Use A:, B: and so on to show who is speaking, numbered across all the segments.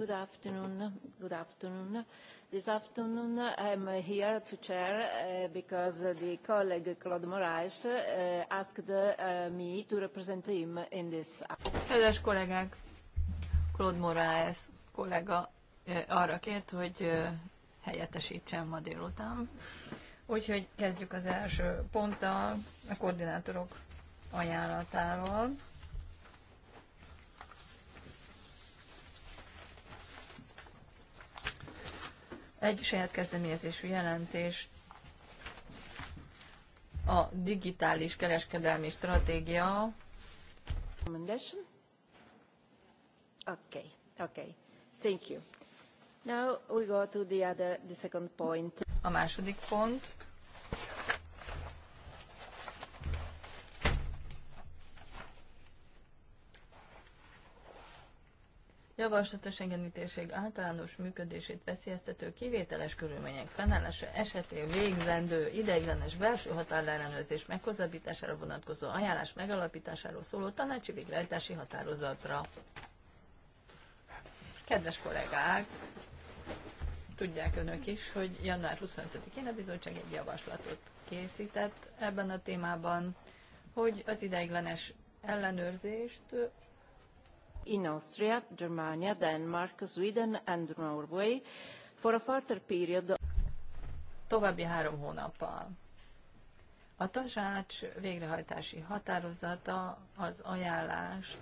A: Good afternoon. Good afternoon. This afternoon I'm here to chair uh, because the colleague Claude Moraes uh, asked uh, me to represent him in this.
B: Kedves kollégák, Claude Moraes kollega uh, arra kért, hogy uh, helyettesítsem ma délután. Úgyhogy kezdjük az első ponttal, a koordinátorok ajánlatával. egy saját kezdeményezésű jelentés a digitális kereskedelmi stratégia.
A: Recommendation? Okay, okay. Thank you. Now we go to the other, the second point. A második
B: pont. javaslatos engedműtérség általános működését veszélyeztető kivételes körülmények fennállása esetén végzendő ideiglenes belső határellenőrzés meghozabítására vonatkozó ajánlás megalapításáról szóló tanácsi végrehajtási határozatra. Kedves kollégák, tudják önök is, hogy január 25-én a bizottság egy javaslatot készített ebben a témában, hogy az ideiglenes
A: ellenőrzést in Austria, Germania, Denmark, Sweden and Norway for a further period további
B: három hónappal. A tanács végrehajtási határozata az ajánlást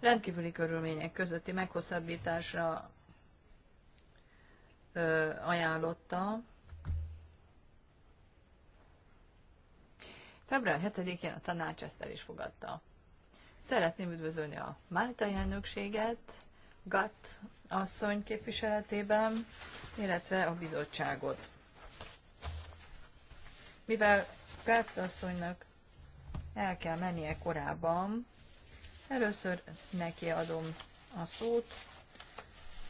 B: rendkívüli körülmények közötti meghosszabbításra ajánlotta, Február 7-én a tanács ezt el is fogadta. Szeretném üdvözölni a Málta elnökséget, GATT asszony képviseletében, illetve a bizottságot. Mivel Perc asszonynak el kell mennie korábban, először neki adom a szót,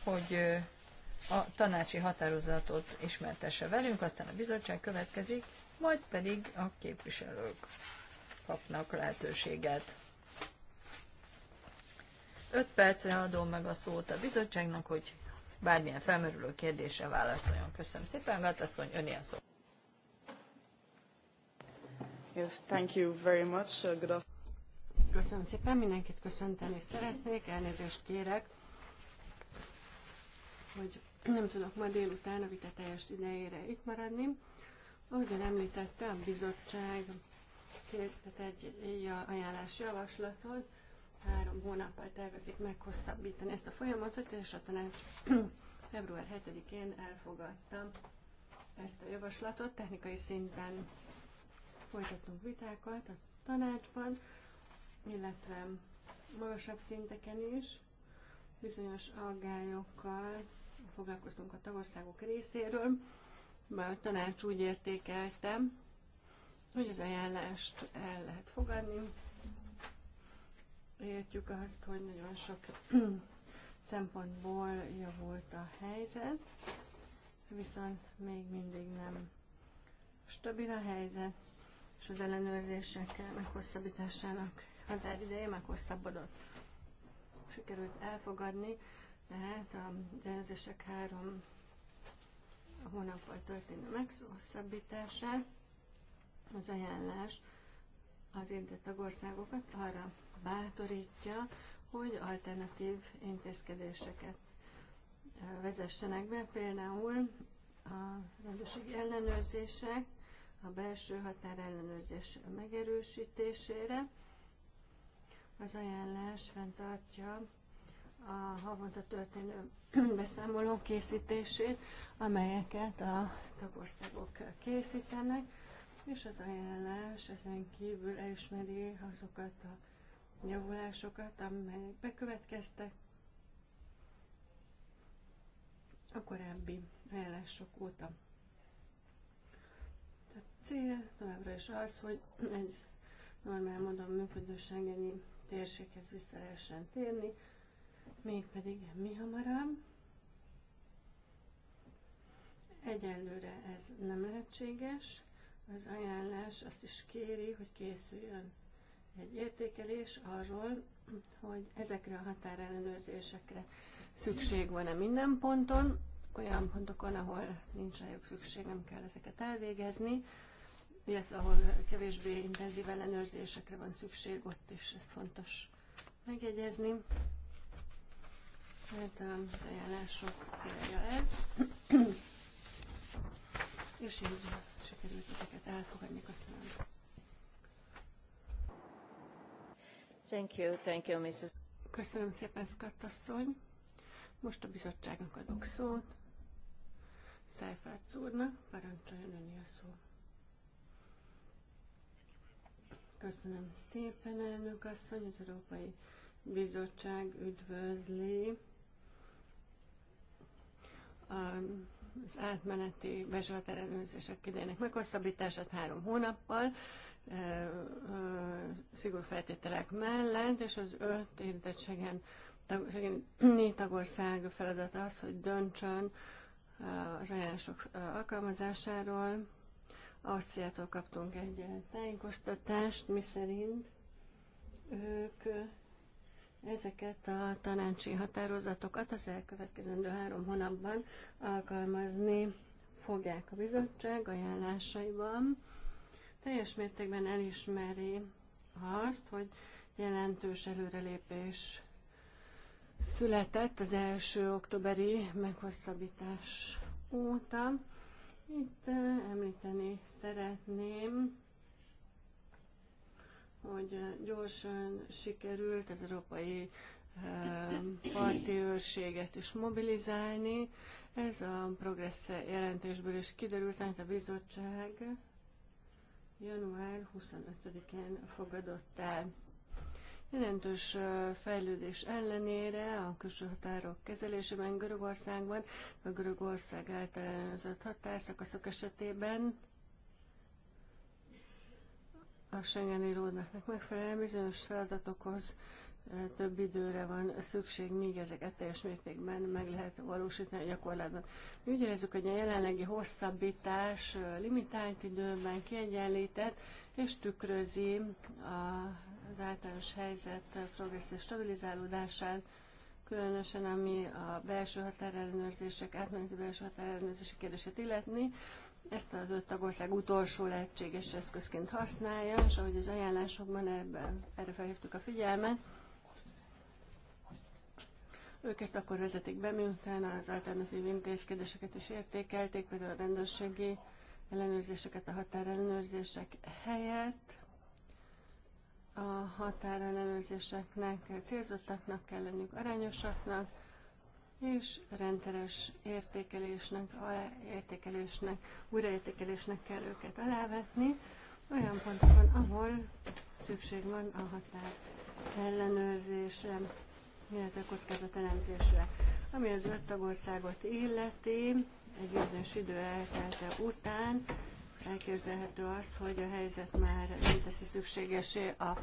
B: hogy a tanácsi határozatot ismertesse velünk, aztán a bizottság következik, majd pedig a képviselők kapnak lehetőséget. 5 percre adom meg a szót a bizottságnak, hogy bármilyen felmerülő kérdésre válaszoljon. Köszönöm szépen, Gatasszony, öné a szó. Yes, thank you very much. Uh, good Köszönöm szépen, mindenkit köszönteni szeretnék,
C: elnézést kérek, hogy nem tudok ma délután a vita teljes idejére itt maradni. Ahogyan említette, a bizottság készített egy ajánlás javaslatot, három hónappal tervezik meghosszabbítani ezt a folyamatot, és a tanács február 7-én elfogadta ezt a javaslatot. Technikai szinten folytattunk vitákat a tanácsban, illetve magasabb szinteken is bizonyos aggályokkal foglalkoztunk a tagországok részéről, már a tanács úgy értékeltem, hogy az ajánlást el lehet fogadni. Értjük azt, hogy nagyon sok szempontból javult a helyzet, viszont még mindig nem stabil a helyzet, és az ellenőrzésekkel meghosszabbításának határideje meghosszabbodott. Sikerült elfogadni, tehát az ellenőrzések három hónappal történő meghosszabbítását, az ajánlás az érintett tagországokat arra bátorítja, hogy alternatív intézkedéseket vezessenek be, például a rendőrségi ellenőrzések, a belső határellenőrzés megerősítésére. Az ajánlás fenntartja a havonta történő beszámolók készítését, amelyeket a tagországok készítenek, és az ajánlás ezen kívül elismeri azokat a javulásokat, amelyek bekövetkeztek a korábbi ajánlások óta. A cél továbbra is az, hogy egy normál módon működő Schengeni térséghez vissza lehessen térni, mégpedig mi hamarabb. Egyelőre ez nem lehetséges. Az ajánlás azt is kéri, hogy készüljön egy értékelés arról, hogy ezekre a határellenőrzésekre szükség van-e minden ponton, olyan pontokon, ahol nincs rájuk szükség, nem kell ezeket elvégezni, illetve ahol kevésbé intenzív ellenőrzésekre van szükség, ott is ez fontos megjegyezni. Tehát az ajánlások célja ez.
A: És így sikerült ezeket elfogadni. Köszönöm. Thank you, thank you, Mrs. Köszönöm
C: szépen, Scott asszony. Most a bizottságnak adok szót. Szájfác úrnak, parancsoljon önni a szó. Köszönöm szépen, elnök asszony, az Európai Bizottság üdvözli az átmeneti bezsatár idejének meghosszabbítását három hónappal, szigorú feltételek mellett, és az öt érintettségen négy tagország feladata az, hogy döntsön az ajánlások alkalmazásáról. Ausztriától kaptunk egy tájékoztatást, miszerint ők Ezeket a tanácsi határozatokat az elkövetkezendő három hónapban alkalmazni fogják a bizottság ajánlásaiban. Teljes mértékben elismeri azt, hogy jelentős előrelépés született az első októberi meghosszabbítás óta. Itt eh, említeni szeretném hogy gyorsan sikerült az európai ehm, parti őrséget is mobilizálni. Ez a progressz jelentésből is kiderült, amit a bizottság január 25-én fogadott el. Jelentős fejlődés ellenére a külső határok kezelésében Görögországban, a Görögország általánozott határszakaszok esetében a Schengeni Ródmeknek megfelelően bizonyos feladatokhoz eh, több időre van szükség, míg ezeket teljes mértékben meg lehet valósítani a gyakorlatban. Mi úgy érezzük, hogy a jelenlegi hosszabbítás eh, limitált időben kiegyenlített, és tükrözi az általános helyzet progresszív stabilizálódását, különösen ami a belső határellenőrzések, átmeneti belső határellenőrzések kérdését illetni, ezt az öt tagország utolsó lehetséges eszközként használja, és ahogy az ajánlásokban ebben, erre felhívtuk a figyelmet, ők ezt akkor vezetik be, miután az alternatív intézkedéseket is értékelték, például a rendőrségi ellenőrzéseket a határellenőrzések helyett. A határellenőrzéseknek célzottaknak kell lennünk, arányosaknak, és rendszeres értékelésnek, értékelésnek, újraértékelésnek kell őket alávetni, olyan pontokon, ahol szükség van a határ ellenőrzésre, illetve kockázat elemzésre. Ami az öt tagországot illeti, egy bizonyos idő eltelte után elképzelhető az, hogy a helyzet már nem teszi szükségesé a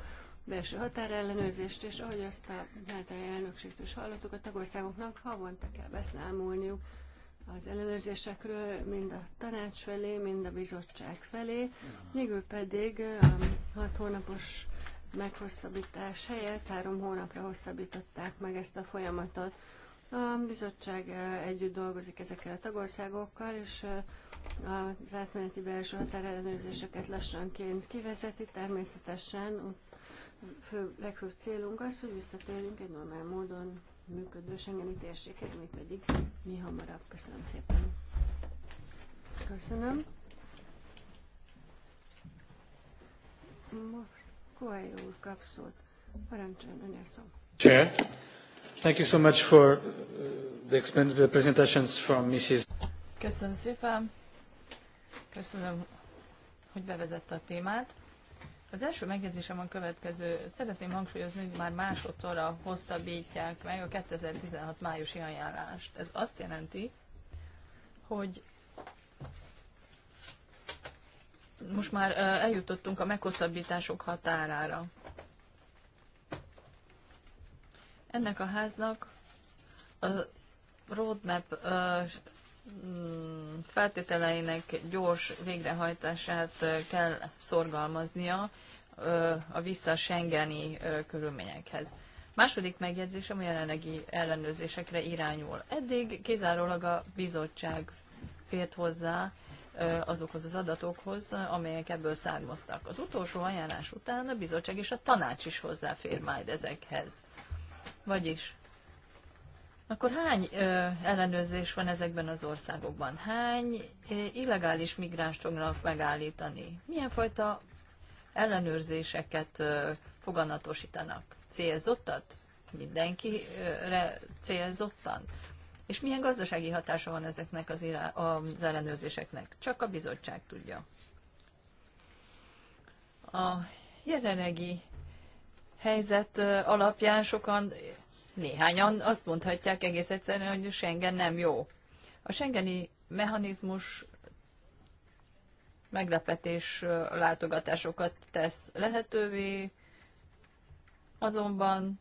C: belső határellenőrzést, és ahogy azt a általában elnökségtől is hallottuk, a tagországoknak havonta kell beszámolniuk az ellenőrzésekről mind a tanács felé, mind a bizottság felé, végül pedig a hat hónapos meghosszabbítás helyett három hónapra hosszabbították meg ezt a folyamatot. A bizottság eh, együtt dolgozik ezekkel a tagországokkal, és eh, az átmeneti belső határellenőrzéseket lassanként kivezeti, természetesen fő, legfőbb célunk az, hogy visszatérjünk egy normál módon működő Schengeni térséghez, mi pedig mi hamarabb. Köszönöm szépen. Köszönöm.
D: Chair,
E: thank you so much for uh, the expanded presentations from Mrs.
B: Köszönöm szépen. Köszönöm, hogy bevezette a témát. Az első megjegyzésem a következő. Szeretném hangsúlyozni, hogy már másodszorra hosszabbítják meg a 2016 májusi ajánlást. Ez azt jelenti, hogy most már eljutottunk a meghosszabbítások határára. Ennek a háznak a roadmap mm, feltételeinek gyors végrehajtását kell szorgalmaznia, a vissza Schengeni körülményekhez. Második megjegyzésem a jelenlegi ellenőrzésekre irányul. Eddig kizárólag a bizottság fért hozzá azokhoz az adatokhoz, amelyek ebből származtak. Az utolsó ajánlás után a bizottság és a tanács is hozzáfér majd ezekhez. Vagyis, akkor hány ö, ellenőrzés van ezekben az országokban? Hány ö, illegális migránst fognak megállítani? Milyen fajta ellenőrzéseket foganatosítanak. Célzottat? Mindenkire célzottan? És milyen gazdasági hatása van ezeknek az, irá- az ellenőrzéseknek? Csak a bizottság tudja. A jelenlegi helyzet alapján sokan, néhányan azt mondhatják egész egyszerűen, hogy Schengen nem jó. A Schengeni mechanizmus meglepetés látogatásokat tesz lehetővé, azonban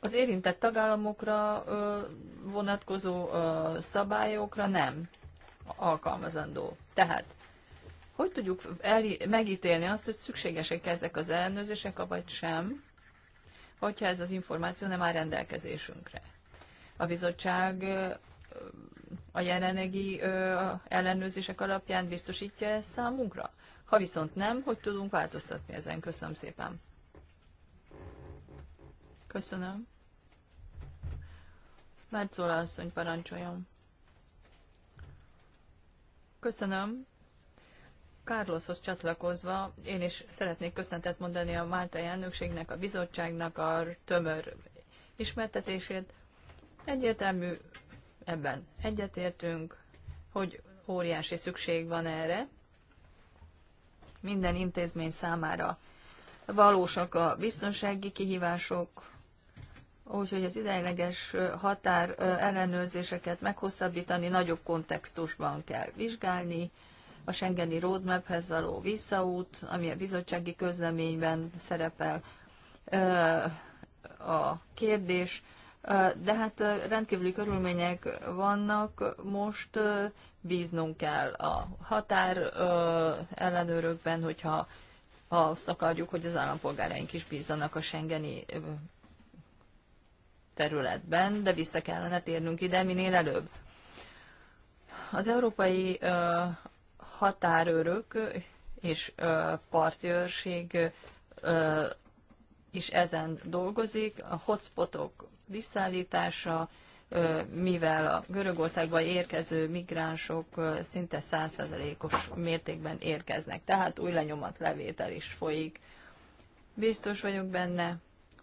B: az érintett tagállamokra vonatkozó szabályokra nem alkalmazandó. Tehát, hogy tudjuk megítélni azt, hogy szükségesek ezek az ellenőrzések, vagy sem, hogyha ez az információ nem áll rendelkezésünkre. A bizottság a jelenlegi ö, ellenőrzések alapján biztosítja ezt számunkra? Ha viszont nem, hogy tudunk változtatni ezen? Köszönöm szépen. Köszönöm. Metzola asszony, parancsoljon. Köszönöm. Carloshoz csatlakozva én is szeretnék köszöntet mondani a Máltai elnökségnek, a bizottságnak a tömör ismertetését. Egyértelmű ebben egyetértünk, hogy óriási szükség van erre. Minden intézmény számára valósak a biztonsági kihívások, úgyhogy az ideigleges határ ellenőrzéseket meghosszabbítani, nagyobb kontextusban kell vizsgálni, a Schengeni roadmaphez való visszaút, ami a bizottsági közleményben szerepel a kérdés, de hát rendkívüli körülmények vannak, most bíznunk kell a határ ellenőrökben, hogyha azt akarjuk, hogy az állampolgáraink is bízzanak a Schengeni területben, de vissza kellene térnünk ide minél előbb. Az európai határőrök és partőrség is ezen dolgozik, a hotspotok visszaállítása, mivel a Görögországba érkező migránsok szinte százszerzelékos mértékben érkeznek, tehát új lenyomat levétel is folyik. Biztos vagyok benne,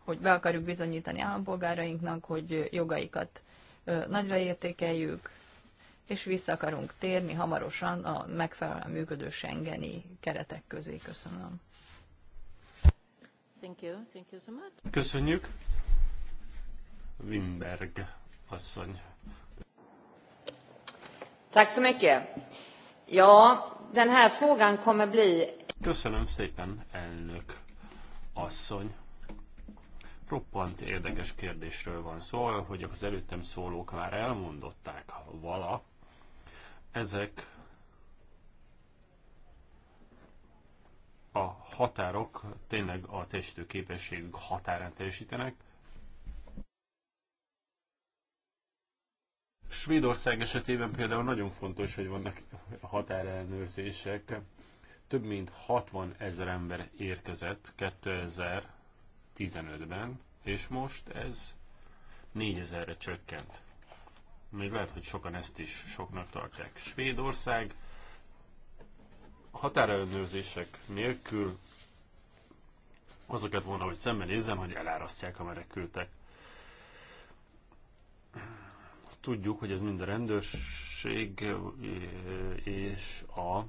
B: hogy be akarjuk bizonyítani állampolgárainknak, hogy jogaikat nagyra értékeljük, és vissza akarunk térni hamarosan a megfelelően működő Schengeni keretek közé.
A: Köszönöm.
E: Köszönjük.
F: Wimberg asszony.
B: Tack så mycket. Ja, den här frågan kommer bli...
F: Köszönöm szépen, elnök asszony. Roppant érdekes kérdésről van szó, hogy az előttem szólók már elmondották vala. Ezek a határok tényleg a testő képességük határán teljesítenek. Svédország esetében például nagyon fontos, hogy vannak határellenőrzések. Több mint 60 ezer ember érkezett 2015-ben, és most ez 4000-re csökkent. Még lehet, hogy sokan ezt is soknak tartják. Svédország határellenőrzések nélkül azokat volna, hogy szembenézzem, hogy elárasztják a menekültek. Tudjuk, hogy ez mind a rendőrség eh, és a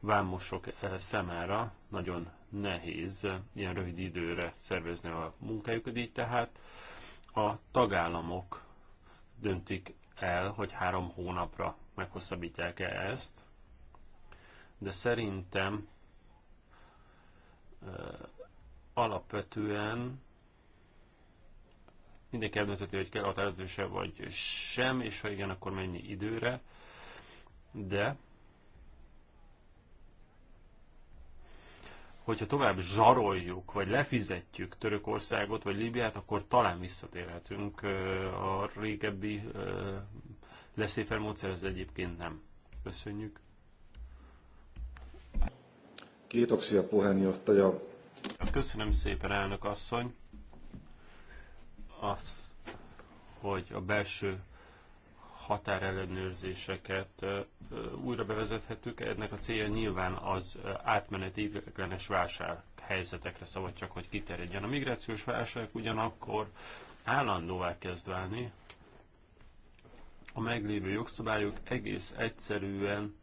F: vámosok eh, számára nagyon nehéz eh, ilyen rövid időre szervezni a munkájukat, így tehát a tagállamok döntik el, hogy három hónapra meghosszabbítják-e ezt, de szerintem alapvetően mindenki eldöntheti, hogy kell határozósa vagy sem, és ha igen, akkor mennyi időre, de hogyha tovább zsaroljuk, vagy lefizetjük Törökországot, vagy Líbiát, akkor talán visszatérhetünk a régebbi leszéfer módszer, ez egyébként nem. Köszönjük.
E: Kiitoksia puheenjohtaja.
F: Köszönöm szépen, elnök asszony. Az, hogy a belső határellenőrzéseket újra bevezethetük. Ennek a célja nyilván az átmeneti ideglenes válság helyzetekre szabad csak, hogy kiterjedjen. A migrációs válság ugyanakkor állandóvá kezd válni, a meglévő jogszabályok egész egyszerűen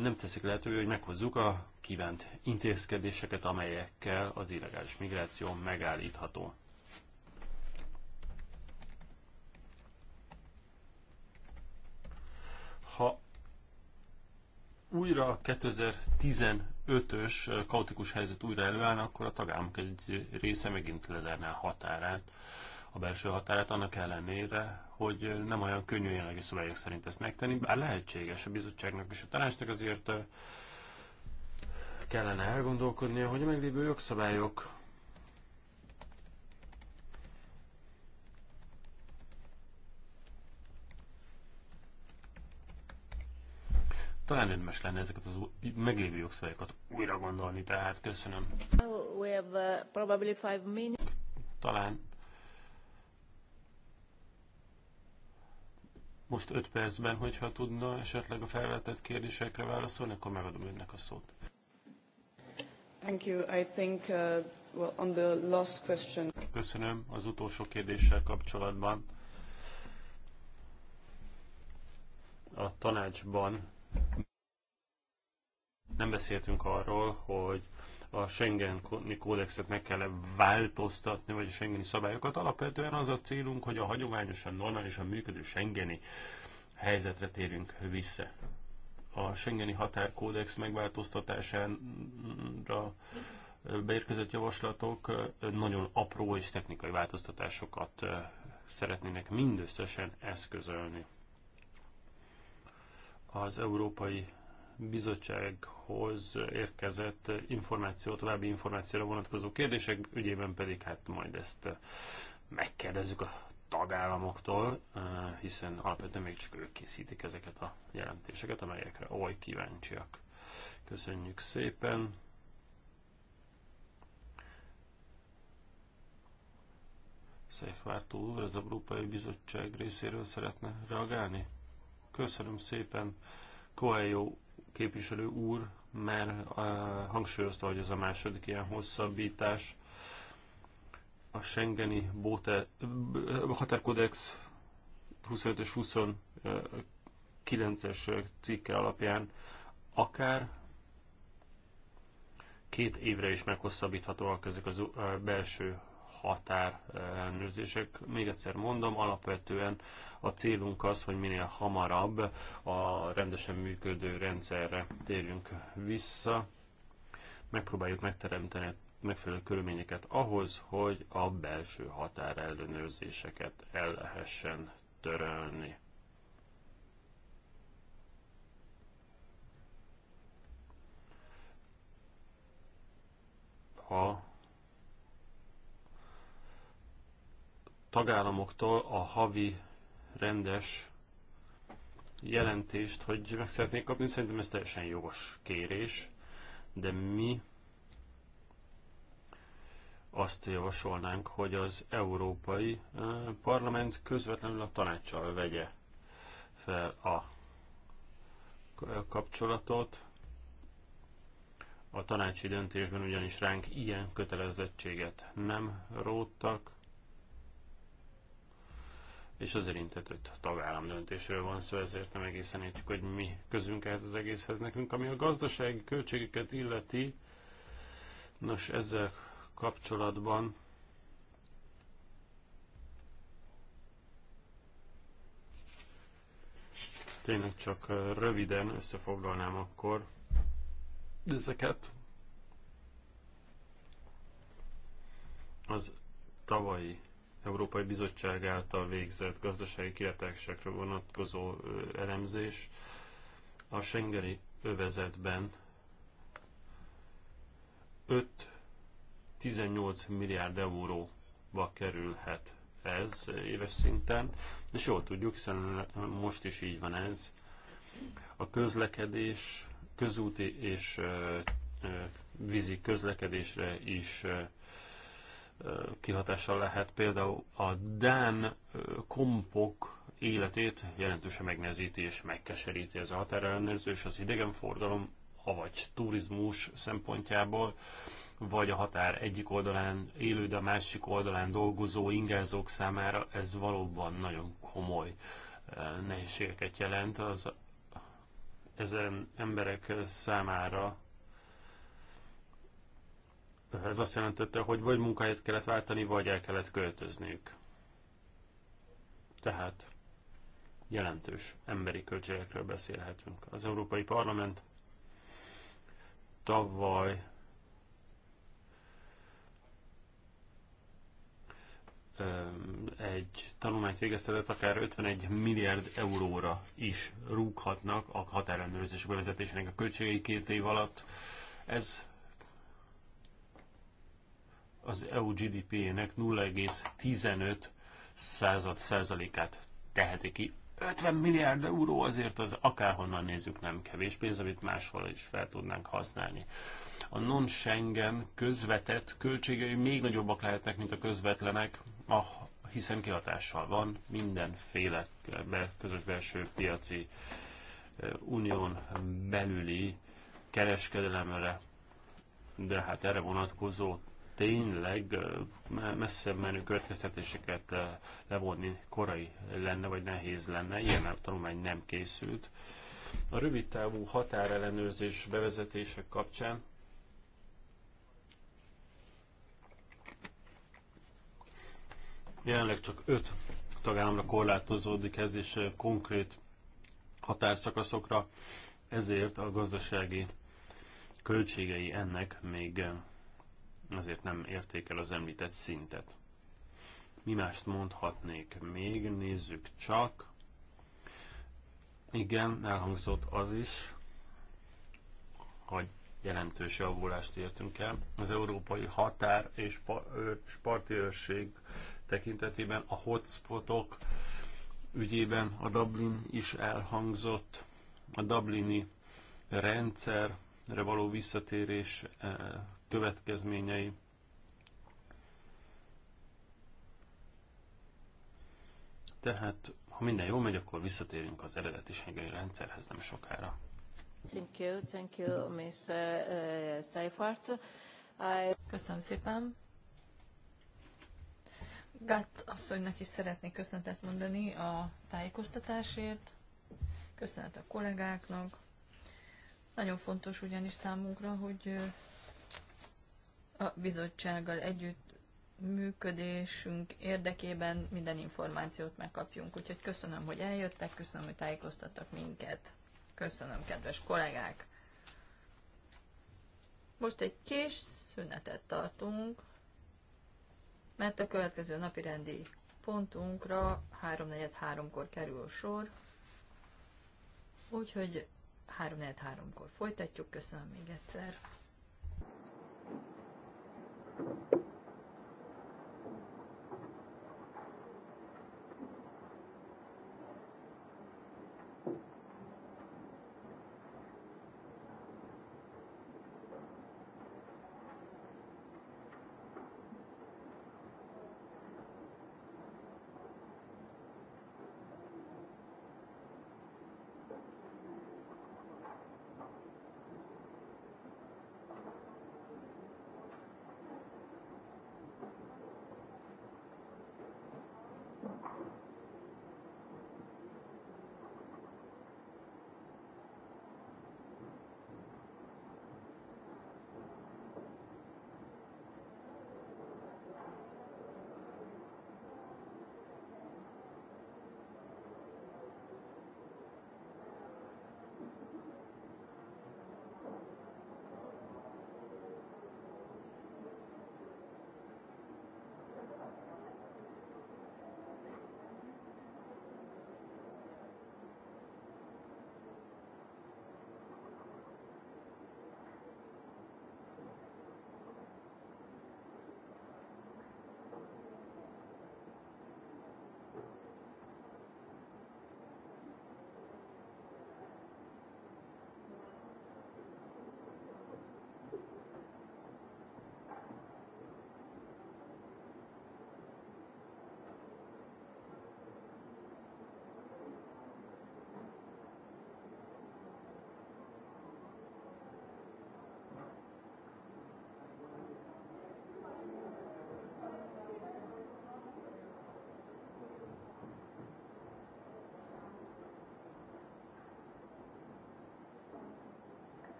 F: nem teszik lehetővé, hogy meghozzuk a kívánt intézkedéseket, amelyekkel az illegális migráció megállítható. Ha újra a 2015-ös kaotikus helyzet újra előállna, akkor a tagállamok egy része megint lezárná a határát, a belső határát, annak ellenére, hogy nem olyan könnyű jelenlegi szabályok szerint ezt megtenni, bár lehetséges a bizottságnak és a tanácsnak azért kellene elgondolkodnia, hogy a meglévő jogszabályok Talán érdemes lenne ezeket az meglévő jogszabályokat újra gondolni, tehát köszönöm.
A: We have, uh,
F: Talán. Most öt percben, hogyha tudna esetleg a felvetett kérdésekre válaszolni, akkor megadom önnek a szót.
B: Thank you. I think, uh, well, on the last question.
F: Köszönöm az utolsó kérdéssel kapcsolatban. A tanácsban nem beszéltünk arról, hogy a Schengen kódexet meg kell -e változtatni, vagy a Schengeni szabályokat. Alapvetően az a célunk, hogy a hagyományosan, normálisan működő Schengeni helyzetre térünk vissza a Schengeni határkódex megváltoztatására beérkezett javaslatok nagyon apró és technikai változtatásokat szeretnének mindösszesen eszközölni. Az Európai Bizottsághoz érkezett információ, további információra vonatkozó kérdések ügyében pedig hát majd ezt megkérdezzük a tagállamoktól, eh, hiszen alapvetően még csak ők készítik ezeket a jelentéseket, amelyekre oly kíváncsiak. Köszönjük szépen! Székvártó úr, az Európai Bizottság részéről szeretne reagálni? Köszönöm szépen, Coelho képviselő úr, mert uh, hangsúlyozta, hogy ez a második ilyen hosszabbítás a Schengeni Bóte, Határkódex 25 29-es cikke alapján akár két évre is meghosszabbíthatóak ezek az belső határ ellenőrzések. Még egyszer mondom, alapvetően a célunk az, hogy minél hamarabb a rendesen működő rendszerre térjünk vissza. Megpróbáljuk megteremteni a megfelelő körülményeket ahhoz, hogy a belső határellenőrzéseket el lehessen törölni. A tagállamoktól a havi rendes jelentést, hogy meg szeretnék kapni, szerintem ez teljesen jogos kérés, de mi azt javasolnánk, hogy az Európai eh, Parlament közvetlenül a tanácssal vegye fel a kapcsolatot. A tanácsi döntésben ugyanis ránk ilyen kötelezettséget nem róttak, és az érintett hogy tagállam döntésről van szó, ezért nem egészen értjük, hogy mi közünk ehhez az egészhez nekünk. Ami a gazdasági költségeket illeti, nos ezzel kapcsolatban tényleg csak röviden összefoglalnám akkor
E: ezeket.
F: Az tavalyi Európai Bizottság által végzett gazdasági kilátásekre vonatkozó elemzés a Schengeni övezetben öt 18 milliárd euróba kerülhet ez éves szinten, és jól tudjuk, hiszen most is így van ez. A közlekedés, közúti és vízi közlekedésre is kihatással lehet. Például a Dán kompok életét jelentősen megnezíti és megkeseríti ez a határellenőrző és az idegenforgalom, avagy turizmus szempontjából vagy a határ egyik oldalán élő, de a másik oldalán dolgozó ingázók számára ez valóban nagyon komoly eh, nehézségeket jelent. Az ezen emberek számára ez azt jelentette, hogy vagy munkáját kellett váltani, vagy el kellett költözniük. Tehát jelentős emberi költségekről beszélhetünk. Az Európai Parlament tavaly egy tanulmányt végeztetett, akár 51 milliárd euróra is rúghatnak a határellenőrzés bevezetésének a költségei két év alatt. Ez az EU GDP-nek 0,15 század százalékát teheti ki. 50 milliárd euró azért az akárhonnan nézzük nem kevés pénz, amit máshol is fel tudnánk használni. A non-Schengen közvetett költségei még nagyobbak lehetnek, mint a közvetlenek, ah, hiszen kihatással van mindenféle közös belső piaci unión belüli kereskedelemre, de hát erre vonatkozó tényleg messze menő következtetéseket levonni korai lenne, vagy nehéz lenne. Ilyen a tanulmány nem készült. A rövid távú határellenőrzés bevezetése kapcsán Jelenleg csak öt tagállamra korlátozódik ez, és eh, konkrét határszakaszokra, ezért a gazdasági költségei ennek még eh, azért nem érték el az említett szintet. Mi mást mondhatnék még? Nézzük csak. Igen, elhangzott az is, hogy jelentős javulást értünk el. Az európai határ és parti tekintetében, a hotspotok ügyében a Dublin is elhangzott, a Dublini rendszerre való visszatérés eh, következményei. Tehát, ha minden jól megy, akkor visszatérünk az eredeti Schengeni rendszerhez nem sokára.
A: Thank you, thank you, Miss eh, Seifert. I... Köszönöm szépen.
B: Gát asszonynak is szeretnék köszönetet mondani a tájékoztatásért, köszönet a kollégáknak. Nagyon fontos ugyanis számunkra, hogy a bizottsággal együtt működésünk érdekében minden információt megkapjunk. Úgyhogy köszönöm, hogy eljöttek, köszönöm, hogy tájékoztattak minket. Köszönöm, kedves kollégák! Most egy kis szünetet tartunk mert a következő napi rendi pontunkra 3.43-kor kerül sor, úgyhogy 3.43-kor folytatjuk. Köszönöm még egyszer. Thank you.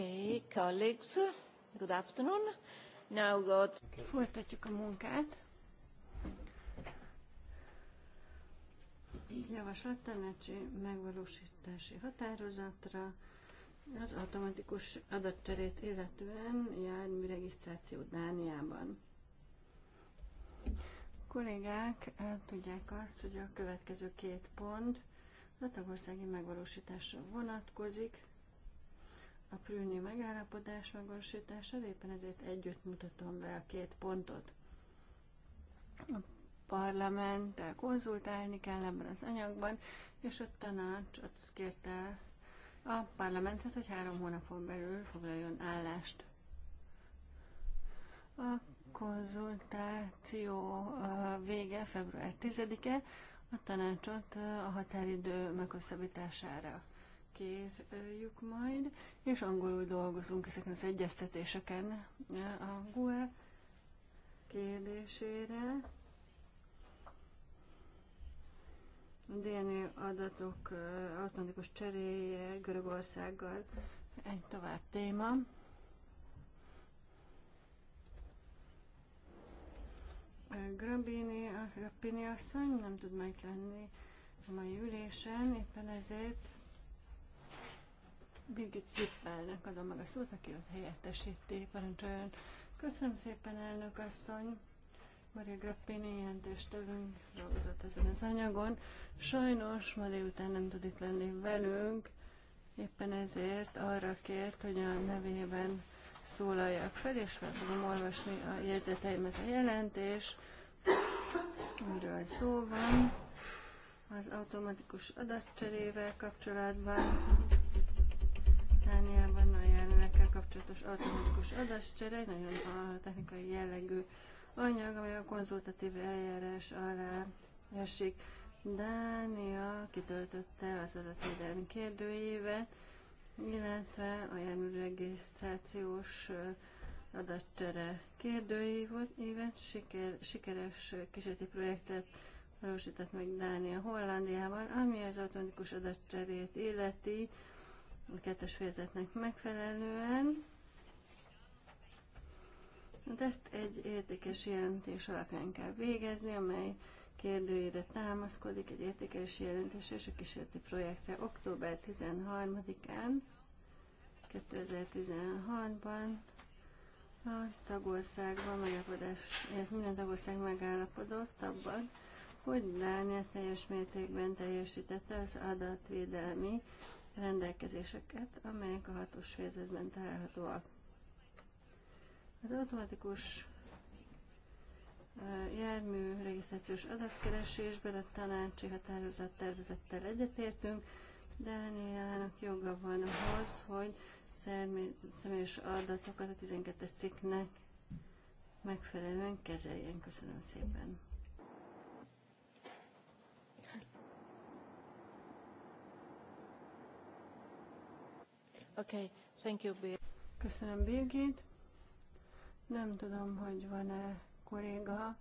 A: Okay, colleagues, good afternoon. Now got... Folytatjuk a munkát. Javaslat tanácsi megvalósítási
C: határozatra az automatikus adatcserét illetően jármű regisztráció Dániában. A kollégák eh, tudják azt, hogy a következő két pont a tagországi megvalósításra vonatkozik a prűni megállapodás megvalósítása, éppen ezért együtt mutatom be a két pontot. A parlamenttel konzultálni kell ebben az anyagban, és a tanácsot kérte a parlamentet, hogy három hónapon belül foglaljon állást. A konzultáció vége február 10-e, a tanácsot a határidő meghosszabbítására kérjük majd, és angolul dolgozunk ezeken az egyeztetéseken a GUE kérdésére. A DNA adatok automatikus cseréje Görögországgal egy tovább téma. Grabini, a Grappini asszony nem tud majd lenni a mai ülésen, éppen ezért Birgit Zippelnek adom meg a szót, aki ott helyettesíti, parancsoljon. Köszönöm szépen, elnök asszony! Maria Grappini jelentéstevünk dolgozott ezen az anyagon. Sajnos ma délután nem tud itt lenni velünk, éppen ezért arra kért, hogy a nevében szólaljak fel, és fel fogom olvasni a jegyzeteimet a jelentés, amiről szó van az automatikus adatcserével kapcsolatban Dániában a jelenekkel kapcsolatos automatikus adáscsere egy nagyon technikai jellegű anyag, amely a konzultatív eljárás alá esik. Dánia kitöltötte az adatvédelmi kérdőívet, illetve a járműregisztrációs adatcsere kérdőjévet siker, sikeres kísérleti projektet valósított meg Dánia Hollandiában, ami az automatikus adatcserét illeti, a kettes fejezetnek megfelelően. Hát ezt egy értékes jelentés alapján kell végezni, amely kérdőjére támaszkodik egy értékes jelentés és a kísérleti projektre október 13-án 2016-ban a tagországban megállapodás, minden tagország megállapodott abban, hogy Dánia teljes mértékben teljesítette az adatvédelmi rendelkezéseket, amelyek a hatos fejezetben találhatóak. Az automatikus jármű regisztrációs adatkeresésben a tanácsi határozat tervezettel egyetértünk. Dániának joga van ahhoz, hogy személyes adatokat a 12-es cikknek megfelelően kezeljen. Köszönöm szépen.
A: Okay, thank you, Birgit. Köszönöm, Birgit.
C: Nem tudom, hogy van-e kolléga,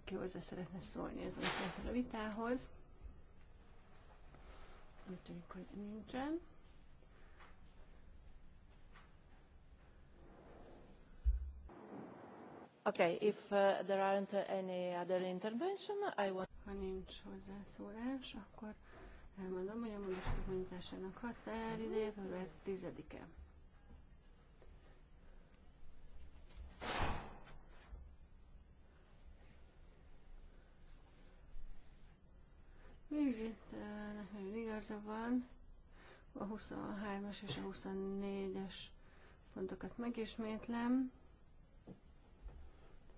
C: aki hozzá szeretne szólni ezzel a vitához. Úgy tűnik, hogy
A: nincsen. Okay, if uh, there aren't any other intervention, I want... Ha nincs hozzászólás, akkor Elmondom, hogy a módosítók megnyitásának
C: határideje február 10-e. Végét nagyon igaza van, a 23-as és a 24-es pontokat megismétlem.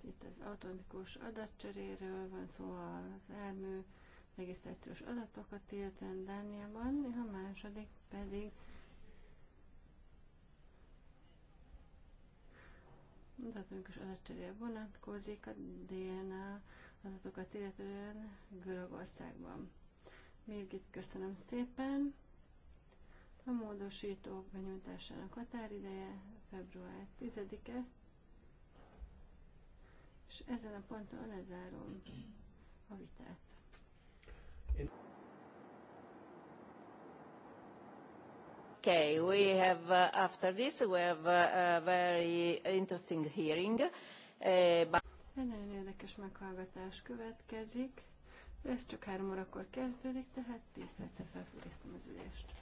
C: Itt az automatikus adatcseréről van szó az elmű regisztrációs adatokat, illetően Dániában, a második pedig adatunk és adatcserére vonatkozik a DNA adatokat, illetően Görögországban. Birgit, köszönöm szépen! A módosítók benyújtásának határideje február 10-e, és ezen a ponton lezárom
A: a vitát. Okay, we have, uh, after this, we have uh, a very interesting hearing. Uh,
C: Nagyon érdekes meghallgatás következik. Ez csak három órakor kezdődik, tehát 10 perce felfüggesztem az ülést.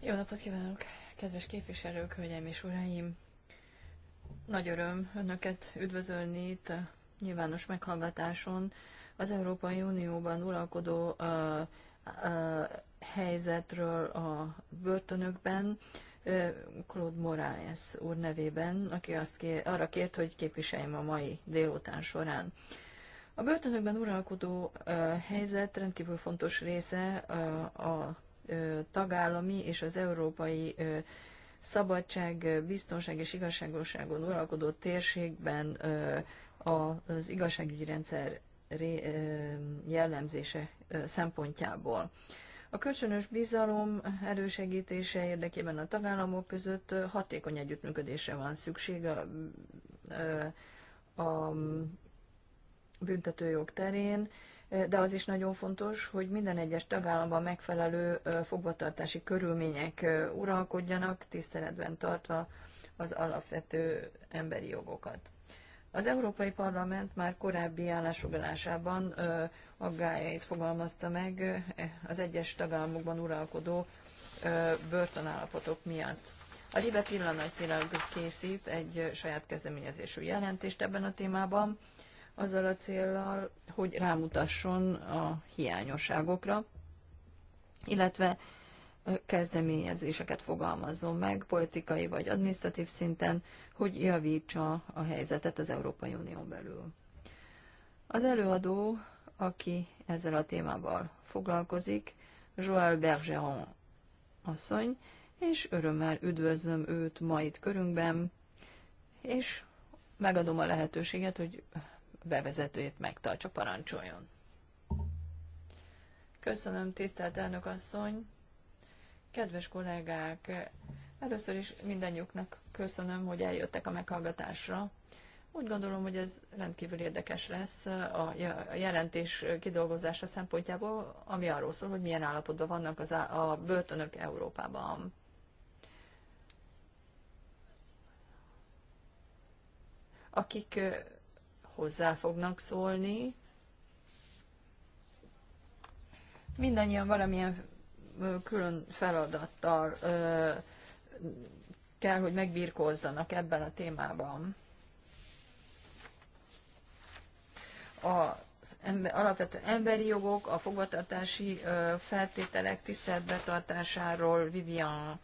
B: Jó napot kívánok, kedves képviselők, hölgyeim és uraim! Nagy öröm Önöket üdvözölni itt a nyilvános meghallgatáson az Európai Unióban uralkodó a, a helyzetről a börtönökben. Claude Moraes úr nevében, aki azt kér, arra kért, hogy képviseljem a mai délután során. A börtönökben uralkodó helyzet rendkívül fontos része a tagállami és az európai szabadság, biztonság és igazságosságon uralkodó térségben az igazságügyi rendszer jellemzése szempontjából. A kölcsönös bizalom erősegítése érdekében a tagállamok között hatékony együttműködésre van szükség a, a büntetőjog terén, de az is nagyon fontos, hogy minden egyes tagállamban megfelelő fogvatartási körülmények uralkodjanak, tiszteletben tartva az alapvető emberi jogokat. Az Európai Parlament már korábbi állásfoglalásában aggájait fogalmazta meg az egyes tagállamokban uralkodó börtönállapotok miatt. A Libe pillanatnyilag készít egy saját kezdeményezésű jelentést ebben a témában, azzal a céllal, hogy rámutasson a hiányosságokra, illetve kezdeményezéseket fogalmazzon meg politikai vagy administratív szinten, hogy javítsa a helyzetet az Európai Unión belül. Az előadó, aki ezzel a témával foglalkozik, Joël Bergeron asszony, és örömmel üdvözlöm őt ma itt körünkben, és megadom a lehetőséget, hogy bevezetőjét megtartsa, parancsoljon. Köszönöm, tisztelt elnök asszony! Kedves kollégák, először is mindannyiuknak köszönöm, hogy eljöttek a meghallgatásra. Úgy gondolom, hogy ez rendkívül érdekes lesz a jelentés kidolgozása szempontjából, ami arról szól, hogy milyen állapotban vannak az a börtönök Európában. Akik hozzá fognak szólni. Mindannyian valamilyen külön feladattal ö, kell, hogy megbirkózzanak ebben a témában. A ember, alapvető emberi jogok, a fogvatartási ö, feltételek betartásáról. Vivian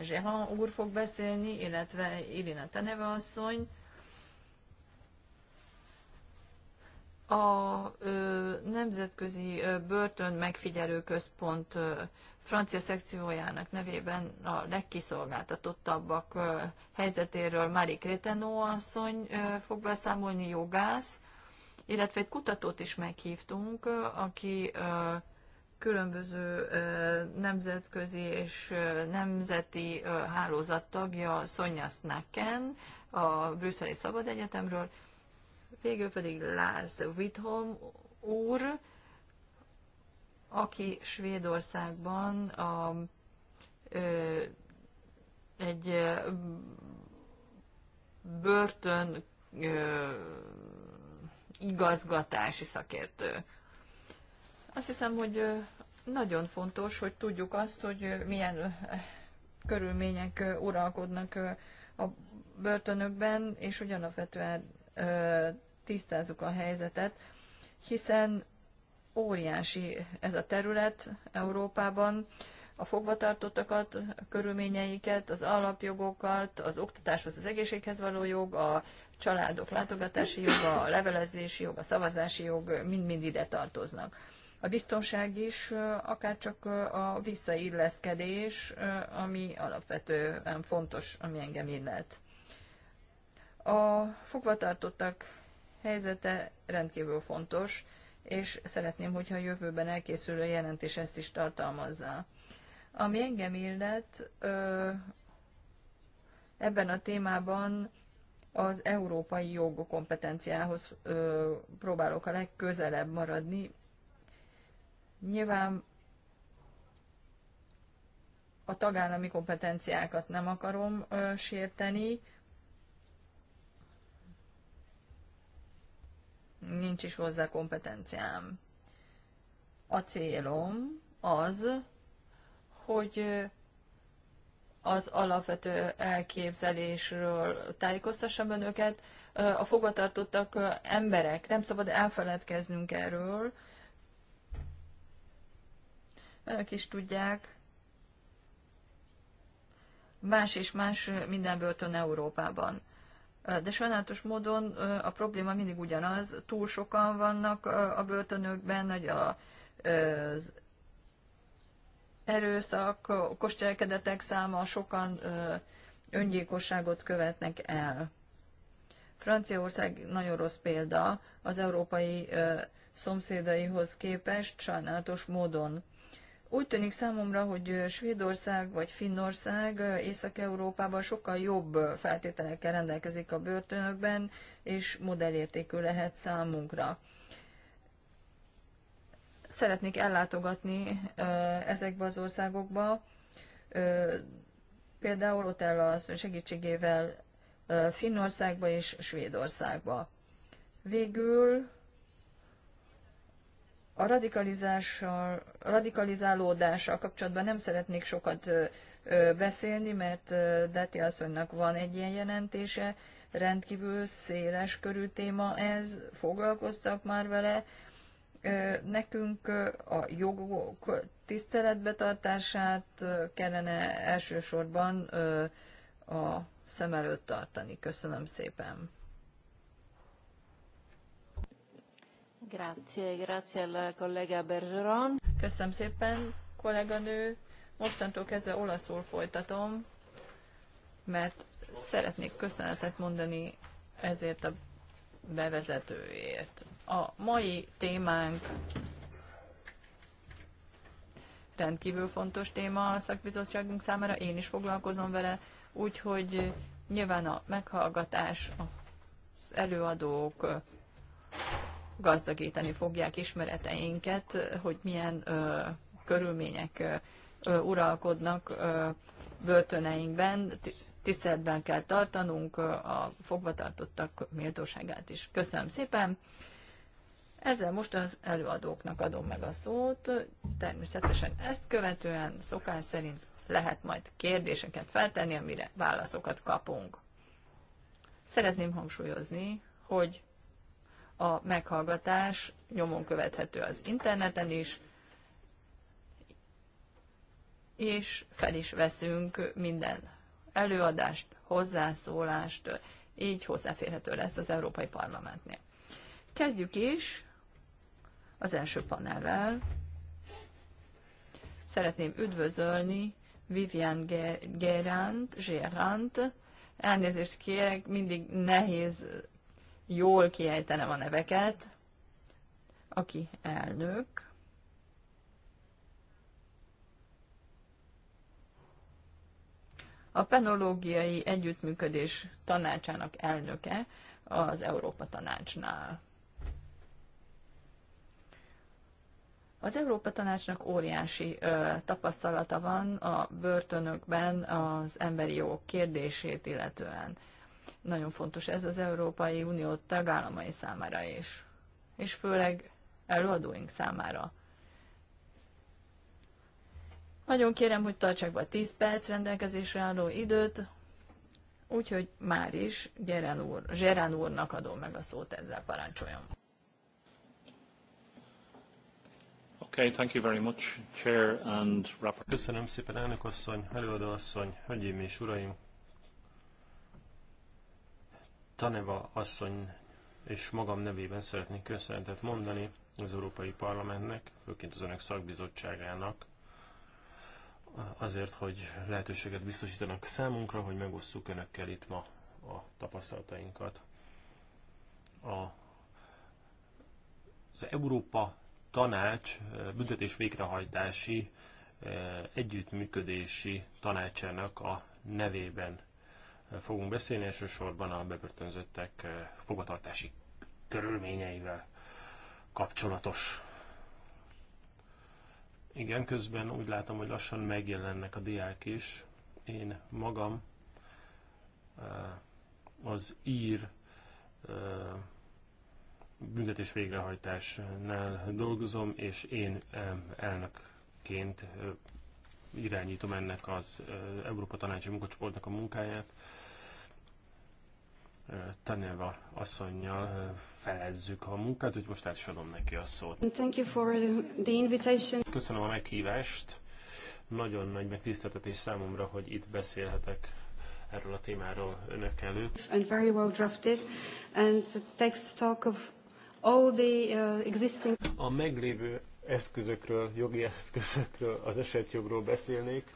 B: Zsehan úr fog beszélni, illetve Irina Teneve asszony. a Nemzetközi Börtön Megfigyelő Központ francia szekciójának nevében a legkiszolgáltatottabbak helyzetéről Marie Crétenó asszony fog beszámolni, jogász, illetve egy kutatót is meghívtunk, aki különböző nemzetközi és nemzeti hálózat tagja Sonja Snacken a Brüsszeli Szabad Egyetemről, Végül pedig Lars Widholm úr, aki Svédországban a, ö, egy ö, börtön ö, igazgatási szakértő. Azt hiszem, hogy nagyon fontos, hogy tudjuk azt, hogy milyen körülmények uralkodnak a börtönökben, és ugyanapvetően tisztázzuk a helyzetet, hiszen óriási ez a terület Európában, a fogvatartottakat, a körülményeiket, az alapjogokat, az oktatáshoz, az egészséghez való jog, a családok látogatási joga, a levelezési jog, a szavazási jog mind-mind ide tartoznak. A biztonság is, akárcsak a visszailleszkedés, ami alapvetően fontos, ami engem illet. A fogvatartottak helyzete rendkívül fontos, és szeretném, hogyha a jövőben elkészülő jelentés ezt is tartalmazná. Ami engem illet, ebben a témában az európai jog kompetenciához próbálok a legközelebb maradni. Nyilván a tagállami kompetenciákat nem akarom sérteni, nincs is hozzá kompetenciám. A célom az, hogy az alapvető elképzelésről tájékoztassam önöket. A fogvatartottak emberek, nem szabad elfeledkeznünk erről. Önök is tudják, más és más minden börtön Európában. De sajnálatos módon a probléma mindig ugyanaz, túl sokan vannak a börtönökben, hogy a, az erőszak, okos cselekedetek száma, sokan öngyilkosságot követnek el. Franciaország nagyon rossz példa az európai szomszédaihoz képest sajnálatos módon. Úgy tűnik számomra, hogy Svédország vagy Finnország Észak-Európában sokkal jobb feltételekkel rendelkezik a börtönökben, és modellértékű lehet számunkra. Szeretnék ellátogatni ezekbe az országokba, például ott el a segítségével Finnországba és Svédországba. Végül a radikalizással, radikalizálódással kapcsolatban nem szeretnék sokat beszélni, mert Dati asszonynak van egy ilyen jelentése, rendkívül széles körű téma ez, foglalkoztak már vele. Nekünk a jogok tiszteletbe tartását kellene elsősorban a szem előtt tartani. Köszönöm szépen!
A: Grazie, grazie alla collega Bergeron. Köszönöm szépen, kolléganő.
B: Mostantól kezdve olaszul folytatom, mert szeretnék köszönetet mondani ezért a bevezetőért. A mai témánk rendkívül fontos téma a szakbizottságunk számára, én is foglalkozom vele, úgyhogy nyilván a meghallgatás, az előadók, gazdagítani fogják ismereteinket, hogy milyen ö, körülmények ö, uralkodnak ö, börtöneinkben, tiszteletben kell tartanunk a fogvatartottak méltóságát is. Köszönöm szépen! Ezzel most az előadóknak adom meg a szót, természetesen ezt követően szokás szerint lehet majd kérdéseket feltenni, amire válaszokat kapunk. Szeretném hangsúlyozni, hogy a meghallgatás nyomon követhető az interneten is, és fel is veszünk minden előadást, hozzászólást, így hozzáférhető lesz az Európai Parlamentnél. Kezdjük is az első panellel. Szeretném üdvözölni Vivian Gerant, Gerant. Elnézést kérek, mindig nehéz jól kiejtenem a neveket, aki elnök. A penológiai együttműködés tanácsának elnöke az Európa Tanácsnál. Az Európa Tanácsnak óriási ö, tapasztalata van a börtönökben az emberi jogok kérdését illetően. Nagyon fontos ez az Európai Unió tagállamai számára is, és főleg előadóink számára. Nagyon kérem, hogy tartsák be 10 perc rendelkezésre álló időt, úgyhogy már is Gerán, úr, Gerán úrnak adom meg a szót ezzel, parancsoljon.
F: Okay, thank you very much, Chair and Köszönöm szépen, elnök asszony, előadó asszony, hölgyeim és uraim, Taneva asszony és magam nevében szeretnék köszönetet mondani az Európai Parlamentnek, főként az Önök szakbizottságának, azért, hogy lehetőséget biztosítanak számunkra, hogy megosszuk Önökkel itt ma a tapasztalatainkat. A, az Európa Tanács eh, büntetés végrehajtási eh, együttműködési tanácsának a nevében fogunk beszélni, elsősorban a bebörtönzöttek eh, fogatartási körülményeivel kapcsolatos. Igen, közben úgy látom, hogy lassan megjelennek a diák is. Én magam eh, az ír eh, büntetés végrehajtásnál dolgozom, és én elnökként irányítom ennek az Európa Tanácsi Munkacsoportnak a munkáját. Taneva asszonynal felezzük a munkát, hogy most át is adom neki a szót.
A: Thank you for the invitation.
F: Köszönöm a meghívást. Nagyon nagy megtiszteltetés számomra, hogy itt beszélhetek erről a témáról önök előtt.
A: And very well drafted, and the text talk of all the uh, existing...
F: A meglévő eszközökről, jogi eszközökről, az esetjogról beszélnék,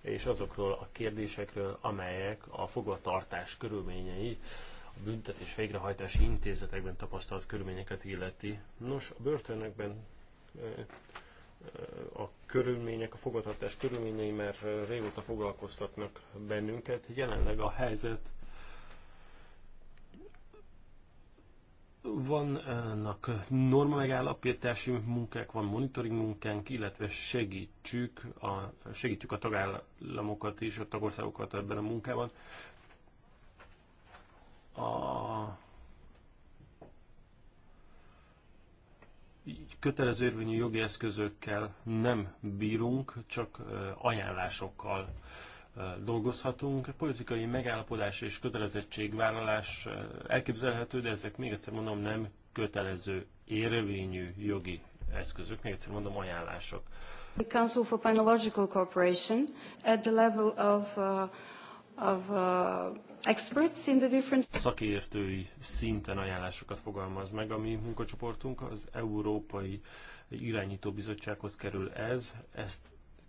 F: és azokról a kérdésekről, amelyek a fogvatartás körülményei, a büntetés végrehajtási intézetekben tapasztalt körülményeket illeti. Nos, a börtönökben a körülmények, a fogvatartás körülményei már régóta foglalkoztatnak bennünket. Jelenleg a helyzet
E: vannak eh, norma
F: megállapítási munkák, van monitoring munkánk, illetve segítsük a, segítjük a tagállamokat is, a tagországokat ebben a munkában. A kötelező érvényű jogi eszközökkel nem bírunk, csak eh, ajánlásokkal dolgozhatunk. Politikai megállapodás és kötelezettségvállalás elképzelhető, de ezek még egyszer mondom nem kötelező érvényű jogi eszközök, még egyszer mondom ajánlások.
A: The Council for Pinological Cooperation at the level of, uh, of uh, experts in the different...
F: Szakértői szinten ajánlásokat fogalmaz meg a mi munkacsoportunk, az Európai Irányító Bizottsághoz kerül ez, ezt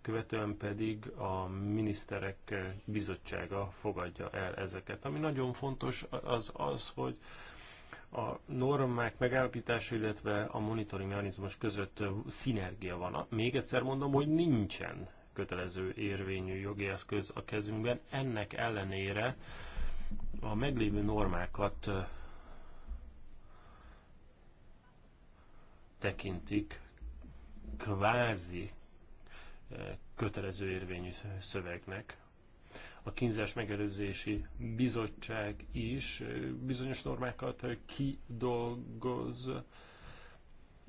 F: követően pedig a miniszterek bizottsága fogadja el ezeket. Ami nagyon fontos az az, hogy a normák megállapítása, illetve a monitoring mechanizmus között szinergia van. Még egyszer mondom, hogy nincsen kötelező érvényű jogi eszköz a kezünkben. Ennek ellenére a meglévő normákat tekintik kvázi kötelező érvényű szövegnek. A kínzás megelőzési bizottság is bizonyos normákat kidolgoz,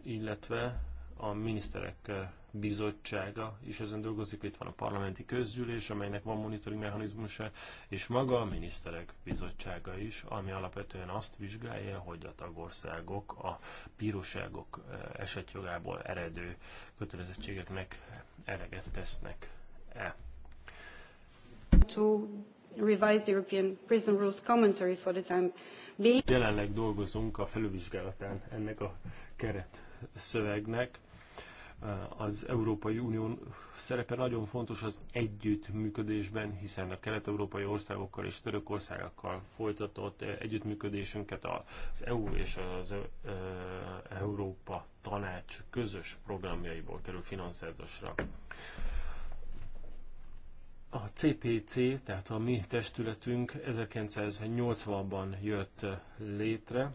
F: illetve a miniszterek bizottsága is ezen dolgozik, itt van a parlamenti közgyűlés, amelynek van monitoring mechanizmusa, és maga a miniszterek bizottsága is, ami alapvetően azt vizsgálja, hogy a tagországok a bíróságok esetjogából eredő kötelezettségeknek eleget tesznek-e. Jelenleg dolgozunk a felülvizsgálatán ennek a keret szövegnek az Európai Unió szerepe nagyon fontos az együttműködésben, hiszen a kelet-európai országokkal és országokkal folytatott együttműködésünket az EU és az Európa Tanács közös programjaiból kerül finanszírozásra. A CPC, tehát a mi testületünk 1980-ban jött létre,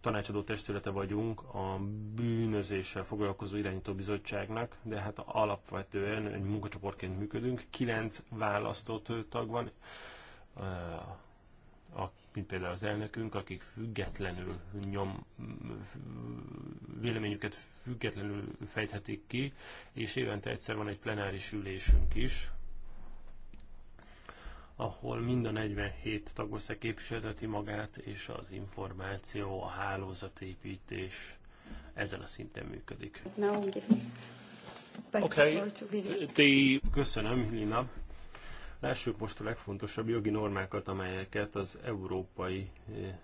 F: tanácsadó testülete vagyunk a bűnözéssel foglalkozó irányító bizottságnak, de hát alapvetően egy munkacsoportként működünk. Kilenc választott tag van, mint például az elnökünk, akik függetlenül nyom, véleményüket függetlenül fejthetik ki, és évente egyszer van egy plenáris ülésünk is, ahol mind a 47 tagország képviselteti magát, és az információ, a hálózatépítés ezen a szinten működik. Okay. The... Köszönöm, Lina. Lássuk most a legfontosabb jogi normákat, amelyeket az Európai eh,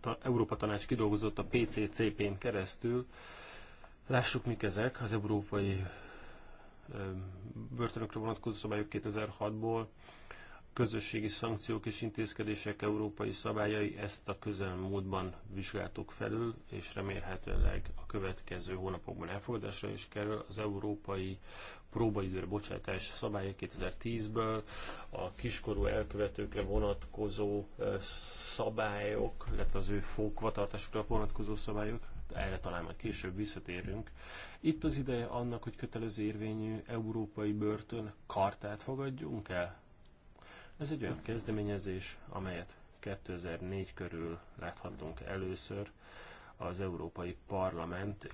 F: ta, Európa Tanács kidolgozott a PCCP-n keresztül. Lássuk, mik ezek az európai eh, börtönökre vonatkozó szabályok 2006-ból, közösségi szankciók és intézkedések európai szabályai ezt a közelmúltban vizsgáltuk felül, és remélhetőleg a következő hónapokban elfogadásra is kerül az európai próbaidőre bocsátás szabálya 2010-ből, a kiskorú elkövetőkre vonatkozó szabályok, illetve az ő fókvatartásokra vonatkozó szabályok, erre talán majd később visszatérünk. Itt az ideje annak, hogy kötelező érvényű európai börtön kartát fogadjunk el? Ez egy olyan kezdeményezés, amelyet 2004 körül láthattunk először az Európai Parlament,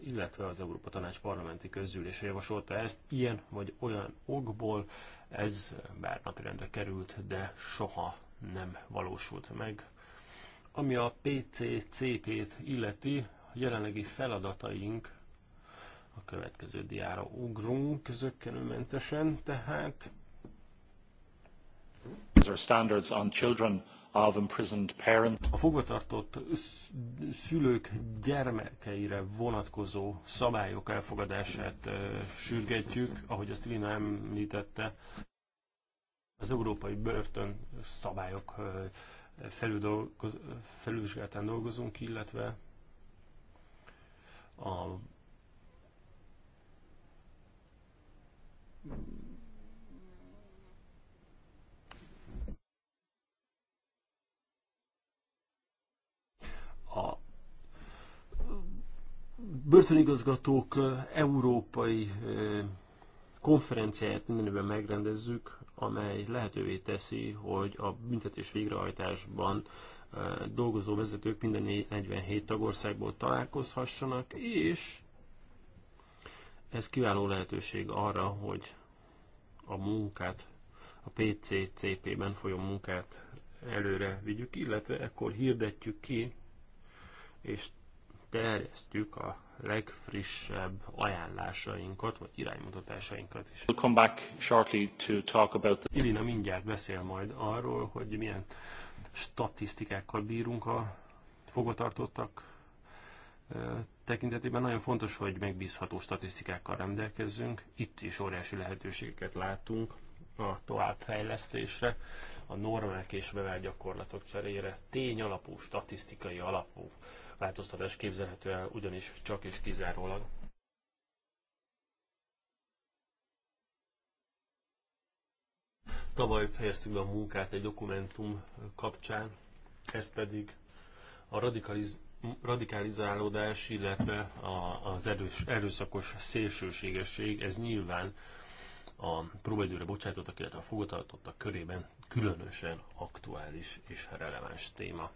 F: illetve az Európa Tanács parlamenti közgyűlése javasolta ezt ilyen vagy olyan okból, ez bár napirendre került, de soha nem valósult meg. Ami a PCCP-t illeti, a jelenlegi feladataink a következő diára
E: ugrunk zöggenőmentesen, tehát
F: a fogvatartott szülők gyermekeire vonatkozó szabályok elfogadását sürgetjük, ahogy azt Lina említette, az európai börtön szabályok felülvizsgálatán dolgozunk, illetve a a börtönigazgatók európai konferenciáját minden évben megrendezzük, amely lehetővé teszi, hogy a büntetés végrehajtásban dolgozó vezetők minden 47 tagországból találkozhassanak, és ez kiváló lehetőség arra, hogy a munkát, a PCCP-ben folyó munkát előre vigyük, illetve ekkor hirdetjük ki és terjesztjük a legfrissebb ajánlásainkat, vagy iránymutatásainkat is. We'll come back shortly to talk about the... Ilina mindjárt beszél majd arról, hogy milyen statisztikákkal bírunk a fogatartottak tekintetében. Nagyon fontos, hogy megbízható statisztikákkal rendelkezzünk. Itt is óriási lehetőségeket látunk a továbbfejlesztésre, a normák és bevált gyakorlatok cserére, tény alapú, statisztikai alapú változtatás képzelhető el ugyanis csak és kizárólag Tavaly fejeztük be a munkát egy dokumentum kapcsán, ez pedig a radikaliz radikalizálódás, illetve a, az erős, erőszakos szélsőségesség, ez nyilván a próbaidőre bocsátottak, illetve a fogvatartottak körében különösen aktuális és releváns téma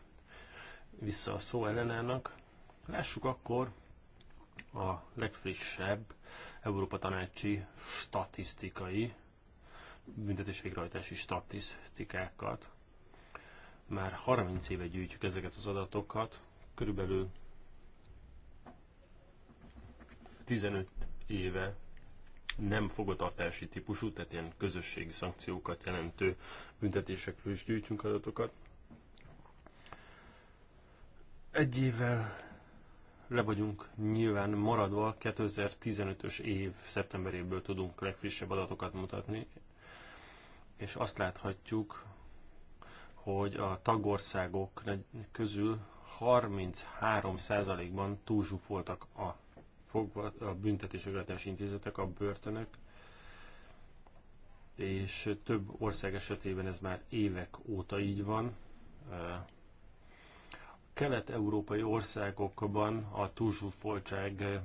F: vissza a szó Elenának. Lássuk akkor a legfrissebb Európa Tanácsi statisztikai végrehajtási statisztikákat. Már 30 éve gyűjtjük ezeket az adatokat, körülbelül 15 éve nem fogotartási típusú, tehát ilyen közösségi szankciókat jelentő büntetésekről is gyűjtünk adatokat. Egy évvel le vagyunk nyilván maradva, 2015-ös év szeptemberéből tudunk legfrissebb adatokat mutatni, és azt láthatjuk, hogy a tagországok közül 33%-ban túlzsúfoltak a, a büntetésögletes intézetek, a börtönök, és több ország esetében ez már évek óta így van kelet-európai országokban a túlzsúfoltság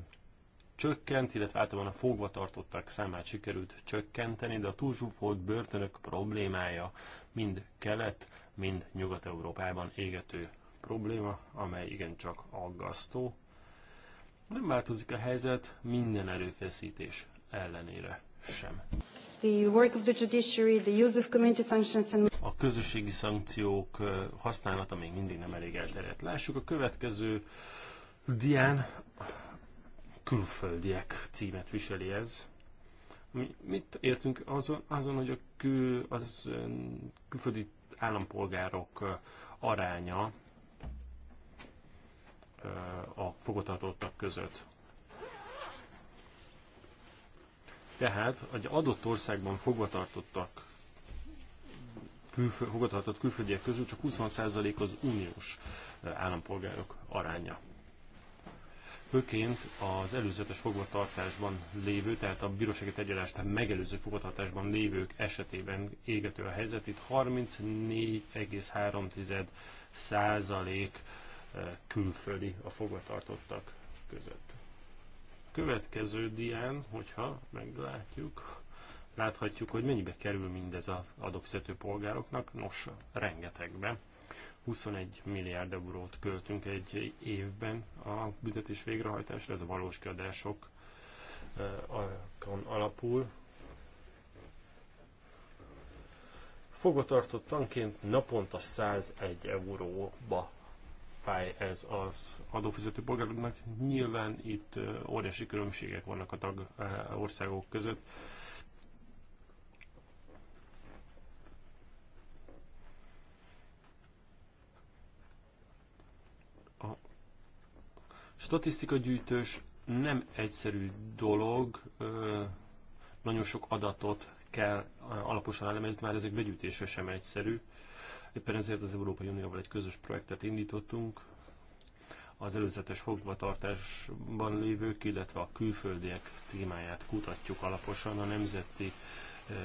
F: csökkent, illetve általában a fogvatartottak számát sikerült csökkenteni, de a túlzsúfolt börtönök problémája mind kelet, mind nyugat-európában égető probléma, amely igencsak aggasztó. Nem változik a helyzet minden erőfeszítés ellenére sem. A közösségi szankciók használata még mindig nem elég elterjedt. Lássuk a következő dián, külföldiek címet viseli ez. Mi, mit értünk azon, azon hogy a kül, az, külföldi állampolgárok aránya a fogvatartottak között. Tehát egy adott országban fogvatartottak külfö, fogvatartott külföldiek közül csak 20% az uniós eh, állampolgárok aránya. Főként az előzetes fogvatartásban lévő, tehát a bírósági tehát megelőző fogvatartásban lévők esetében égető a helyzet. Itt 34,3 százalék eh, külföldi a fogvatartottak között következő dián, hogyha meglátjuk, láthatjuk, hogy mennyibe kerül mindez az adófizető polgároknak. Nos, rengetegbe. 21 milliárd eurót költünk egy évben a büntetés végrehajtásra, ez a valós kiadások alapul. tanként naponta 101 euróba fáj ez az adófizető polgároknak. Nyilván itt óriási különbségek vannak a tag országok között. A statisztika gyűjtős nem egyszerű dolog, nagyon sok adatot kell alaposan elemezni, már ezek begyűjtése sem egyszerű. Éppen ezért az Európai Unióval egy közös projektet indítottunk, az előzetes fogvatartásban lévők, illetve a külföldiek témáját kutatjuk alaposan a nemzeti eh,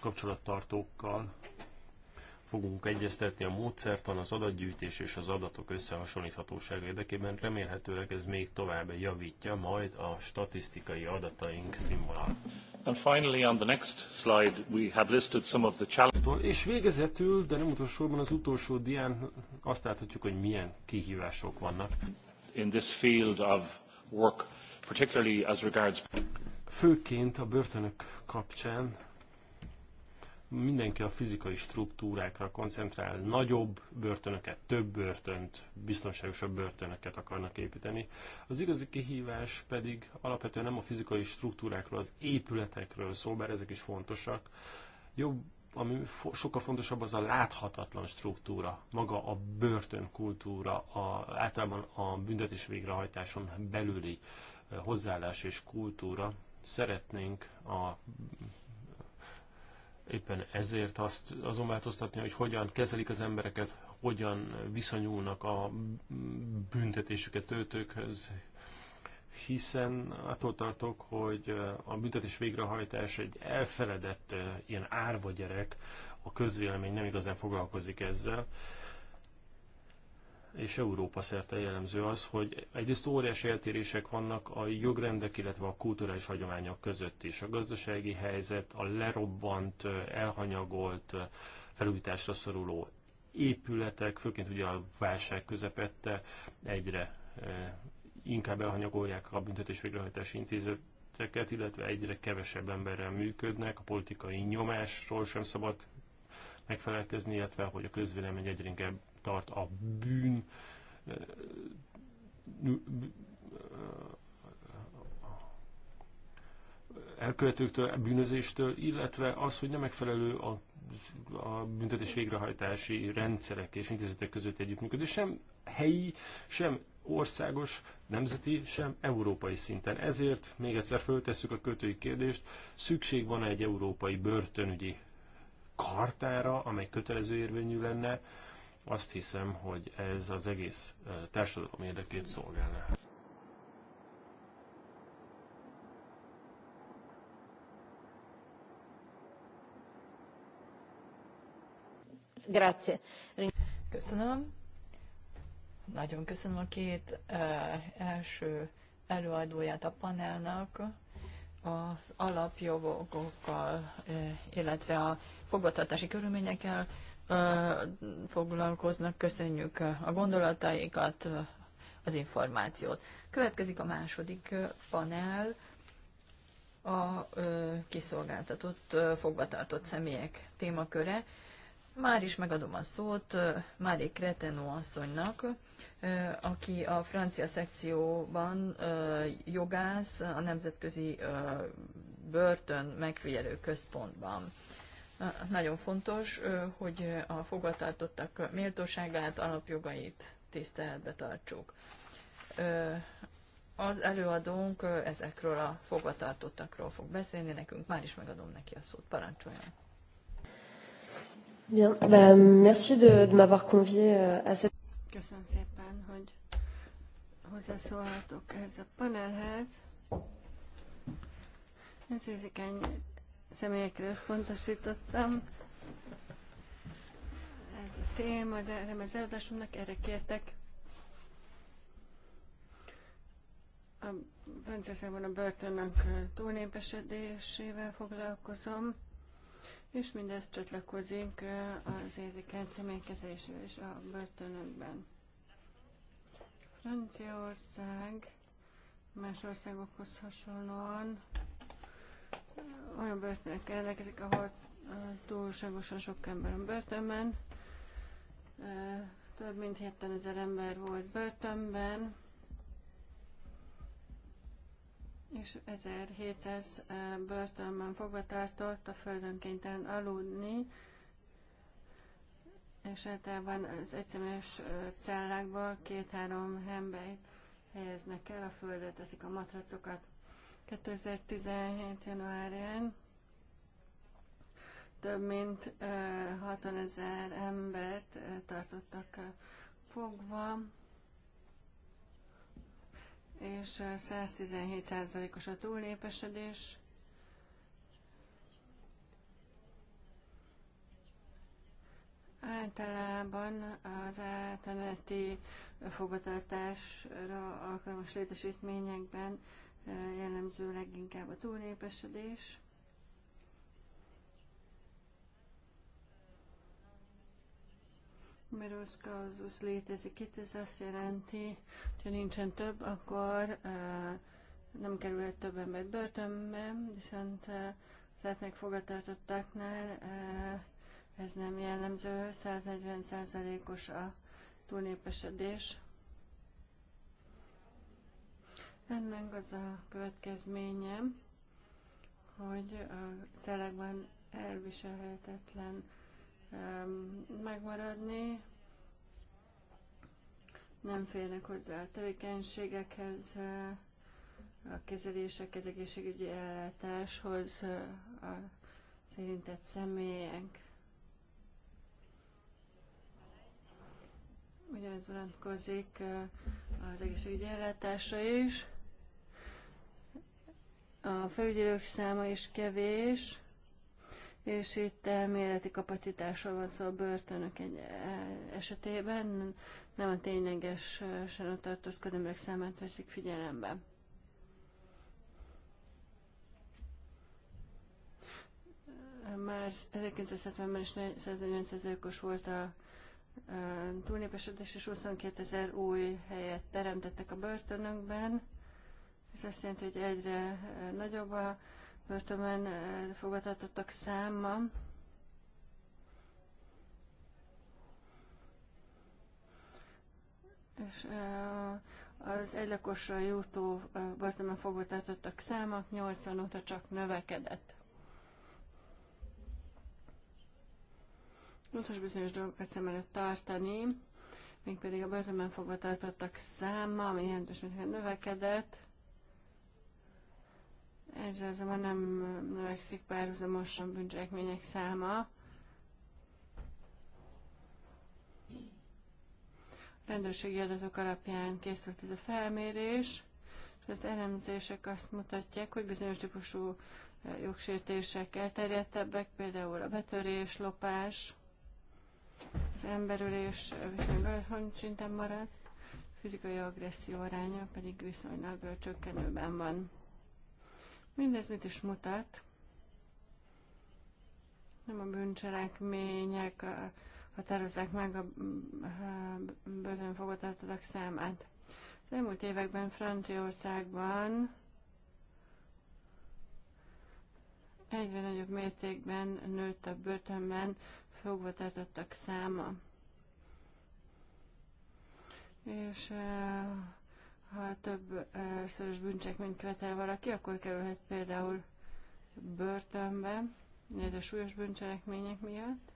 F: kapcsolattartókkal, fogunk egyeztetni a módszertan, az adatgyűjtés és az adatok összehasonlíthatóság érdekében. Remélhetőleg ez még tovább javítja majd a statisztikai adataink színvonalat. És végezetül, de nem utolsó sorban az utolsó dián azt láthatjuk, hogy milyen kihívások vannak. In this field of work, particularly as regards... Főként a börtönök kapcsán mindenki a fizikai struktúrákra koncentrál, nagyobb börtönöket, több börtönt, biztonságosabb börtönöket akarnak építeni. Az igazi kihívás pedig alapvetően nem a fizikai struktúrákról, az épületekről szól, bár ezek is fontosak. Jobb, ami sokkal fontosabb, az a láthatatlan struktúra, maga a börtönkultúra, a, általában a büntetés végrehajtáson belüli hozzáállás és kultúra. Szeretnénk a Éppen ezért azt azon változtatni, hogy hogyan kezelik az embereket, hogyan viszonyulnak a büntetésüket töltőkhöz, hiszen attól tartok, hogy a büntetés végrehajtás egy elfeledett ilyen árva gyerek, a közvélemény nem igazán foglalkozik ezzel és Európa szerte jellemző az, hogy egyrészt óriási eltérések vannak a jogrendek, illetve a kulturális hagyományok között is. A gazdasági helyzet, a lerobbant, elhanyagolt, felújításra szoruló épületek, főként ugye a válság közepette egyre eh, inkább elhanyagolják a büntetés végrehajtási intézeteket, illetve egyre kevesebb emberrel működnek, a politikai nyomásról sem szabad megfelelkezni, illetve hogy a közvélemény egyre inkább tart a bűn elkövetőktől, bűnözéstől, illetve az, hogy nem megfelelő a, a büntetés végrehajtási rendszerek és intézetek között együttműködés, sem helyi, sem országos, nemzeti, sem európai szinten. Ezért még egyszer föltesszük a kötői kérdést, szükség van -e egy európai börtönügyi kartára, amely kötelező érvényű lenne, azt hiszem, hogy ez az egész eh, társadalom érdekét szolgálná.
A: Grazie. Köszönöm. Nagyon
B: köszönöm a két eh, első előadóját a panelnak az alapjogokkal, eh, illetve a fogvatartási körülményekkel foglalkoznak. Köszönjük a gondolataikat, az információt. Következik a második panel, a kiszolgáltatott, fogvatartott személyek témaköre. Már is megadom a szót Márik Kretenó asszonynak, aki a francia szekcióban jogász a Nemzetközi Börtön Megfigyelő Központban. Nagyon fontos, hogy a fogvatartottak méltóságát, alapjogait tiszteletbe tartsuk. Az előadónk ezekről a fogvatartottakról fog beszélni nekünk, már is megadom neki a szót, parancsoljon.
A: Bien, merci de, m'avoir convié euh, à cette...
B: Köszönöm szépen,
C: hogy hozzászólhatok ehhez a panelhez. Ez érzékeny személyekre összpontosítottam. Ez a téma, de nem az előadásomnak erre kértek. A Franciaországban a börtönök túlnépesedésével foglalkozom, és mindez csatlakozik az érzékeny személykezésével is a börtönökben. Franciaország más országokhoz hasonlóan olyan börtönök a ahol túlságosan sok ember a börtönben. Több mint 7000 ember volt börtönben, és 1700 börtönben fogvatartott a földön kénytelen aludni, és általában az egyszemélyes cellákba két-három hembeit helyeznek el, a földre teszik a matracokat. 2017. januárján több mint 60 ezer embert tartottak fogva, és 117%-os a túlnépesedés. Általában az átmeneti fogvatartásra alkalmas létesítményekben jellemző leginkább a túlnépesedés. Numerus causus létezik itt, ez azt jelenti, hogy nincsen több, akkor nem kerülhet több ember börtönbe, viszont az átmeg fogatartottaknál ez nem jellemző, 140%-os a túlnépesedés. Ennek az a következménye, hogy a telekben elviselhetetlen megmaradni, nem félnek hozzá a tevékenységekhez, a kezelésekhez, egészségügyi ellátáshoz, a érintett személyek. Ugyanez vonatkozik az egészségügyi ellátásra is a felügyelők száma is kevés, és itt elméleti kapacitásról van szó a börtönök egy e, esetében, nem a ténylegesen a tartózkodó emberek számát veszik figyelembe. Már 1970-ben is 140%-os volt a e, túlnépesedés, és 22 ezer új helyet teremtettek a börtönökben. Ez azt jelenti, hogy egyre nagyobb a börtönben fogadhatottak száma. És az egylakosra jutó börtönben fogadhatottak száma 80 óta csak növekedett. Fontos bizonyos dolgokat szem előtt tartani, mégpedig a börtönben tartottak száma, ami jelentősen növekedett, ezzel azonban nem növekszik párhuzamosan bűncselekmények száma. rendőrségi adatok alapján készült ez a felmérés, és az elemzések azt mutatják, hogy bizonyos típusú e, jogsértések elterjedtebbek, például a betörés, lopás, az emberülés viszonylag alacsony szinten maradt, a fizikai agresszió aránya pedig viszonylag csökkenőben van. Mindez mit is mutat? Nem a bűncselekmények határozzák meg a börtön számát. Az elmúlt években Franciaországban egyre nagyobb mértékben nőtt a börtönben fogvatartottak száma. És eh, ha több szoros bűncsekményt követel valaki, akkor kerülhet például börtönbe, ez a súlyos bűncselekmények miatt.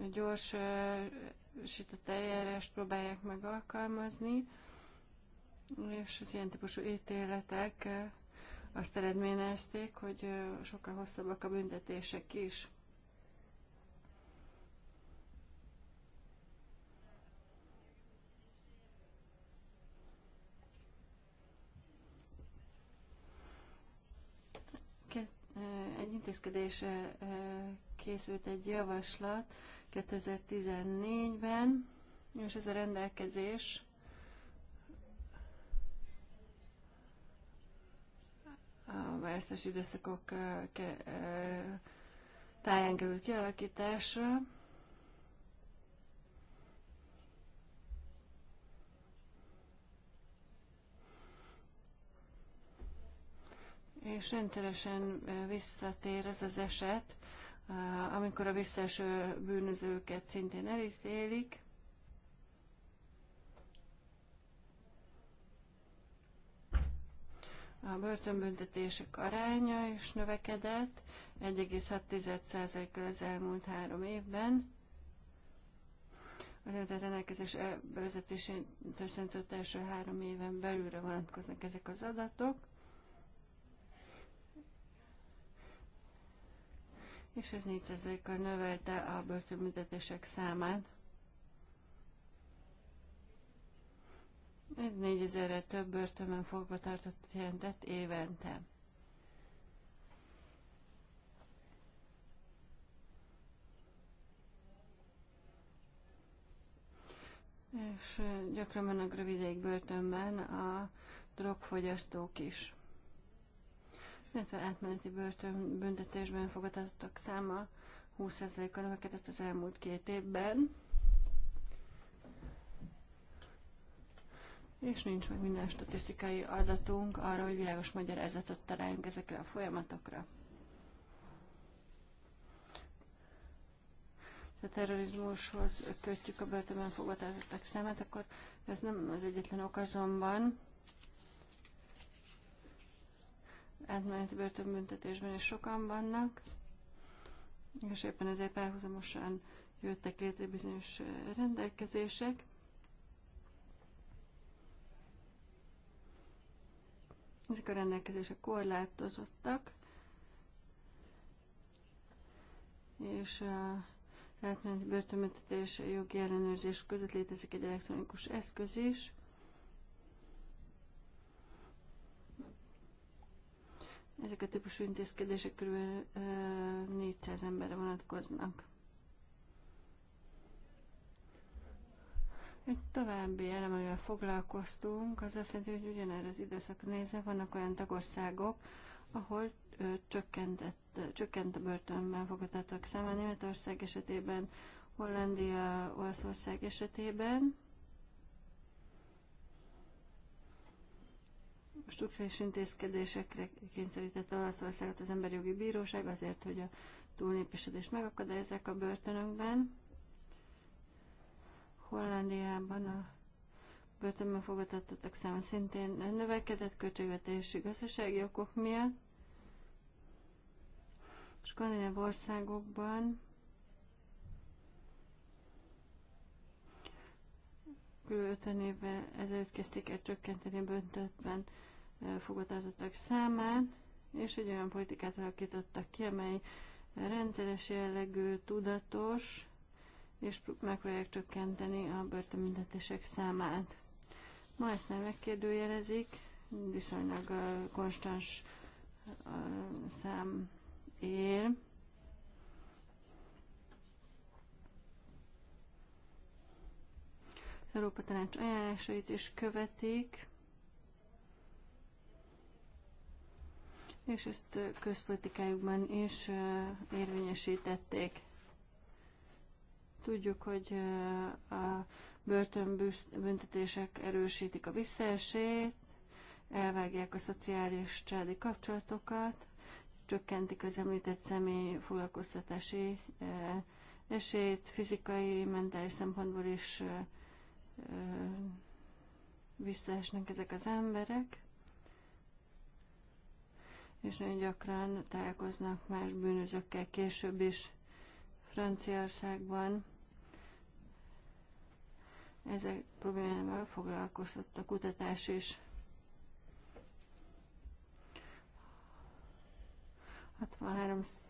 C: A gyors sított eljárást próbálják meg alkalmazni, és az ilyen típusú ítéletek azt eredményezték, hogy sokkal hosszabbak a büntetések is. egy intézkedés készült egy javaslat 2014-ben, és ez a rendelkezés a választási időszakok táján került kialakításra. és rendszeresen visszatér ez az eset, amikor a visszaeső bűnözőket szintén elítélik. A börtönbüntetések aránya is növekedett 1,6%-kal az elmúlt három évben. Az a rendelkezés bevezetésétől szentőtt első három éven belülre vonatkoznak ezek az adatok. és ez 4%-kal növelte a börtönbüntetések számát. Ez 4000-re több börtönben fogva tartott jelentett évente. És gyakran vannak rövid börtönben a drogfogyasztók is illetve átmeneti börtön büntetésben fogadottak száma 20%-a növekedett az elmúlt két évben. És nincs meg minden statisztikai adatunk arra, hogy világos magyarázatot találjunk ezekre a folyamatokra. a terrorizmushoz kötjük a börtönben fogvatartottak számát, akkor ez nem az egyetlen ok azonban. átmeneti börtönbüntetésben is sokan vannak, és éppen ezért párhuzamosan jöttek létre bizonyos rendelkezések. Ezek a rendelkezések korlátozottak, és a átmeneti börtönbüntetés jogi ellenőrzés között létezik egy elektronikus eszköz is, Ezek a típusú intézkedések kb. 400 emberre vonatkoznak. Egy további elem, amivel foglalkoztunk, az azt jelenti, hogy ugyanerre az időszak nézve vannak olyan tagországok, ahol ö, csökkentett, csökkent a börtönben fogadottak száma Németország esetében, Hollandia, Olaszország esetében. struktúrális intézkedésekre kényszerítette Olaszországot az Emberi Jogi Bíróság azért, hogy a túlnépesedés megakadályozzák a börtönökben. Hollandiában a börtönben fogadtatottak száma szintén növekedett költségvetési gazdasági okok miatt. Skandináv országokban kb. 50 évvel ezelőtt kezdték el csökkenteni a elfogadottak számát, és egy olyan politikát alakítottak ki, amely rendszeres jellegű, tudatos, és megpróbálják csökkenteni a börtönbüntetések számát. Ma ezt nem megkérdőjelezik, viszonylag a konstans a szám ér. Az Európa Tanács ajánlásait is követik. és ezt közpolitikájukban is érvényesítették. Tudjuk, hogy a börtönbüntetések erősítik a visszaesét, elvágják a szociális családi kapcsolatokat, csökkentik az említett személy foglalkoztatási esélyt, fizikai, mentális szempontból is visszaesnek ezek az emberek és nagyon gyakran találkoznak más bűnözökkel később is Franciaországban. Ezek problémával foglalkozott a kutatás is.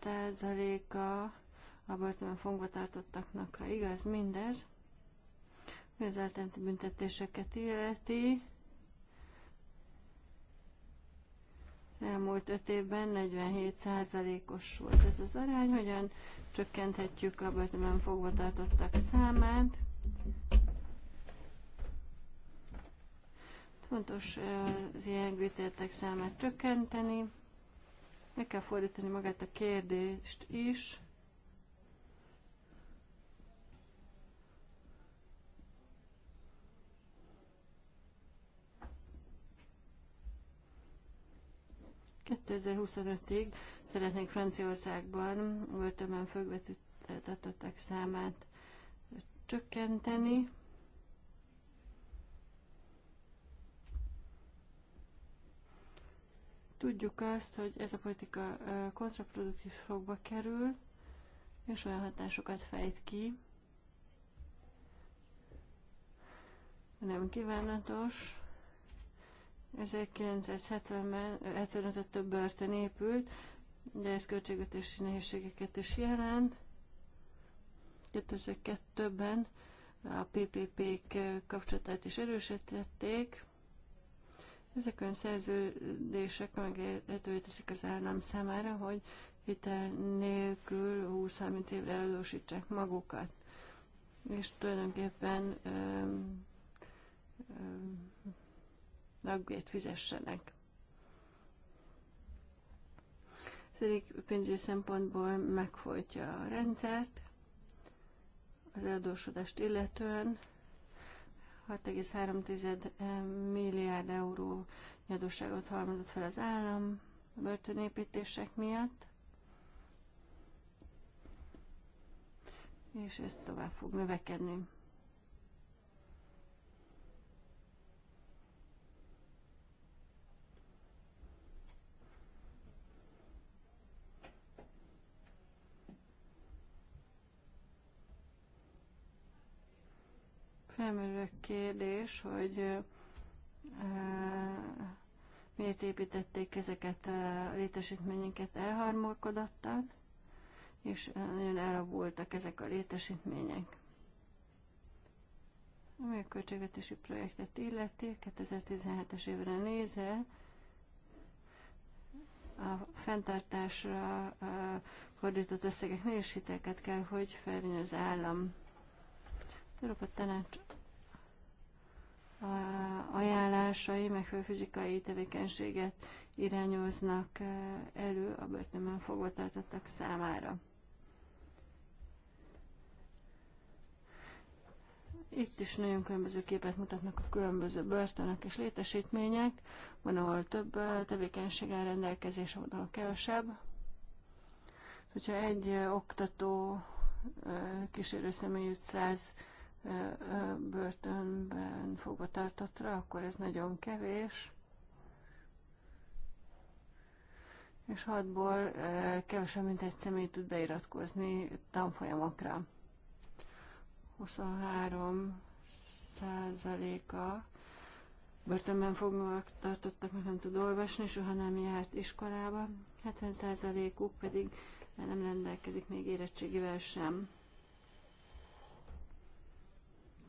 C: 63%-a a börtönben fogva tartottaknak, ha igaz mindez, mi az büntetéseket illeti, elmúlt öt évben 47%-os volt ez az arány, hogyan csökkenthetjük a börtönben fogvatartottak számát. Fontos az ilyen gőtértek számát csökkenteni, meg kell fordítani magát a kérdést is, 2025-ig szeretnénk Franciaországban börtönben fogvetettettek számát csökkenteni. Tudjuk azt, hogy ez a politika kontraproduktív sokba kerül, és olyan hatásokat fejt ki, nem kívánatos. 1970-ben 75 több börtön épült, de ez költségvetési nehézségeket is jelent. 2002-ben a PPP-k kapcsolatát is erősítették. Ezek olyan szerződések meg lehetővé teszik az állam számára, hogy hitel nélkül 20-30 évre eladósítsák magukat. És tulajdonképpen öm, öm, lakbért fizessenek. Szerint pénzügyi szempontból megfolytja a rendszert, az eladósodást illetően 6,3 eh, milliárd euró nyadóságot halmozott fel az állam a börtönépítések miatt, és ez tovább fog növekedni. Felmerül a kérdés, hogy uh, miért építették ezeket a létesítményeket elharmolkodattal, és nagyon elavultak ezek a létesítmények. Ami a költségvetési projektet illeti, 2017-es évre nézve, a fenntartásra fordított összegeknél is hiteket kell, hogy felvinni az állam. Az Európa Tanács ajánlásai megfelelő fizikai tevékenységet irányoznak eh, elő a börtönben fogvatartottak számára. Itt is nagyon különböző képet mutatnak a különböző börtönök és létesítmények. Van, ahol több eh, tevékenység áll rendelkezésre, van, ahol kevesebb. Hogyha egy eh, oktató kísérő személy 100 100 börtönben fogvatartottra, tartottra, akkor ez nagyon kevés. És hatból kevesebb, mint egy személy tud beiratkozni tanfolyamokra. 23 százaléka börtönben fognak tartottak, nem tud olvasni, soha nem járt iskolába, 70 százalékuk pedig nem rendelkezik még érettségivel sem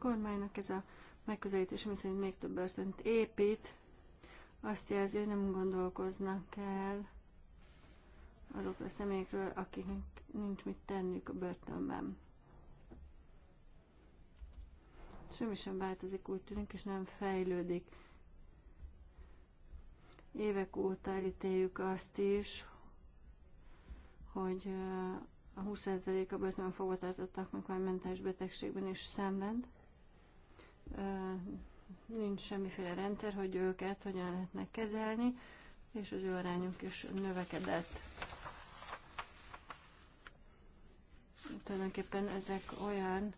C: kormánynak ez a megközelítés, ami szerint még több börtönt épít, azt jelzi, hogy nem gondolkoznak el azokra a személyekről, akiknek nincs mit tenniük a börtönben. Semmi sem változik, úgy tűnik, és nem fejlődik. Évek óta elítéljük azt is, hogy a 20% a börtönben fogvatartottaknak már mentális betegségben és szenved nincs semmiféle rendszer, hogy őket hogyan lehetne kezelni, és az ő arányunk is növekedett. Tulajdonképpen ezek olyan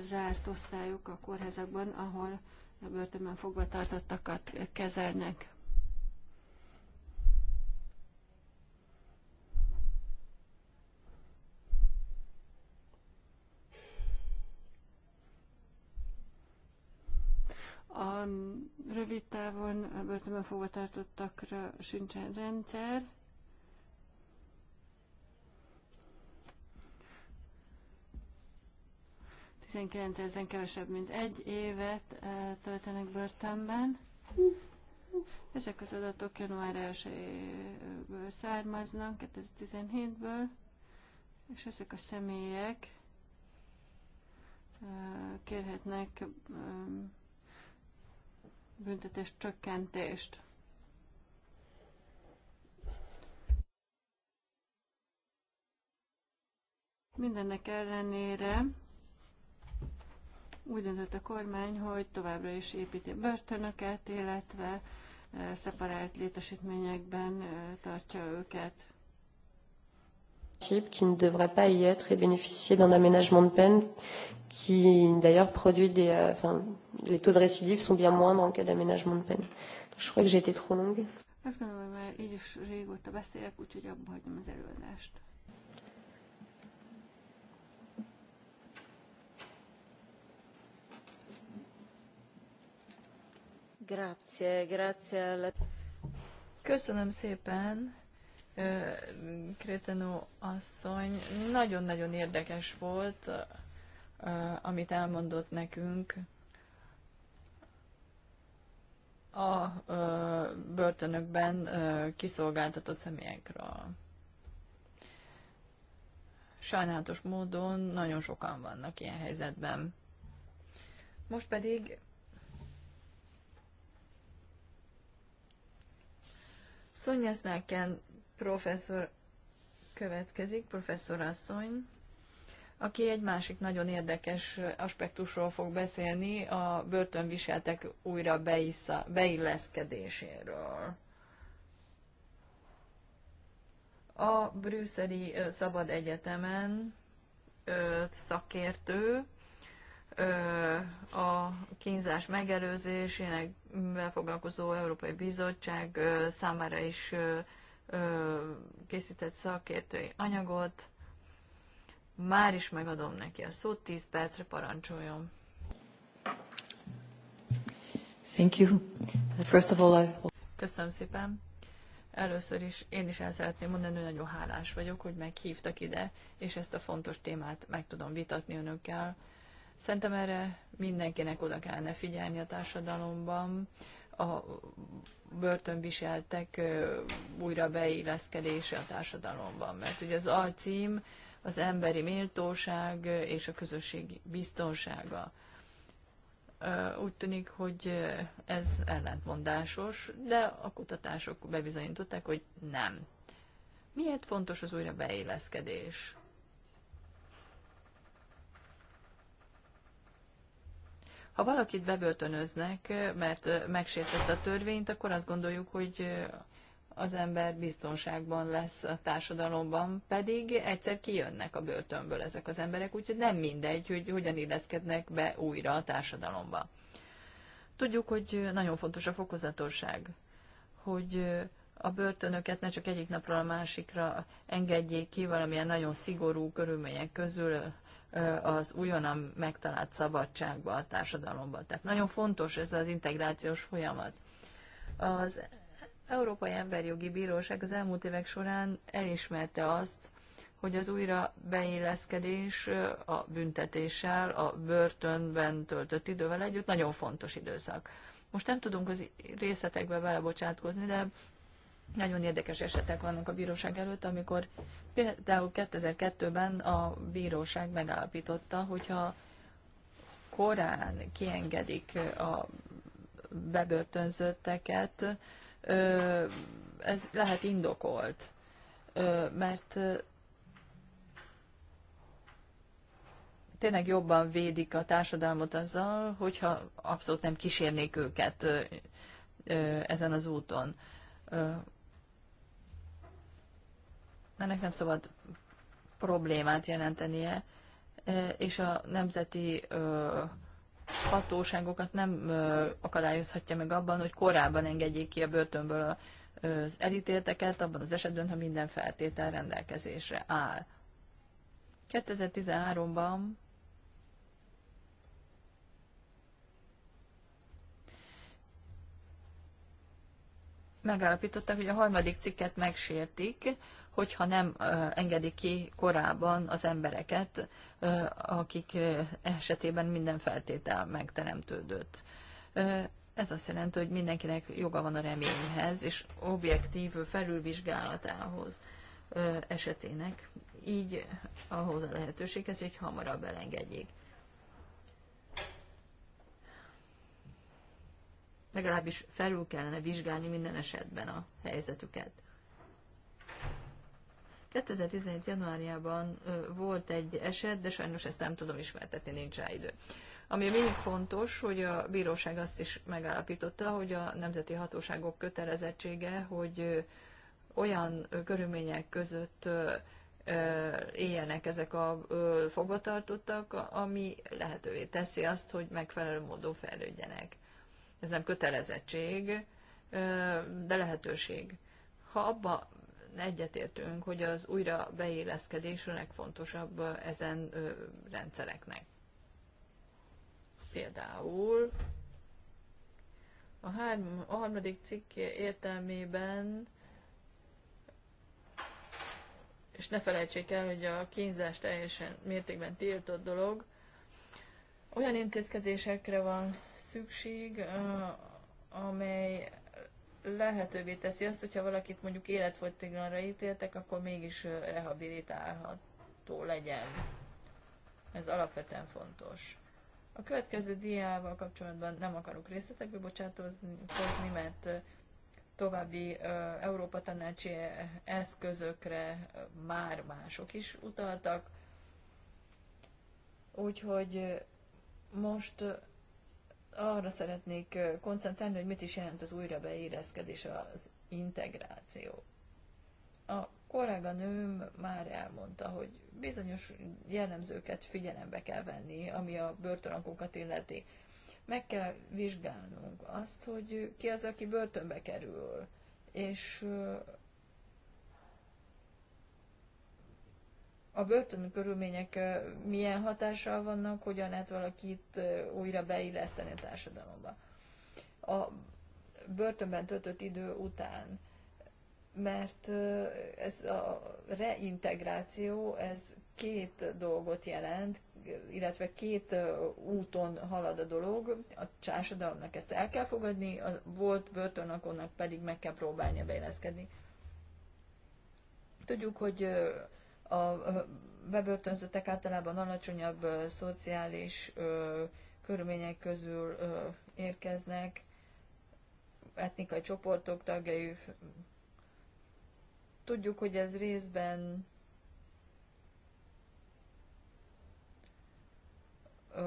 C: zárt osztályok a kórházakban, ahol a börtönben fogva tartottakat kezelnek. A rövid távon börtönben fogva tartottakra sincsen rendszer. ezen kevesebb, mint egy évet eh, töltenek börtönben. Ezek az adatok január 1-ből származnak, 2017-ből, és ezek a személyek eh, kérhetnek eh, büntetés csökkentést. Mindennek ellenére úgy döntött a kormány, hogy továbbra is építi börtönöket, illetve eh, szeparált létesítményekben eh, tartja őket
A: type qui ne devrait pas y être et bénéficier d'un aménagement de peine qui d'ailleurs produit des... Euh, enfin, les taux de récidive sont bien moindres en cas d'aménagement de peine. Donc, je crois que j'ai été trop longue.
B: Köszönöm szépen Krétenó asszony, nagyon-nagyon érdekes volt, amit elmondott nekünk a börtönökben kiszolgáltatott személyekről. Sajnálatos módon nagyon sokan vannak ilyen helyzetben. Most pedig Szonyasznáken professzor következik, professzor asszony, aki egy másik nagyon érdekes aspektusról fog beszélni, a börtönviseltek újra beissza, beilleszkedéséről. A brüsszeli Szabad Egyetemen öt szakértő a kínzás megelőzésének foglalkozó Európai Bizottság számára is készített szakértői anyagot. Már is megadom neki a szót, 10 percre parancsoljon.
C: Thank you. First of all, I...
B: Köszönöm szépen. Először is én is el szeretném mondani, hogy nagyon hálás vagyok, hogy meghívtak ide, és ezt a fontos témát meg tudom vitatni önökkel. Szerintem erre mindenkinek oda kellene figyelni a társadalomban, a börtönviseltek újra beilleszkedése a társadalomban. Mert ugye az alcím az emberi méltóság és a közösség biztonsága. Úgy tűnik, hogy ez ellentmondásos, de a kutatások bebizonyították, hogy nem. Miért fontos az újra beilleszkedés? Ha valakit bebörtönöznek, mert megsértett a törvényt, akkor azt gondoljuk, hogy az ember biztonságban lesz a társadalomban, pedig egyszer kijönnek a börtönből ezek az emberek, úgyhogy nem mindegy, hogy hogyan illeszkednek be újra a társadalomba. Tudjuk, hogy nagyon fontos a fokozatosság, hogy a börtönöket ne csak egyik napról a másikra engedjék ki valamilyen nagyon szigorú körülmények közül, az újonnan megtalált szabadságba, a társadalomba. Tehát nagyon fontos ez az integrációs folyamat. Az Európai Emberjogi Bíróság az elmúlt évek során elismerte azt, hogy az újra beilleszkedés a büntetéssel, a börtönben töltött idővel együtt nagyon fontos időszak. Most nem tudunk az részletekbe belebocsátkozni, de nagyon érdekes esetek vannak a bíróság előtt, amikor például 2002-ben a bíróság megállapította, hogyha korán kiengedik a bebörtönzötteket, ez lehet indokolt, mert tényleg jobban védik a társadalmat azzal, hogyha abszolút nem kísérnék őket ezen az úton ennek nem szabad problémát jelentenie, e, és a nemzeti hatóságokat nem akadályozhatja meg abban, hogy korábban engedjék ki a börtönből az elítélteket, abban az esetben, ha minden feltétel rendelkezésre áll. 2013-ban megállapították, hogy a harmadik cikket megsértik, hogyha nem engedik ki korábban az embereket, akik esetében minden feltétel megteremtődött. Ez azt jelenti, hogy mindenkinek joga van a reményhez és objektív felülvizsgálatához esetének. Így ahhoz a lehetőséghez, hogy hamarabb elengedjék. Legalábbis felül kellene vizsgálni minden esetben a helyzetüket. 2017. januárjában volt egy eset, de sajnos ezt nem tudom ismertetni, nincs rá idő. Ami még fontos, hogy a bíróság azt is megállapította, hogy a nemzeti hatóságok kötelezettsége, hogy olyan körülmények között éljenek ezek a fogvatartottak, ami lehetővé teszi azt, hogy megfelelő módon fejlődjenek. Ez nem kötelezettség, de lehetőség. Ha abba egyetértünk, hogy az újra beéleszkedés a legfontosabb ezen rendszereknek. Például a, hár, a harmadik cikk értelmében, és ne felejtsék el, hogy a kínzás teljesen mértékben tiltott dolog, olyan intézkedésekre van szükség, amely lehetővé teszi azt, hogyha valakit mondjuk életfogytiglanra ítéltek, akkor mégis rehabilitálható legyen. Ez alapvetően fontos. A következő diával kapcsolatban nem akarok részletekbe bocsátkozni, mert további Európa tanácsi eszközökre már mások is utaltak. Úgyhogy most arra szeretnék koncentrálni, hogy mit is jelent az újrabeilleszkedés, az integráció. A kolléganőm már elmondta, hogy bizonyos jellemzőket figyelembe kell venni, ami a börtönlakunkat illeti. Meg kell vizsgálnunk azt, hogy ki az, aki börtönbe kerül, és a börtön körülmények milyen hatással vannak, hogyan lehet valakit újra beilleszteni a társadalomba. A börtönben töltött idő után, mert ez a reintegráció, ez két dolgot jelent, illetve két úton halad a dolog, a társadalomnak ezt el kell fogadni, a volt börtönlakonnak pedig meg kell próbálnia beilleszkedni. Tudjuk, hogy a bebörtönzöttek általában alacsonyabb szociális körülmények közül érkeznek, etnikai csoportok tagjai. Tudjuk, hogy ez részben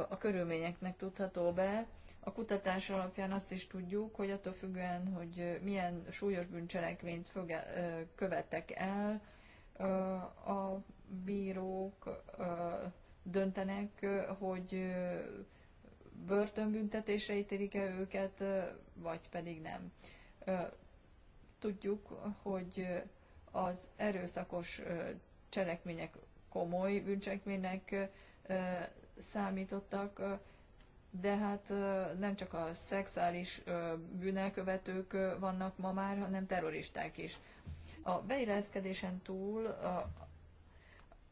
B: a körülményeknek tudható be. A kutatás alapján azt is tudjuk, hogy attól függően, hogy milyen súlyos bűncselekményt követtek el, a bírók döntenek, hogy börtönbüntetésre ítélik-e őket, vagy pedig nem. Tudjuk, hogy az erőszakos cselekmények komoly bűncselekménynek számítottak, de hát nem csak a szexuális bűnelkövetők vannak ma már, hanem terroristák is. A beilleszkedésen túl a,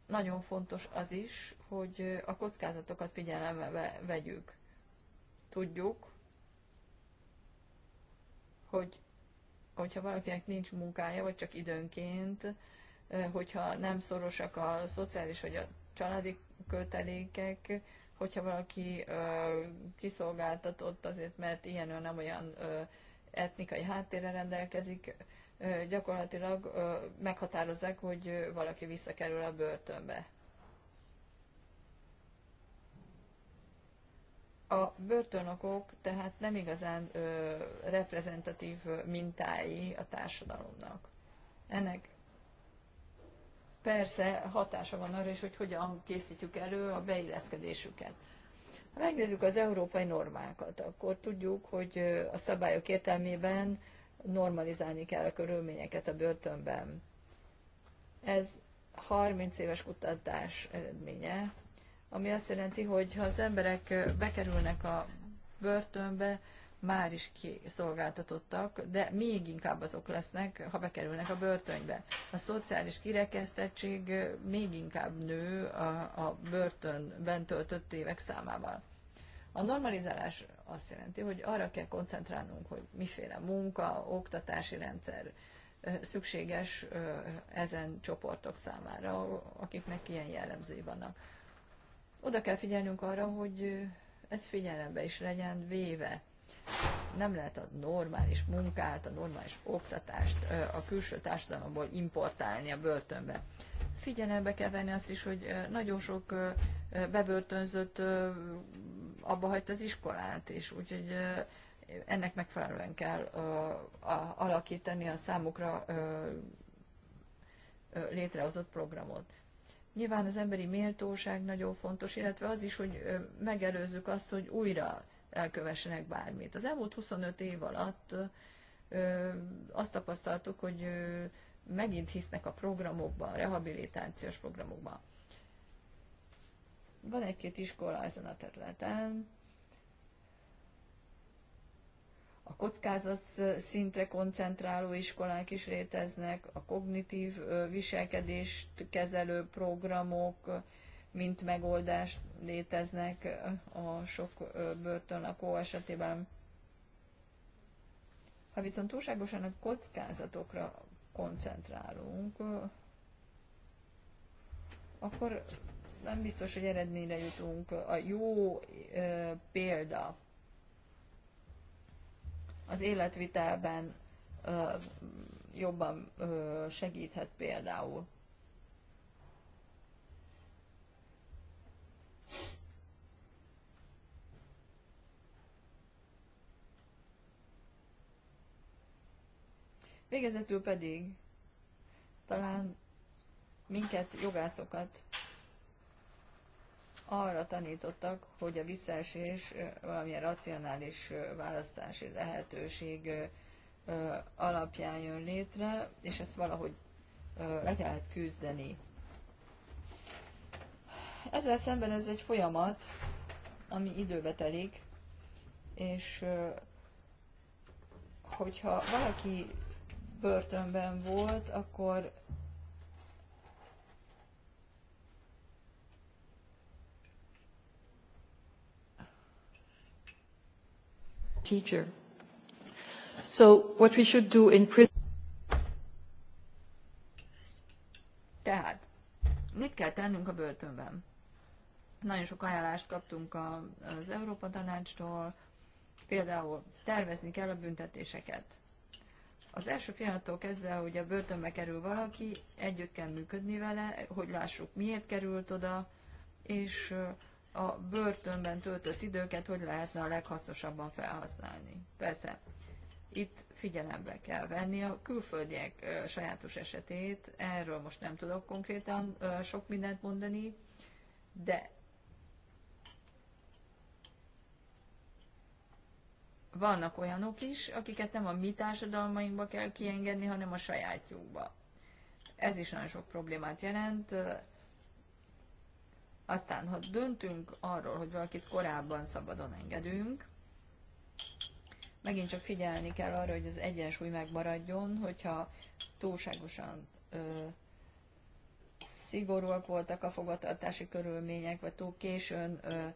B: nagyon fontos az is, hogy a kockázatokat figyelembe vegyük. Tudjuk, hogy hogyha valakinek nincs munkája, vagy csak időnként, hogyha nem szorosak a szociális vagy a családi kötelékek, hogyha valaki ö, kiszolgáltatott azért, mert ilyen nem olyan ö, etnikai háttérre rendelkezik, gyakorlatilag meghatározzák, hogy valaki visszakerül a börtönbe. a börtönokok tehát nem igazán ö, reprezentatív mintái a társadalomnak. Ennek persze hatása van arra is, hogy hogyan készítjük elő a beilleszkedésüket. Ha megnézzük az európai normákat, akkor tudjuk, hogy a szabályok értelmében normalizálni kell a körülményeket a börtönben. Ez 30 éves kutatás eredménye, ami azt jelenti, hogy ha az emberek bekerülnek a börtönbe, már is kiszolgáltatottak, de még inkább azok lesznek, ha bekerülnek a börtönbe. A szociális kirekesztettség még inkább nő a, a börtönben töltött évek számával. A normalizálás azt jelenti, hogy arra kell koncentrálnunk, hogy miféle munka, oktatási rendszer szükséges ezen csoportok számára, akiknek ilyen jellemzői vannak. Oda kell figyelnünk arra, hogy ez figyelembe is legyen véve nem lehet a normális munkát, a normális oktatást a külső társadalomból importálni a börtönbe. Figyelembe kell venni azt is, hogy nagyon sok bebörtönzött abba hagyta az iskolát, és úgyhogy ennek megfelelően kell alakítani a számukra létrehozott programot. Nyilván az emberi méltóság nagyon fontos, illetve az is, hogy megelőzzük azt, hogy újra elkövessenek bármit. Az elmúlt 25 év alatt ö, azt tapasztaltuk, hogy ö, megint hisznek a programokban, a rehabilitációs programokban. Van egy-két iskola ezen a területen. A kockázat szintre koncentráló iskolák is léteznek, a kognitív viselkedést kezelő programok, mint megoldás léteznek a sok börtönlakó esetében. Ha viszont túlságosan a kockázatokra koncentrálunk, akkor nem biztos, hogy eredményre jutunk. A jó e, példa az életvitelben e, jobban e, segíthet például. Végezetül pedig talán minket, jogászokat arra tanítottak, hogy a visszaesés valamilyen racionális választási lehetőség alapján jön létre, és ezt valahogy le kell küzdeni. Ezzel szemben ez egy folyamat, ami időbe telik, és hogyha valaki börtönben volt, akkor teacher. So what we should do in prison Tehát, mit kell tennünk a börtönben? Nagyon sok ajánlást kaptunk az Európa Tanácstól, például tervezni kell a büntetéseket. Az első pillanattól kezdve, hogy a börtönbe kerül valaki, együtt kell működni vele, hogy lássuk miért került oda, és a börtönben töltött időket hogy lehetne a leghasznosabban felhasználni. Persze, itt figyelembe kell venni a külföldiek sajátos esetét, erről most nem tudok konkrétan sok mindent mondani, de Vannak olyanok is, akiket nem a mi társadalmainkba kell kiengedni, hanem a sajátjukba. Ez is nagyon sok problémát jelent. Aztán, ha döntünk arról, hogy valakit korábban szabadon engedünk, megint csak figyelni kell arra, hogy az egyensúly megmaradjon, hogyha túlságosan ö, szigorúak voltak a fogvatartási körülmények, vagy túl későn ö,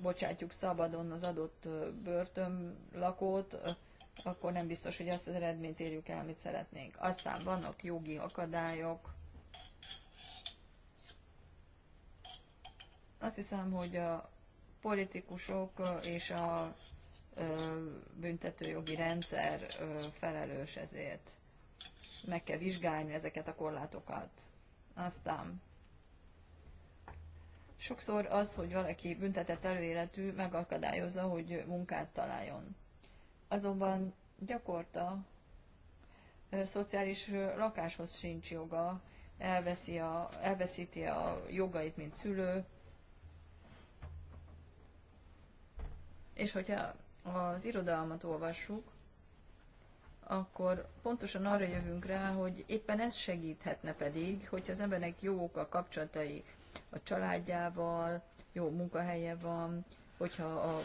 B: bocsátjuk szabadon az adott börtönlakót, akkor nem biztos, hogy azt az eredményt érjük el, amit szeretnénk. Aztán vannak jogi akadályok. Azt hiszem, hogy a politikusok és a büntetőjogi rendszer felelős ezért. Meg kell vizsgálni ezeket a korlátokat. Aztán Sokszor az, hogy valaki büntetett előéletű, megakadályozza, hogy munkát találjon. Azonban gyakorta szociális lakáshoz sincs joga, elveszi a, elveszíti a jogait, mint szülő, és hogyha az irodalmat olvassuk, akkor pontosan arra jövünk rá, hogy éppen ez segíthetne pedig, hogyha az embernek jók a kapcsolatai a családjával, jó munkahelye van, hogyha a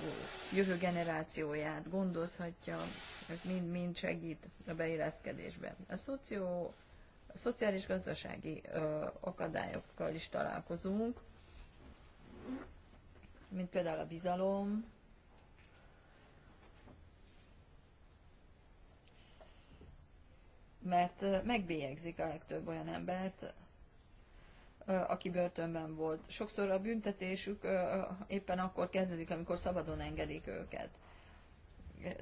B: jövő generációját gondozhatja, ez mind-mind segít a beilleszkedésbe. A, szoció, a szociális gazdasági ö, akadályokkal is találkozunk, mint például a bizalom, mert megbélyegzik a legtöbb olyan embert, aki börtönben volt. Sokszor a büntetésük éppen akkor kezdődik, amikor szabadon engedik őket.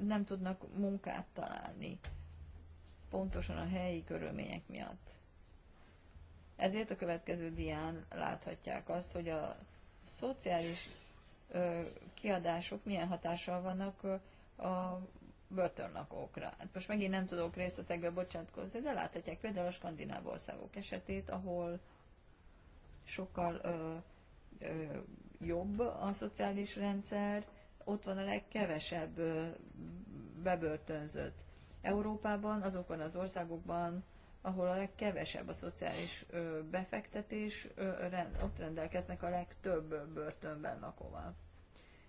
B: Nem tudnak munkát találni, pontosan a helyi körülmények miatt. Ezért a következő dián láthatják azt, hogy a szociális kiadások milyen hatással vannak a börtönlakókra. Hát most megint nem tudok részletekbe bocsátkozni, de láthatják például a skandináv országok esetét, ahol sokkal ö, ö, jobb a szociális rendszer, ott van a legkevesebb ö, bebörtönzött. Európában, azokban az országokban, ahol a legkevesebb a szociális ö, befektetés, ö, rend, ott rendelkeznek a legtöbb börtönben lakóval.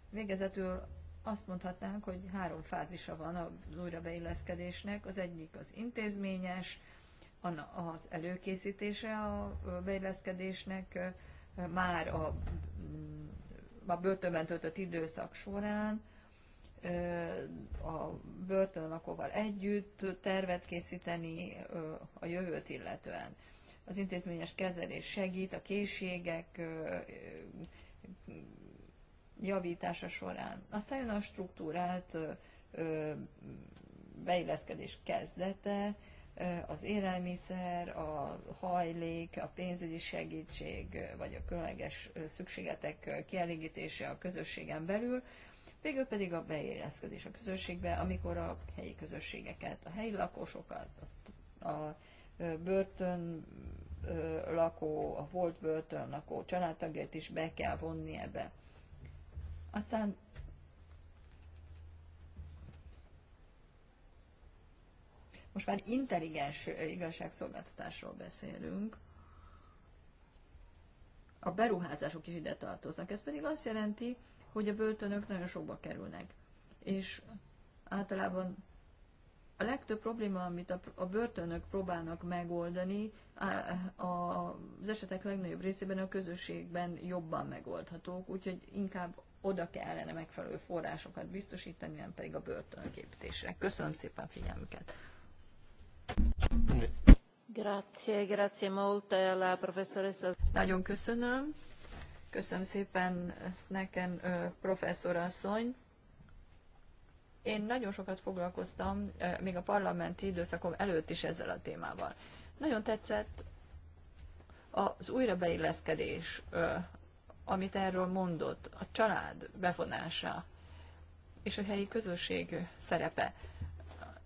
B: Végezetül azt mondhatnánk, hogy három fázisa van az újrabeilleszkedésnek. Az egyik az intézményes, az előkészítése a beilleszkedésnek már a, mm, a börtönben töltött időszak során, a börtönlakóval együtt tervet készíteni a jövőt illetően. Az intézményes kezelés segít a készségek javítása során. Aztán jön a struktúrált beilleszkedés kezdete, az élelmiszer, a hajlék, a pénzügyi segítség, vagy a különleges szükségletek kielégítése a közösségen belül, végül pedig a beilleszkedés a közösségbe, amikor a helyi közösségeket, a helyi lakosokat, a börtön lakó, a volt börtön lakó családtagjait is be kell vonni ebbe. Aztán Most már intelligens igazságszolgáltatásról beszélünk. A beruházások is ide tartoznak. Ez pedig azt jelenti, hogy a börtönök nagyon sokba kerülnek. És általában a legtöbb probléma, amit a, börtönök próbálnak megoldani, az esetek legnagyobb részében a közösségben jobban megoldhatók, úgyhogy inkább oda kellene megfelelő forrásokat biztosítani, nem pedig a börtönök építésre. Köszönöm szépen figyelmüket! Nagyon köszönöm. Köszönöm szépen nekem, professzor asszony. Én nagyon sokat foglalkoztam, még a parlamenti időszakom előtt is ezzel a témával. Nagyon tetszett az újrabeilleszkedés, amit erről mondott, a család bevonása és a helyi közösség szerepe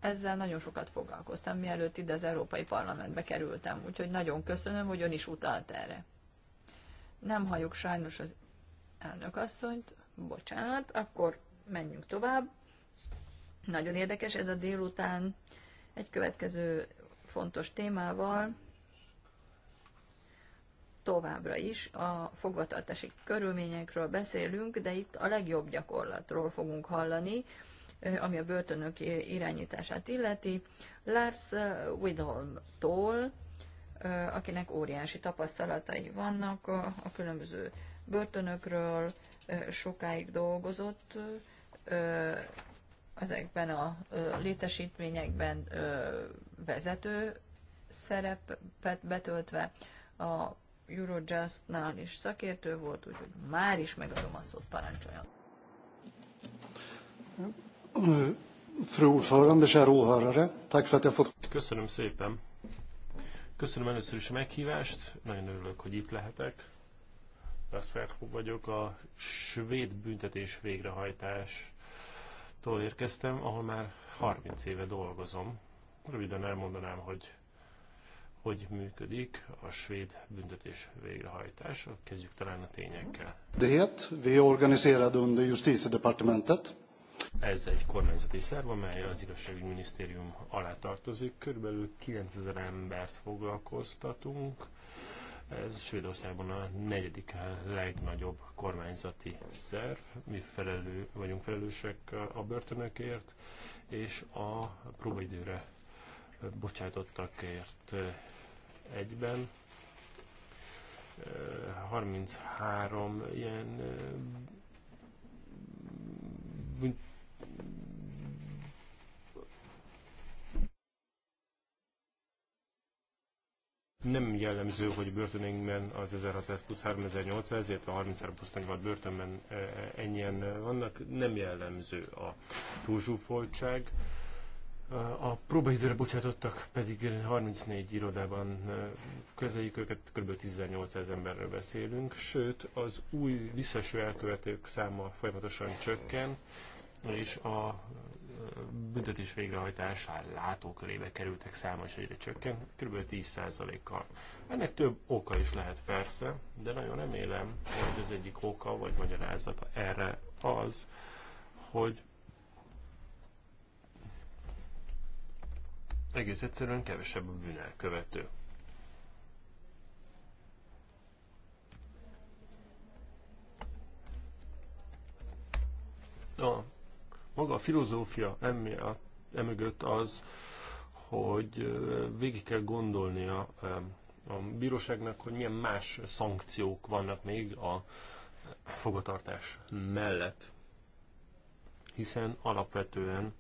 B: ezzel nagyon sokat foglalkoztam, mielőtt ide az Európai Parlamentbe kerültem, úgyhogy nagyon köszönöm, hogy ön is utalt erre. Nem halljuk sajnos az elnökasszonyt, bocsánat, akkor menjünk tovább. Nagyon érdekes ez a délután egy következő fontos témával. Továbbra is a fogvatartási körülményekről beszélünk, de itt a legjobb gyakorlatról fogunk hallani ami a börtönök irányítását illeti, Lars Widholm-tól, akinek óriási tapasztalatai vannak a különböző börtönökről, sokáig dolgozott ezekben a létesítményekben vezető szerepet betöltve, a Eurojustnál is szakértő volt, úgyhogy már is megadom a szót, parancsoljon.
D: Fru ordförande, kära åhörare.
F: Tack för att jag fått... Köszönöm szépen. Köszönöm először is a meghívást. Nagyon örülök, hogy itt lehetek. László vagyok, a svéd büntetés végrehajtás érkeztem, ahol már 30 éve dolgozom. Röviden elmondanám, hogy hogy működik a svéd büntetés végrehajtása. Kezdjük talán a tényekkel.
D: Det vi är organiserade under justitiedepartementet.
F: Ez egy kormányzati szerv, amely az igazságügyminisztérium alá tartozik. Körülbelül 9000 embert foglalkoztatunk. Ez Svédországban a negyedik legnagyobb kormányzati szerv. Mi felelő, vagyunk felelősek a börtönökért és a próbaidőre bocsátottakért egyben. 33 ilyen nem jellemző, hogy börtöneinkben az 1600 plusz 3800, illetve 33 plusz 46 börtönben eh, ennyien vannak, nem jellemző a túlzsúfoltság. A próbaidőre bocsátottak pedig 34 irodában közeljük őket, kb. 18 emberről beszélünk, sőt az új visszaeső elkövetők száma folyamatosan csökken, és a büntetés végrehajtásán látókörébe kerültek száma is egyre csökken, kb. 10%-kal. Ennek több oka is lehet persze, de nagyon remélem, hogy az egyik oka vagy magyarázata erre az, hogy egész egyszerűen kevesebb a bűnelkövető.
E: A maga a filozófia emiatt, emögött az,
F: hogy végig kell gondolnia a bíróságnak, hogy milyen más szankciók vannak még a fogatartás mellett, hiszen alapvetően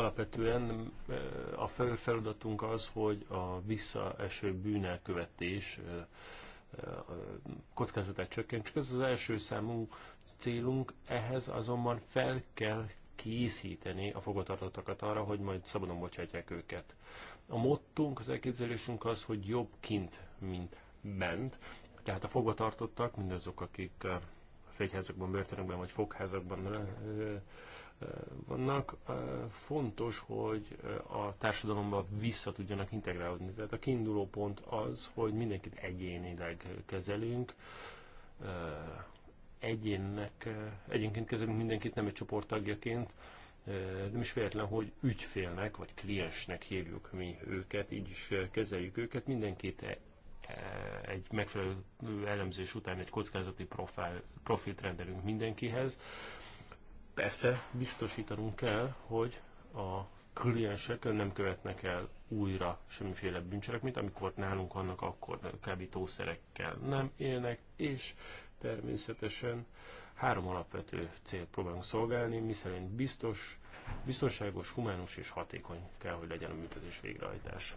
F: Alapvetően a fő feladatunk az, hogy a visszaeső bűnelkövetés kockázatát csökkentsük. Ez az első számú célunk, ehhez azonban fel kell készíteni a fogatartottakat arra, hogy majd szabadon bocsátják őket. A mottunk, az elképzelésünk az, hogy jobb kint, mint bent. Tehát a fogvatartottak, mindazok, akik a fegyházakban, börtönökben vagy fogházakban vannak, fontos, hogy a társadalomba vissza tudjanak integrálódni. Tehát a kiinduló pont az, hogy mindenkit egyénileg kezelünk, egyénnek, egyénként kezelünk mindenkit, nem egy tagjaként, nem is véletlen, hogy ügyfélnek vagy kliensnek hívjuk mi őket, így is kezeljük őket, mindenkit e, e, egy megfelelő elemzés után egy kockázati profil, profilt rendelünk mindenkihez, Persze biztosítanunk kell, hogy a kliensek nem követnek el újra semmiféle bűncselekményt, amikor nálunk vannak, akkor kábítószerekkel nem élnek, és természetesen három alapvető cél próbálunk szolgálni, miszerint biztos, biztonságos, humánus és hatékony kell, hogy legyen a működés végrehajtás.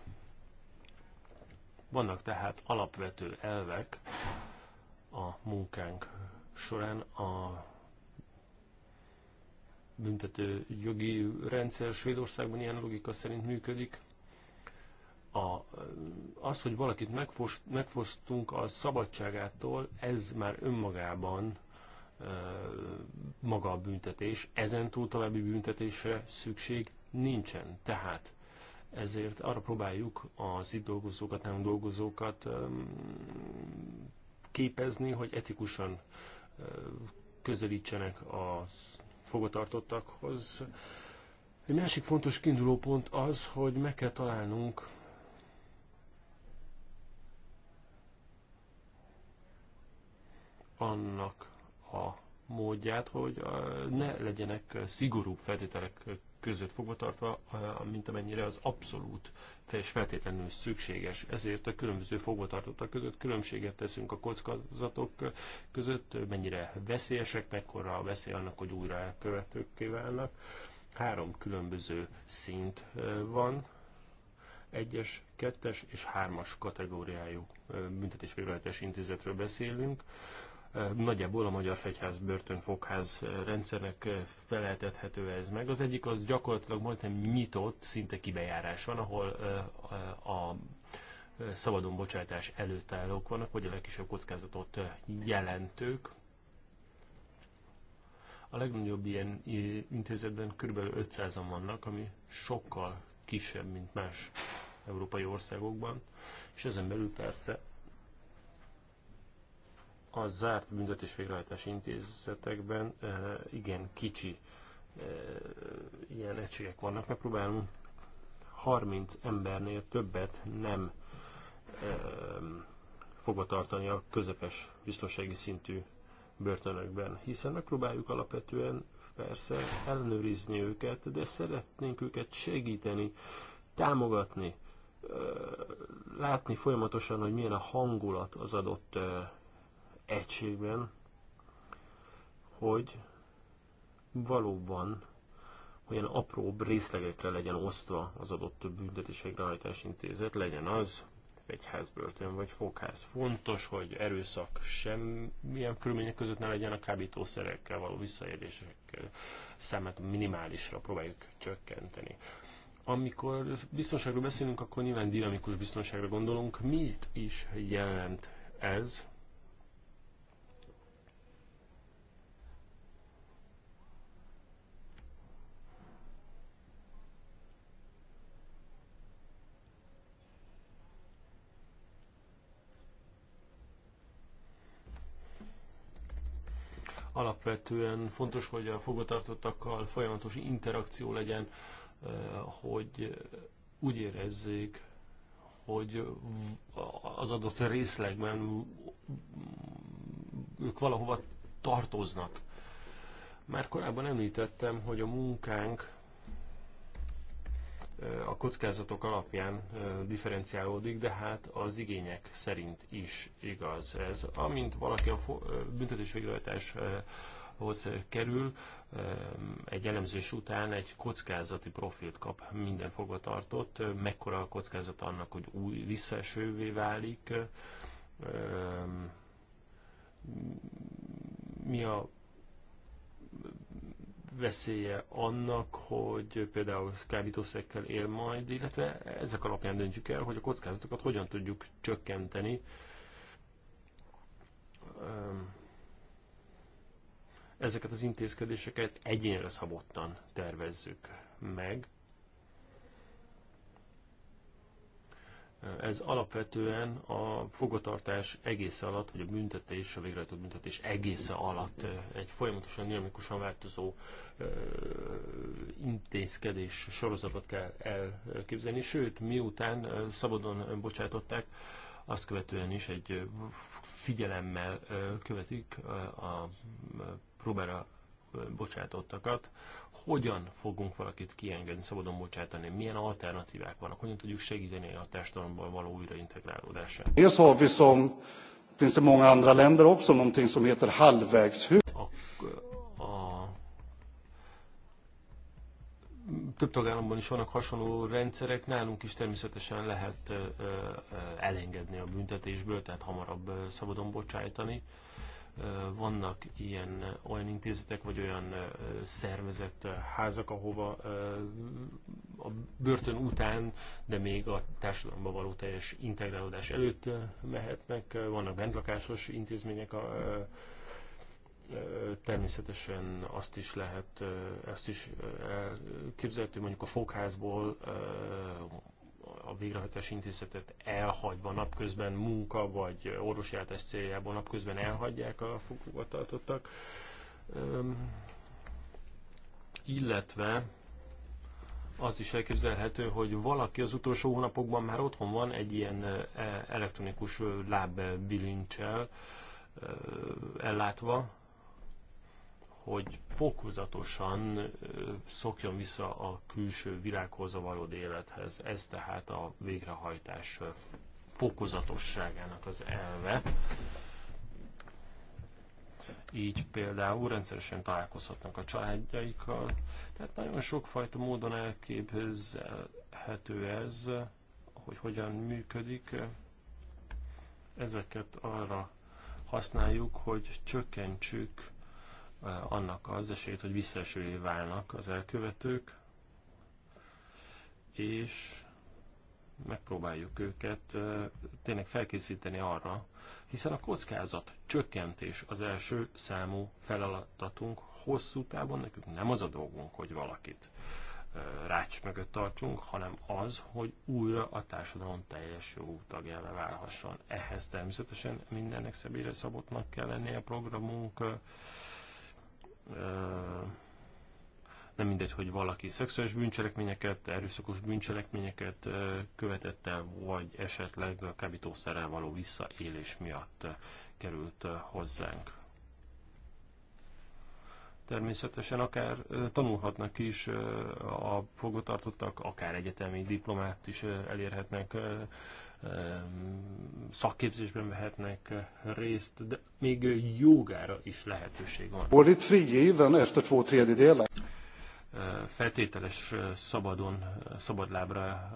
F: Vannak tehát alapvető elvek a munkánk során, a büntető jogi rendszer Svédországban ilyen logika szerint működik. A, az, hogy valakit megfost, megfosztunk a szabadságától, ez már önmagában e, maga a büntetés. Ezen túl további büntetésre szükség nincsen. Tehát ezért arra próbáljuk az itt dolgozókat, nem dolgozókat képezni, hogy etikusan közelítsenek az fogvatartottakhoz.
E: Egy másik fontos kiinduló pont az, hogy meg kell találnunk
F: annak a módját, hogy ne legyenek szigorú feltételek között fogvatartva, mint amennyire az abszolút és feltétlenül szükséges. Ezért a különböző fogvatartottak között különbséget teszünk a kockázatok között, mennyire veszélyesek, mekkora a veszély annak, hogy újra elkövetőkké válnak. Három különböző szint van, egyes, kettes és hármas kategóriájú büntetés intézetről beszélünk. Nagyjából a magyar fegyház börtönfogház rendszernek eh, feleltethető ez meg. Az egyik az gyakorlatilag majdnem nyitott, szinte kibejárás van, ahol eh, a szabadon bocsátás előtt állók vannak, vagy a legkisebb kockázatot eh, jelentők. A legnagyobb ilyen intézetben kb. 500-an vannak, ami sokkal kisebb, mint más európai országokban, és ezen belül persze a zárt büntetés végrehajtási intézetekben eh, igen kicsi eh, ilyen egységek vannak. Megpróbálom 30 embernél többet nem eh, fogva tartani a közepes biztonsági szintű börtönökben, hiszen megpróbáljuk alapvetően persze ellenőrizni őket, de szeretnénk őket segíteni, támogatni, látni folyamatosan, hogy milyen a hangulat az adott egységben, hogy valóban olyan apróbb részlegekre legyen osztva az adott büntetés végrehajtás intézet, legyen az fegyházbörtön vagy fogház. Fontos, hogy erőszak semmilyen körülmények között ne legyen a kábítószerekkel való visszaélések számát minimálisra próbáljuk csökkenteni. Amikor biztonságról beszélünk, akkor nyilván dinamikus biztonságra gondolunk. Mit is jelent ez? Alapvetően fontos, hogy a fogvatartottakkal folyamatos interakció legyen, eh, hogy úgy érezzék, hogy az adott részlegben ők valahova tartoznak. Már korábban említettem, hogy a munkánk a kockázatok alapján differenciálódik, de hát az igények szerint is igaz ez. Amint valaki a büntetés végrehajtáshoz kerül, egy elemzés után egy kockázati profilt kap minden fogvatartott, mekkora a kockázat annak, hogy új visszaesővé válik, mi a veszélye annak, hogy például kábítószerekkel él majd, illetve ezek alapján döntjük el, hogy a kockázatokat hogyan tudjuk csökkenteni. Ezeket az intézkedéseket egyénre szabottan tervezzük meg. Ez alapvetően a fogatartás egésze alatt, vagy a büntetés, a végrehajtott büntetés egésze alatt egy folyamatosan dinamikusan változó intézkedés sorozatot kell elképzelni. Sőt, miután szabadon bocsátották, azt követően is egy figyelemmel követik a próbára bocsátottakat, hogyan fogunk valakit kiengedni, szabadon bocsátani, milyen alternatívák vannak, hogyan tudjuk segíteni a társadalomban való újraintegrálódását. Dels
E: har vi som finns i många andra länder också någonting som heter halvvägshus. A,
F: a, több tagállamban is vannak hasonló rendszerek, nálunk is természetesen lehet ö, ö, elengedni a büntetésből, tehát hamarabb szabadon bocsájtani vannak ilyen olyan intézetek, vagy olyan szervezett házak, ahova a börtön után, de még a társadalomba való teljes integrálódás előtt mehetnek. Vannak bentlakásos intézmények, a, természetesen azt is lehet, ezt is elképzelhető, mondjuk a fogházból a végrehajtási intézetet elhagyva napközben munka vagy orvosi ellátás céljából napközben elhagyják a fogvatartottak, illetve az is elképzelhető, hogy valaki az utolsó hónapokban már otthon van egy ilyen e, elektronikus lábbilincsel ellátva, hogy fokozatosan szokjon vissza a külső világhoz, a valódi élethez. Ez tehát a végrehajtás fokozatosságának az elve. Így például rendszeresen találkozhatnak a családjaikkal. Tehát nagyon sokfajta módon elképzelhető ez, hogy hogyan működik. Ezeket arra használjuk, hogy csökkentsük Eh, annak az esélyt, hogy visszaesővé válnak az elkövetők, és megpróbáljuk őket eh, tényleg felkészíteni arra, hiszen a kockázat csökkentés az első számú feladatunk hosszú távon, nekünk nem az a dolgunk, hogy valakit eh, rács mögött tartsunk, hanem az, hogy újra a társadalom teljes jó tagjává válhasson. Ehhez természetesen mindennek személyre szabottnak kell lennie a programunk nem mindegy, hogy valaki szexuális bűncselekményeket, erőszakos bűncselekményeket követett el, vagy esetleg a kábítószerrel való visszaélés miatt került hozzánk. Természetesen akár tanulhatnak is a fogotartottak, akár egyetemi diplomát is elérhetnek szakképzésben vehetnek részt, de még jogára is lehetőség van. Feltételes szabadon, szabadlábra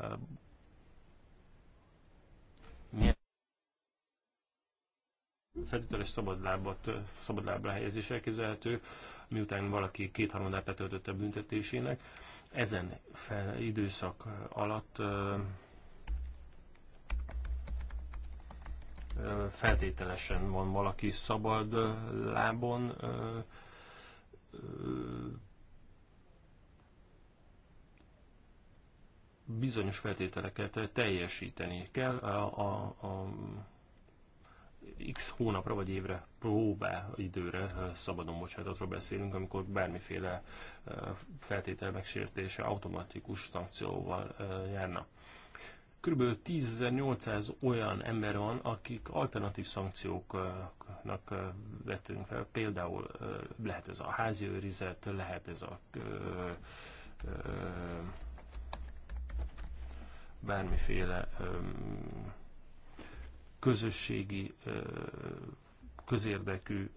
F: feltételes szabadlábat, szabadlábra helyezés elképzelhető, miután valaki kétharmadát letöltötte büntetésének. Ezen fel, időszak alatt feltételesen van valaki szabad lábon, bizonyos feltételeket teljesíteni kell a, a, a x hónapra vagy évre próbá időre szabadon bocsátatról beszélünk, amikor bármiféle feltétel megsértése automatikus szankcióval járna. Kb. 10.800 olyan ember van, akik alternatív szankcióknak vetünk fel. Például lehet ez a házi őrizet, lehet ez a bármiféle közösségi, közérdekű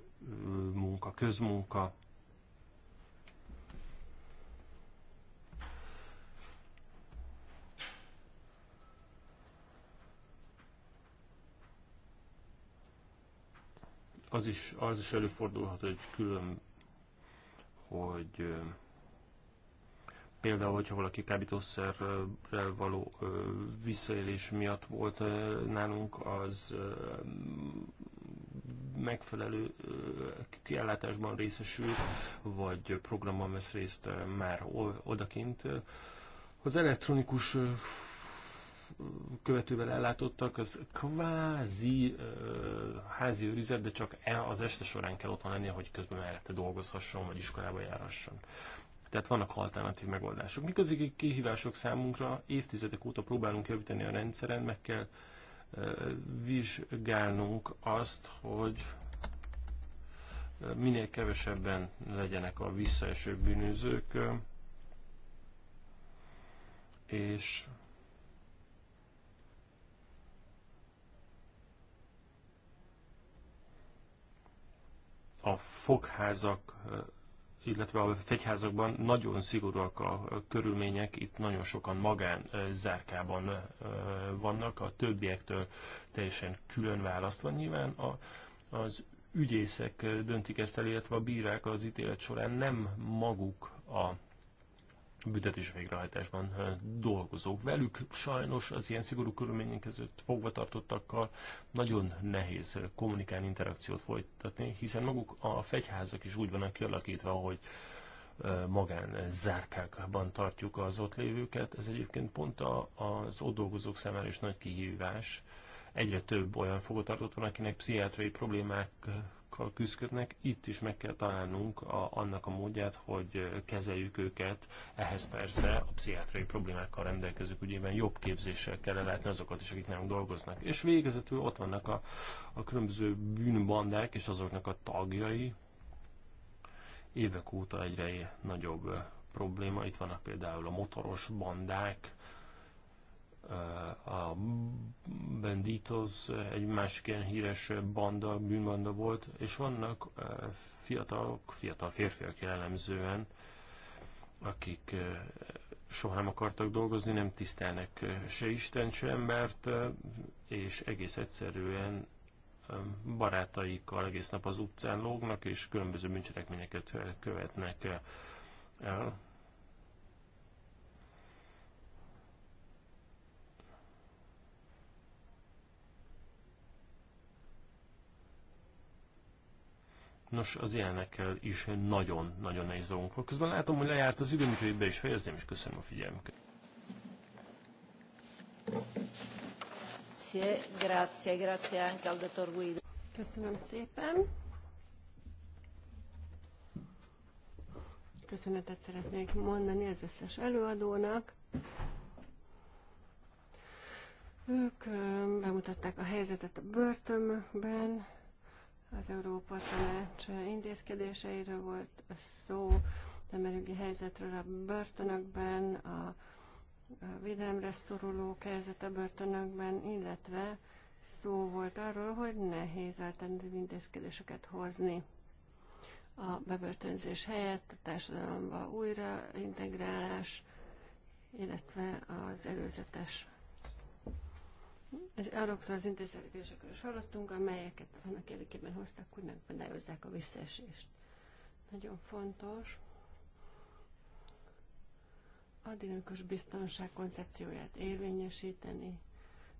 F: munka, közmunka, az is, az is előfordulhat, hogy külön, hogy például, hogyha valaki kábítószerrel való visszaélés miatt volt nálunk, az megfelelő kiállátásban részesül, vagy programban vesz részt már odakint. Az elektronikus követővel ellátottak, az kvázi házi őrizet, de csak e az este során kell otthon lennie, hogy közben mellette dolgozhasson, vagy iskolába járhasson. Tehát vannak alternatív megoldások. Miközben kihívások számunkra? Évtizedek óta próbálunk javítani a rendszeren, meg kell vizsgálnunk azt, hogy minél kevesebben legyenek a visszaeső bűnözők, és a fogházak, illetve a fegyházakban nagyon szigorúak a körülmények, itt nagyon sokan magán zárkában vannak, a többiektől teljesen külön választva nyilván a, az ügyészek döntik ezt el, illetve a bírák az ítélet során nem maguk a büntetés végrehajtásban dolgozók. Velük sajnos az ilyen szigorú körülmények között fogvatartottakkal nagyon nehéz kommunikálni, interakciót folytatni, hiszen maguk a fegyházak is úgy vannak kialakítva, hogy magán zárkákban tartjuk az ott lévőket. Ez egyébként pont a, az ott dolgozók számára is nagy kihívás. Egyre több olyan fogvatartott van, akinek pszichiátriai problémák problémákkal küzdködnek, itt is meg kell találnunk a, annak a módját, hogy kezeljük őket. Ehhez persze a pszichiátriai problémákkal rendelkezők ügyében jobb képzéssel kell látni azokat is, akik nem dolgoznak. És végezetül ott vannak a, a különböző bűnbandák és azoknak a tagjai. Évek óta egyre nagyobb probléma. Itt vannak például a motoros bandák, a Benditos egy másik ilyen híres banda, bűnbanda volt, és vannak fiatalok, fiatal férfiak jellemzően, akik soha nem akartak dolgozni, nem tisztelnek se Isten, se embert, és egész egyszerűen barátaikkal egész nap az utcán lógnak, és különböző bűncselekményeket követnek el. Nos, az ilyenekkel is nagyon-nagyon nehéz dolgunk van. Közben látom, hogy lejárt az időm, úgyhogy be is fejezném, és köszönöm a figyelmüket.
A: Grazie, grazie anche al dottor Guido. Köszönöm szépen.
C: Köszönetet szeretnék mondani az összes előadónak. Ők bemutatták a helyzetet a börtönben, az Európa Tanács intézkedéseiről volt szó, a emberügyi helyzetről a börtönökben, a védelemre helyzet a börtönökben, illetve szó volt arról, hogy nehéz alternatív intézkedéseket hozni a bebörtönzés helyett, a társadalomba újraintegrálás, illetve az előzetes ez arról az intézkedésekről is hallottunk, amelyeket annak érdekében hoztak, hogy megakadályozzák a visszaesést. Nagyon fontos a dinamikus biztonság koncepcióját érvényesíteni.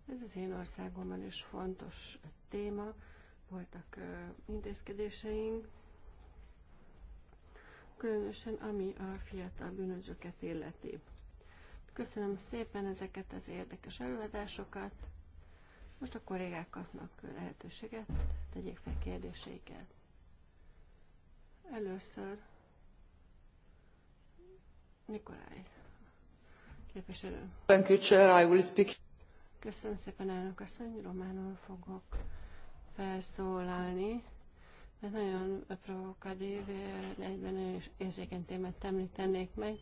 C: Ez az én országomban is fontos téma. Voltak intézkedéseink, különösen ami a fiatal bűnözőket illeti. Köszönöm szépen ezeket az érdekes előadásokat. Most a kollégák kapnak lehetőséget, tegyék fel kérdéseiket. Először Nikolaj képviselő. Thank you,
D: Chair. I will speak.
C: Köszönöm szépen, elnök asszony, románul fogok felszólalni, mert nagyon provokatív, egyben nagyon érzékeny témát említenék meg.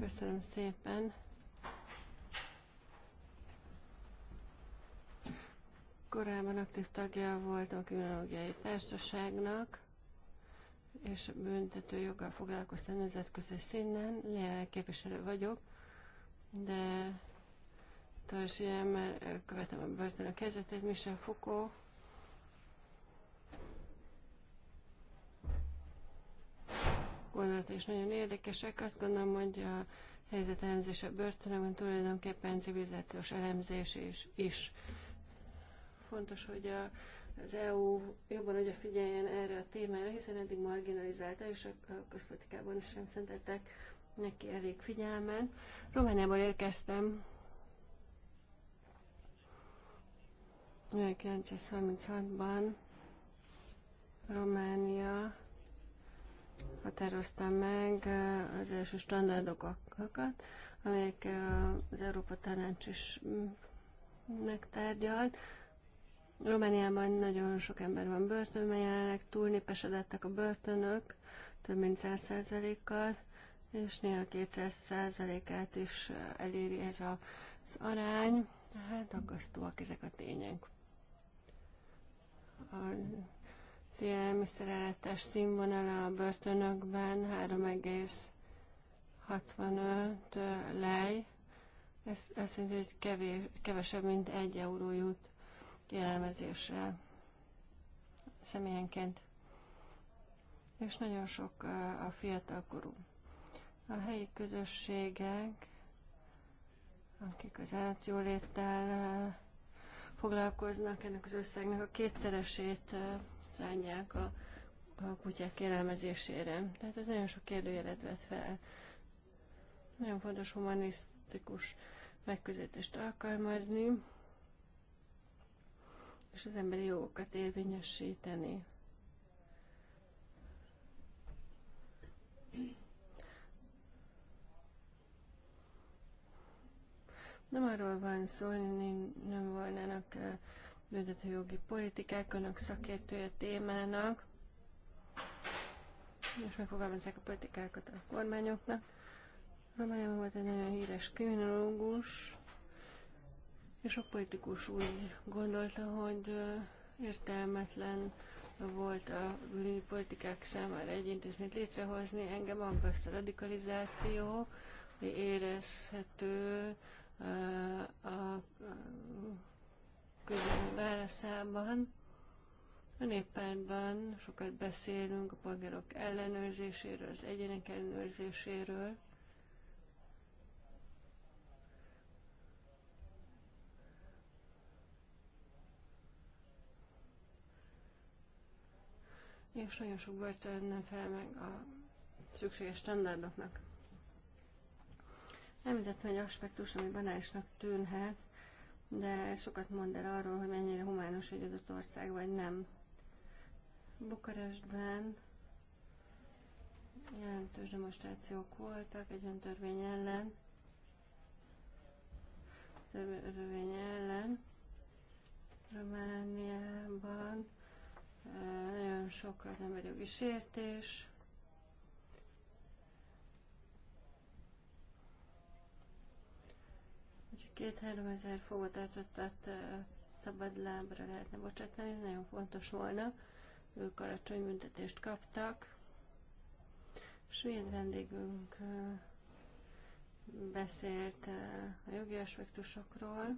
C: Köszönöm szépen. Korábban aktív tagja volt, a kriminológiai társaságnak, és büntető joggal foglalkoztam nemzetközi színen, jelenleg képviselő vagyok, de tarts mert követem a börtönök helyzetét, Michel Foucault, gondolat és nagyon érdekesek. Azt gondolom, hogy a helyzetelemzés a börtönökben tulajdonképpen civilizációs elemzés is. is. Fontos, hogy a, az EU jobban odafigyeljen erre a témára, hiszen eddig marginalizálta, és a, a közpolitikában sem szentettek neki elég figyelmen. Romániából érkeztem 1936-ban Románia határozta meg az első standardokat, amelyek az Európa Tanács is mm, megtárgyalt. Romániában nagyon sok ember van börtönben, jelenleg népesedettek a börtönök, több mint 100%-kal, és néha 200%-át is eléri ez az arány. Hát aggasztóak ezek a tények. A élelmiszereletes színvonala a börtönökben 3,65 lej, ez azt jelenti, hogy kevés, kevesebb, mint 1 euró jut élelmezésre személyenként. És nagyon sok a fiatalkorú. A helyi közösségek, akik az állatjóléttel foglalkoznak, ennek az összegnek a kétszeresét szállják a, a kutyák élelmezésére. Tehát ez nagyon sok kérdőjelet vet fel. Nagyon fontos humanisztikus megközelítést alkalmazni és az emberi jogokat érvényesíteni. Nem arról van szó, hogy nem volnának büntetőjogi politikák, önök szakértője témának, és megfogalmazzák a politikákat a kormányoknak. Romániában volt egy nagyon híres kriminológus, és a politikus úgy gondolta, hogy értelmetlen volt a politikák számára egy intézményt létrehozni. Engem aggaszt a radikalizáció, érezhető a közöny válaszában. A néppártban sokat beszélünk a polgárok ellenőrzéséről, az egyének ellenőrzéséről. és nagyon sok börtön nem fel meg a szükséges standardoknak. Említettem egy aspektus, ami banálisnak tűnhet, de sokat mond el arról, hogy mennyire humánus egy adott ország, vagy nem. Bukarestben jelentős demonstrációk voltak egy olyan törvény ellen, törvény ellen, Romániában nagyon sok az jogi sértés. Úgyhogy két-három ezer fogvatartottat szabad lábra lehetne bocsátani, nagyon fontos volna. Ők alacsony büntetést kaptak. Svéd vendégünk beszélt a jogi aspektusokról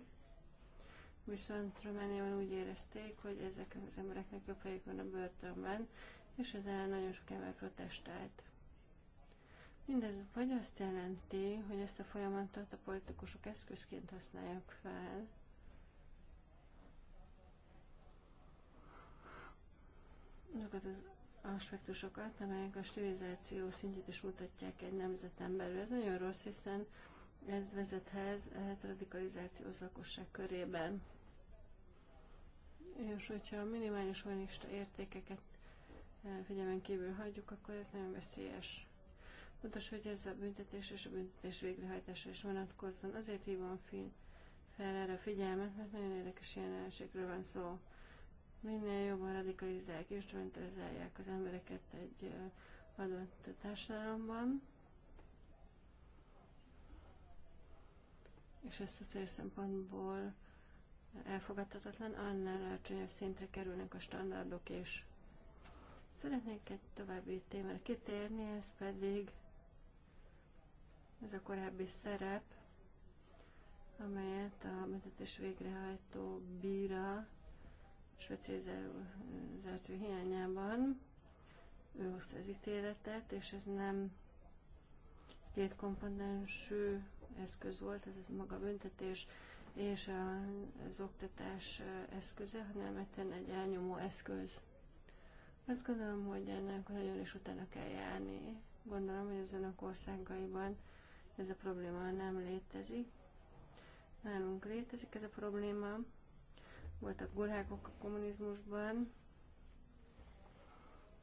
C: viszont Romániában úgy érezték, hogy ezeknek az embereknek jobb helyük van a börtönben, és ez ellen nagyon sok ember protestált. Mindez vagy azt jelenti, hogy ezt a folyamatot a politikusok eszközként használják fel, azokat az aspektusokat, amelyek a stilizáció szintjét is mutatják egy nemzeten belül. Ez nagyon rossz, hiszen ez vezethez radikalizációhoz lakosság körében. És hogyha a minimális humanista értékeket e, figyelmen kívül hagyjuk, akkor ez nagyon veszélyes. Fontos, hogy ez a büntetés és a büntetés végrehajtása is vonatkozzon. Azért hívom fin fel erre a figyelmet, mert nagyon érdekes jelenségről van szó. Minél jobban radikalizálják és instrumentalizálják az embereket egy e, adott társadalomban, és ezt a célszempontból elfogadhatatlan, annál alacsonyabb szintre kerülnek a standardok és Szeretnék egy további témára kitérni, ez pedig ez a korábbi szerep, amelyet a büntetés végrehajtó bíra specializáció hiányában ő hozta az ítéletet, és ez nem két komponensű eszköz volt, ez, az maga büntetés, és az oktatás eszköze, hanem egyszerűen egy elnyomó eszköz. Azt gondolom, hogy ennek nagyon is utána kell járni. Gondolom, hogy az önök országaiban ez a probléma nem létezik. Nálunk létezik ez a probléma. Voltak gulákok a kommunizmusban,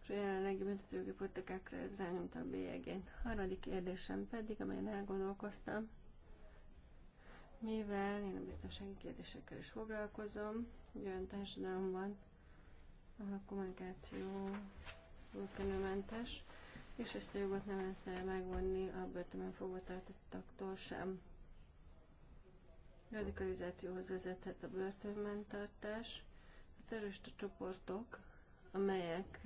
C: és a jelenlegi büntetőgép ez rányomta a bélyegét. Harmadik kérdésem pedig, amelyen elgondolkoztam, mivel én a biztonsági kérdésekkel is foglalkozom, egy olyan társadalomban, ahol a kommunikáció vulkanőmentes, és ezt a jogot nem lehetne megvonni a börtönben fogvatartottaktól sem. Radikalizációhoz vezethet a börtönben tartás. A terrorista csoportok, amelyek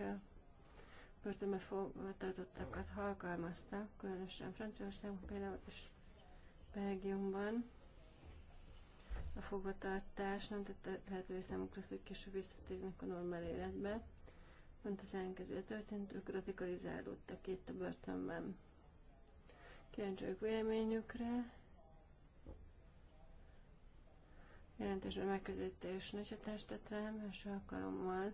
C: börtönben fogvatartottakat tartottakat alkalmaztak, különösen Franciaországban például és Belgiumban, a fogvatartás nem tette lehetővé számukra, hogy később visszatérnek a normál életbe. Pont az ellenkezője történt, ők radikalizálódtak itt a börtönben. Kíváncsi vagyok véleményükre. Jelentős megközelítés nagy hatást tett rám, első alkalommal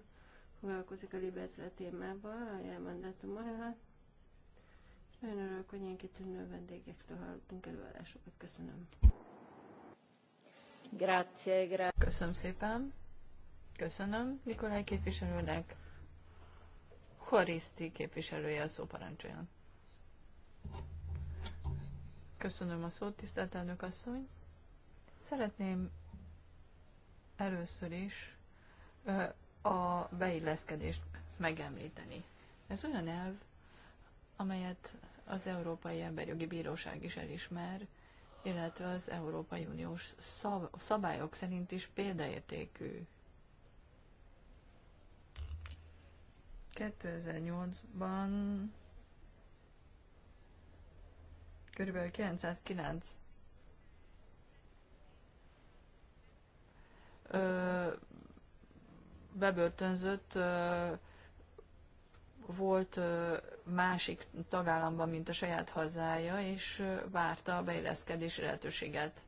C: foglalkozik a Libezzel témával, a jelmandátum alatt. Nagyon örülök, hogy ilyen kitűnő vendégektől hallottunk előadásokat. Köszönöm.
B: Köszönöm szépen. Köszönöm Nikolaj képviselőnek. Horiszti képviselője a szó parancsoljon. Köszönöm a szót, tisztelt elnök asszony. Szeretném először is a beilleszkedést megemlíteni. Ez olyan elv, amelyet az Európai Emberjogi Bíróság is elismer, illetve az Európai Uniós szab szabályok szerint is példaértékű. 2008-ban körülbelül 909 ö, bebörtönzött ö, volt másik tagállamban, mint a saját hazája, és várta a beilleszkedés lehetőséget.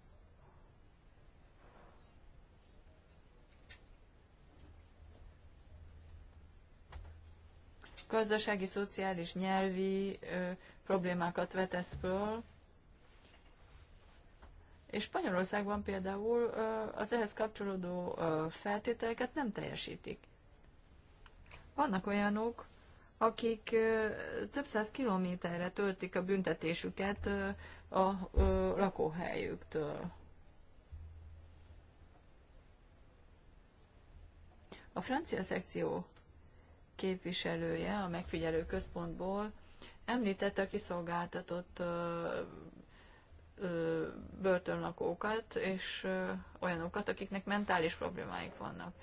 B: Gazdasági, szociális, nyelvi ö, problémákat vetesz föl, és Spanyolországban például az ehhez kapcsolódó feltételeket nem teljesítik. Vannak olyanok, akik több száz kilométerre töltik a büntetésüket a lakóhelyüktől. A francia szekció képviselője a megfigyelő központból említette a kiszolgáltatott börtönlakókat, és olyanokat, akiknek mentális problémáik vannak.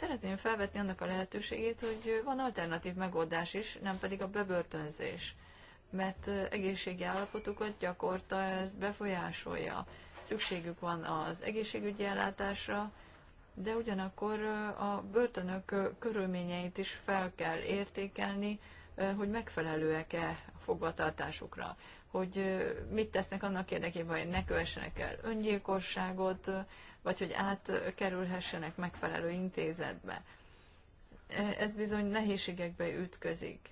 B: Szeretném felvetni annak a lehetőségét, hogy van alternatív megoldás is, nem pedig a bebörtönzés, mert egészségi állapotukat gyakorta ez befolyásolja. Szükségük van az egészségügyi ellátásra, de ugyanakkor a börtönök körülményeit is fel kell értékelni, hogy megfelelőek-e a fogvatartásukra, hogy mit tesznek annak érdekében, hogy ne kövessenek el öngyilkosságot, vagy hogy átkerülhessenek megfelelő intézetbe. E, ez bizony nehézségekbe ütközik.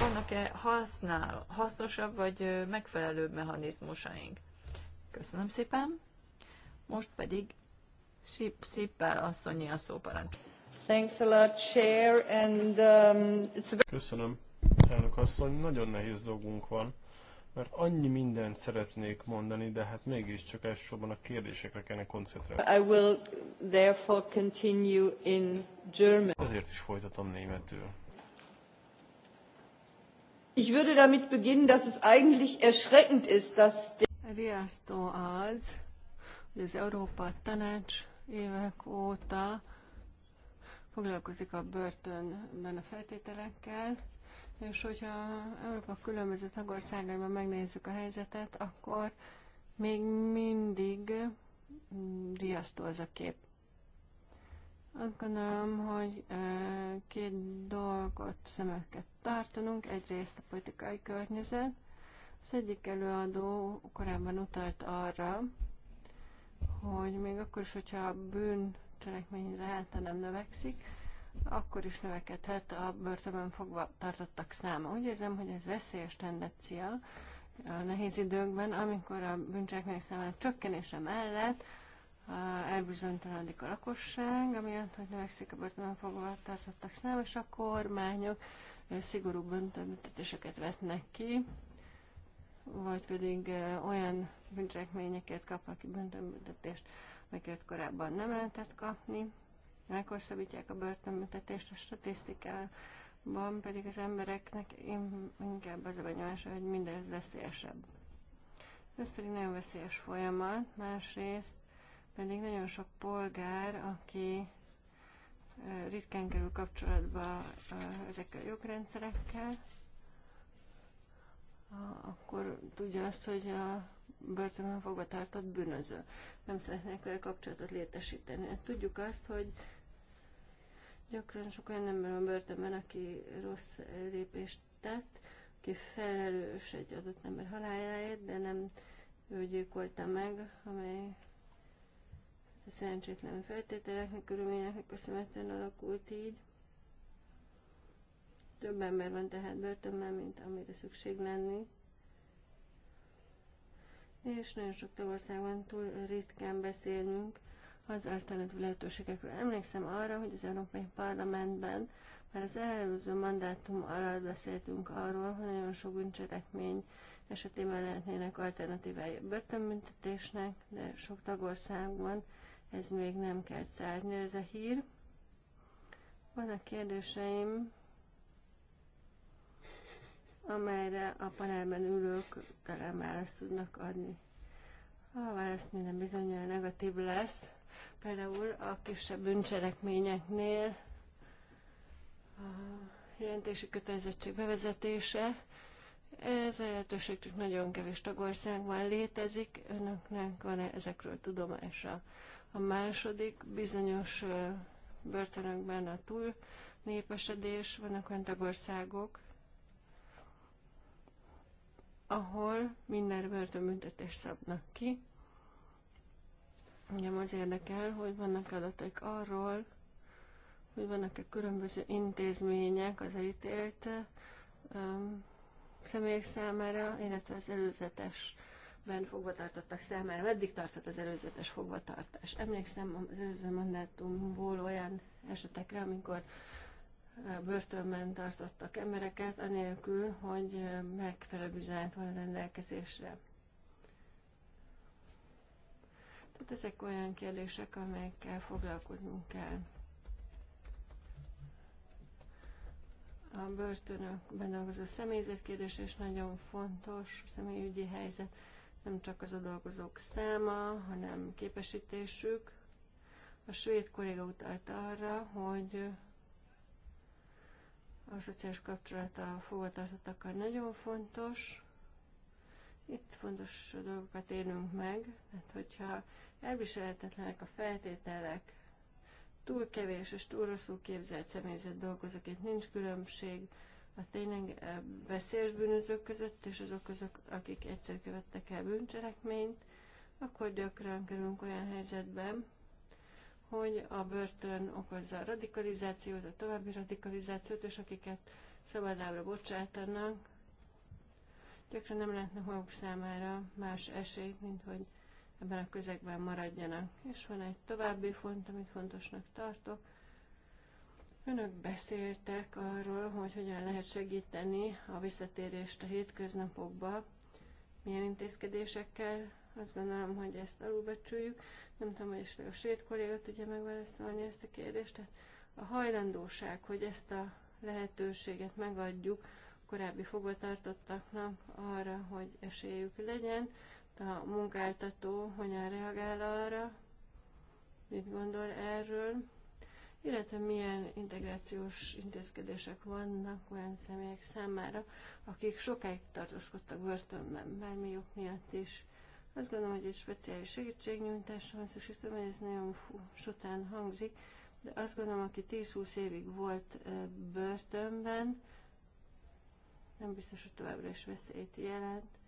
B: Vannak-e használ, hasznosabb vagy megfelelőbb mechanizmusaink? Köszönöm szépen. Most pedig Szippel asszonyi a szóparancs. Thanks a lot, Chair, and um, it's a...
E: Köszönöm, elnök asszony. Nagyon nehéz dolgunk van mert annyi mindent szeretnék mondani, de hát mégiscsak elsősorban a kérdésekre kellene koncentrálni.
B: I will therefore continue in German. Ezért
E: is folytatom németül.
B: Ich würde damit beginnen, dass es eigentlich erschreckend ist, dass Riasztó az,
C: hogy az Európa Tanács évek óta foglalkozik a börtönben a feltételekkel, és hogyha Európa különböző tagországaiban megnézzük a helyzetet, akkor még mindig riasztó ez a kép. Azt gondolom, hogy két dolgot szemeket tartanunk. Egyrészt a politikai környezet. Az egyik előadó korábban utalt arra, hogy még akkor is, hogyha a bűncselekményre által nem növekszik, akkor is növekedhet a börtönben fogva tartottak száma. Úgy érzem, hogy ez veszélyes tendencia a nehéz időkben, amikor a bűncselekmények számára csökkenése mellett elbizonytalanodik a lakosság, amiatt, hogy növekszik a börtönben fogva tartottak száma, és a kormányok szigorú büntetéseket vetnek ki, vagy pedig olyan bűncselekményeket kapnak ki büntetést, amiket korábban nem lehetett kapni meghosszabbítják a börtönbüntetést, a statisztikában pedig az embereknek inkább az a benyomása, hogy mindez veszélyesebb. Ez pedig nagyon veszélyes folyamat, másrészt pedig nagyon sok polgár, aki ritkán kerül kapcsolatba ezekkel a jogrendszerekkel, akkor tudja azt, hogy a börtönben fogva tartott bűnöző. Nem szeretnék vele kapcsolatot létesíteni. Tudjuk azt, hogy Gyakran sok olyan ember van börtönben, aki rossz lépést tett, aki felelős egy adott ember haláláért, de nem ő gyilkolta meg, amely a szerencsétlen feltételeknek, körülményeknek köszönhetően alakult így. Több ember van tehát börtönben, mint amire szükség lenni. És nagyon sok tagországban túl ritkán beszélünk az alternatív lehetőségekről. Emlékszem arra, hogy az Európai Parlamentben már az előző mandátum alatt beszéltünk arról, hogy nagyon sok bűncselekmény esetében lehetnének alternatívái a börtönbüntetésnek, de sok tagországban ez még nem kell szárni, ez a hír. Vannak kérdéseim, amelyre a panelben ülők talán választ tudnak adni. A válasz minden bizonyára negatív lesz. Például a kisebb bűncselekményeknél a jelentési kötelezettség bevezetése, ez a lehetőség csak nagyon kevés tagországban létezik, önöknek van-e ezekről tudomása? A második bizonyos börtönökben a túl népesedés, vannak olyan tagországok, ahol minden börtönbüntetést szabnak ki, Engem az érdekel, hogy vannak adatok arról, hogy vannak-e különböző intézmények az elítélt um, személyek számára, illetve az előzetes ben fogvatartottak számára. Meddig tartott az előzetes fogvatartás? Emlékszem az előző mandátumból olyan esetekre, amikor börtönben tartottak embereket, anélkül, hogy megfelelő bizonyát van rendelkezésre. Tehát ezek olyan kérdések, amelyekkel foglalkoznunk kell. A börtönökben dolgozó személyzet kérdés is nagyon fontos, a személyügyi helyzet, nem csak az a dolgozók száma, hanem képesítésük. A svéd kolléga utalta arra, hogy a szociális kapcsolata a fogvatartottakkal nagyon fontos. Itt fontos dolgokat élünk meg, tehát hogyha elviselhetetlenek a feltételek, túl kevés és túl rosszul képzelt személyzet dolgozik, itt nincs különbség a tényleg eh, veszélyes bűnözők között és azok között, akik egyszer követtek el bűncselekményt, akkor gyakran kerülünk olyan helyzetben, hogy a börtön okozza a radikalizációt, a további radikalizációt, és akiket szabadábra bocsátanak, tökre nem lehetne maguk számára más esély mint hogy ebben a közegben maradjanak. És van egy további font, amit fontosnak tartok. Önök beszéltek arról, hogy hogyan lehet segíteni a visszatérést a hétköznapokba, milyen intézkedésekkel. Azt gondolom, hogy ezt alulbecsüljük. Nem tudom, hogy esetleg a svéd kolléga tudja megválaszolni ezt a kérdést. Tehát a hajlandóság, hogy ezt a lehetőséget megadjuk korábbi fogvatartottaknak arra, hogy esélyük legyen. A munkáltató hogyan reagál arra, mit gondol erről, illetve milyen integrációs intézkedések vannak olyan személyek számára, akik sokáig tartózkodtak börtönben, bármi miatt is. Azt gondolom, hogy egy speciális segítségnyújtásra van szükség, tudom, hogy ez nagyon sotán hangzik, de azt gondolom, aki 10-20 évig volt börtönben, nem biztos, hogy továbbra is veszélyt jelent,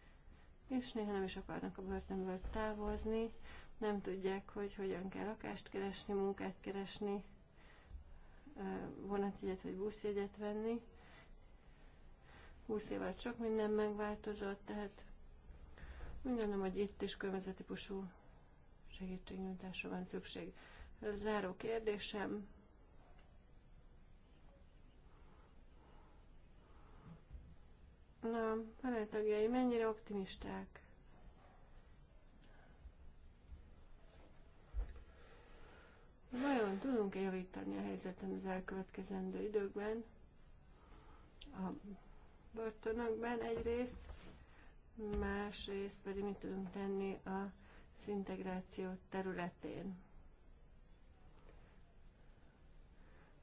C: és néha nem is akarnak a börtönből távozni, nem tudják, hogy hogyan kell lakást keresni, munkát keresni, vonatjegyet vagy buszjegyet venni. 20 év alatt sok minden megváltozott, tehát úgy gondolom, hogy itt is különböző típusú segítségnyújtásra van szükség. Záró kérdésem, Na, tagjai mennyire optimisták? Vajon tudunk-e javítani a helyzeten az elkövetkezendő időkben? A börtönökben egyrészt, másrészt pedig mit tudunk tenni a integráció területén?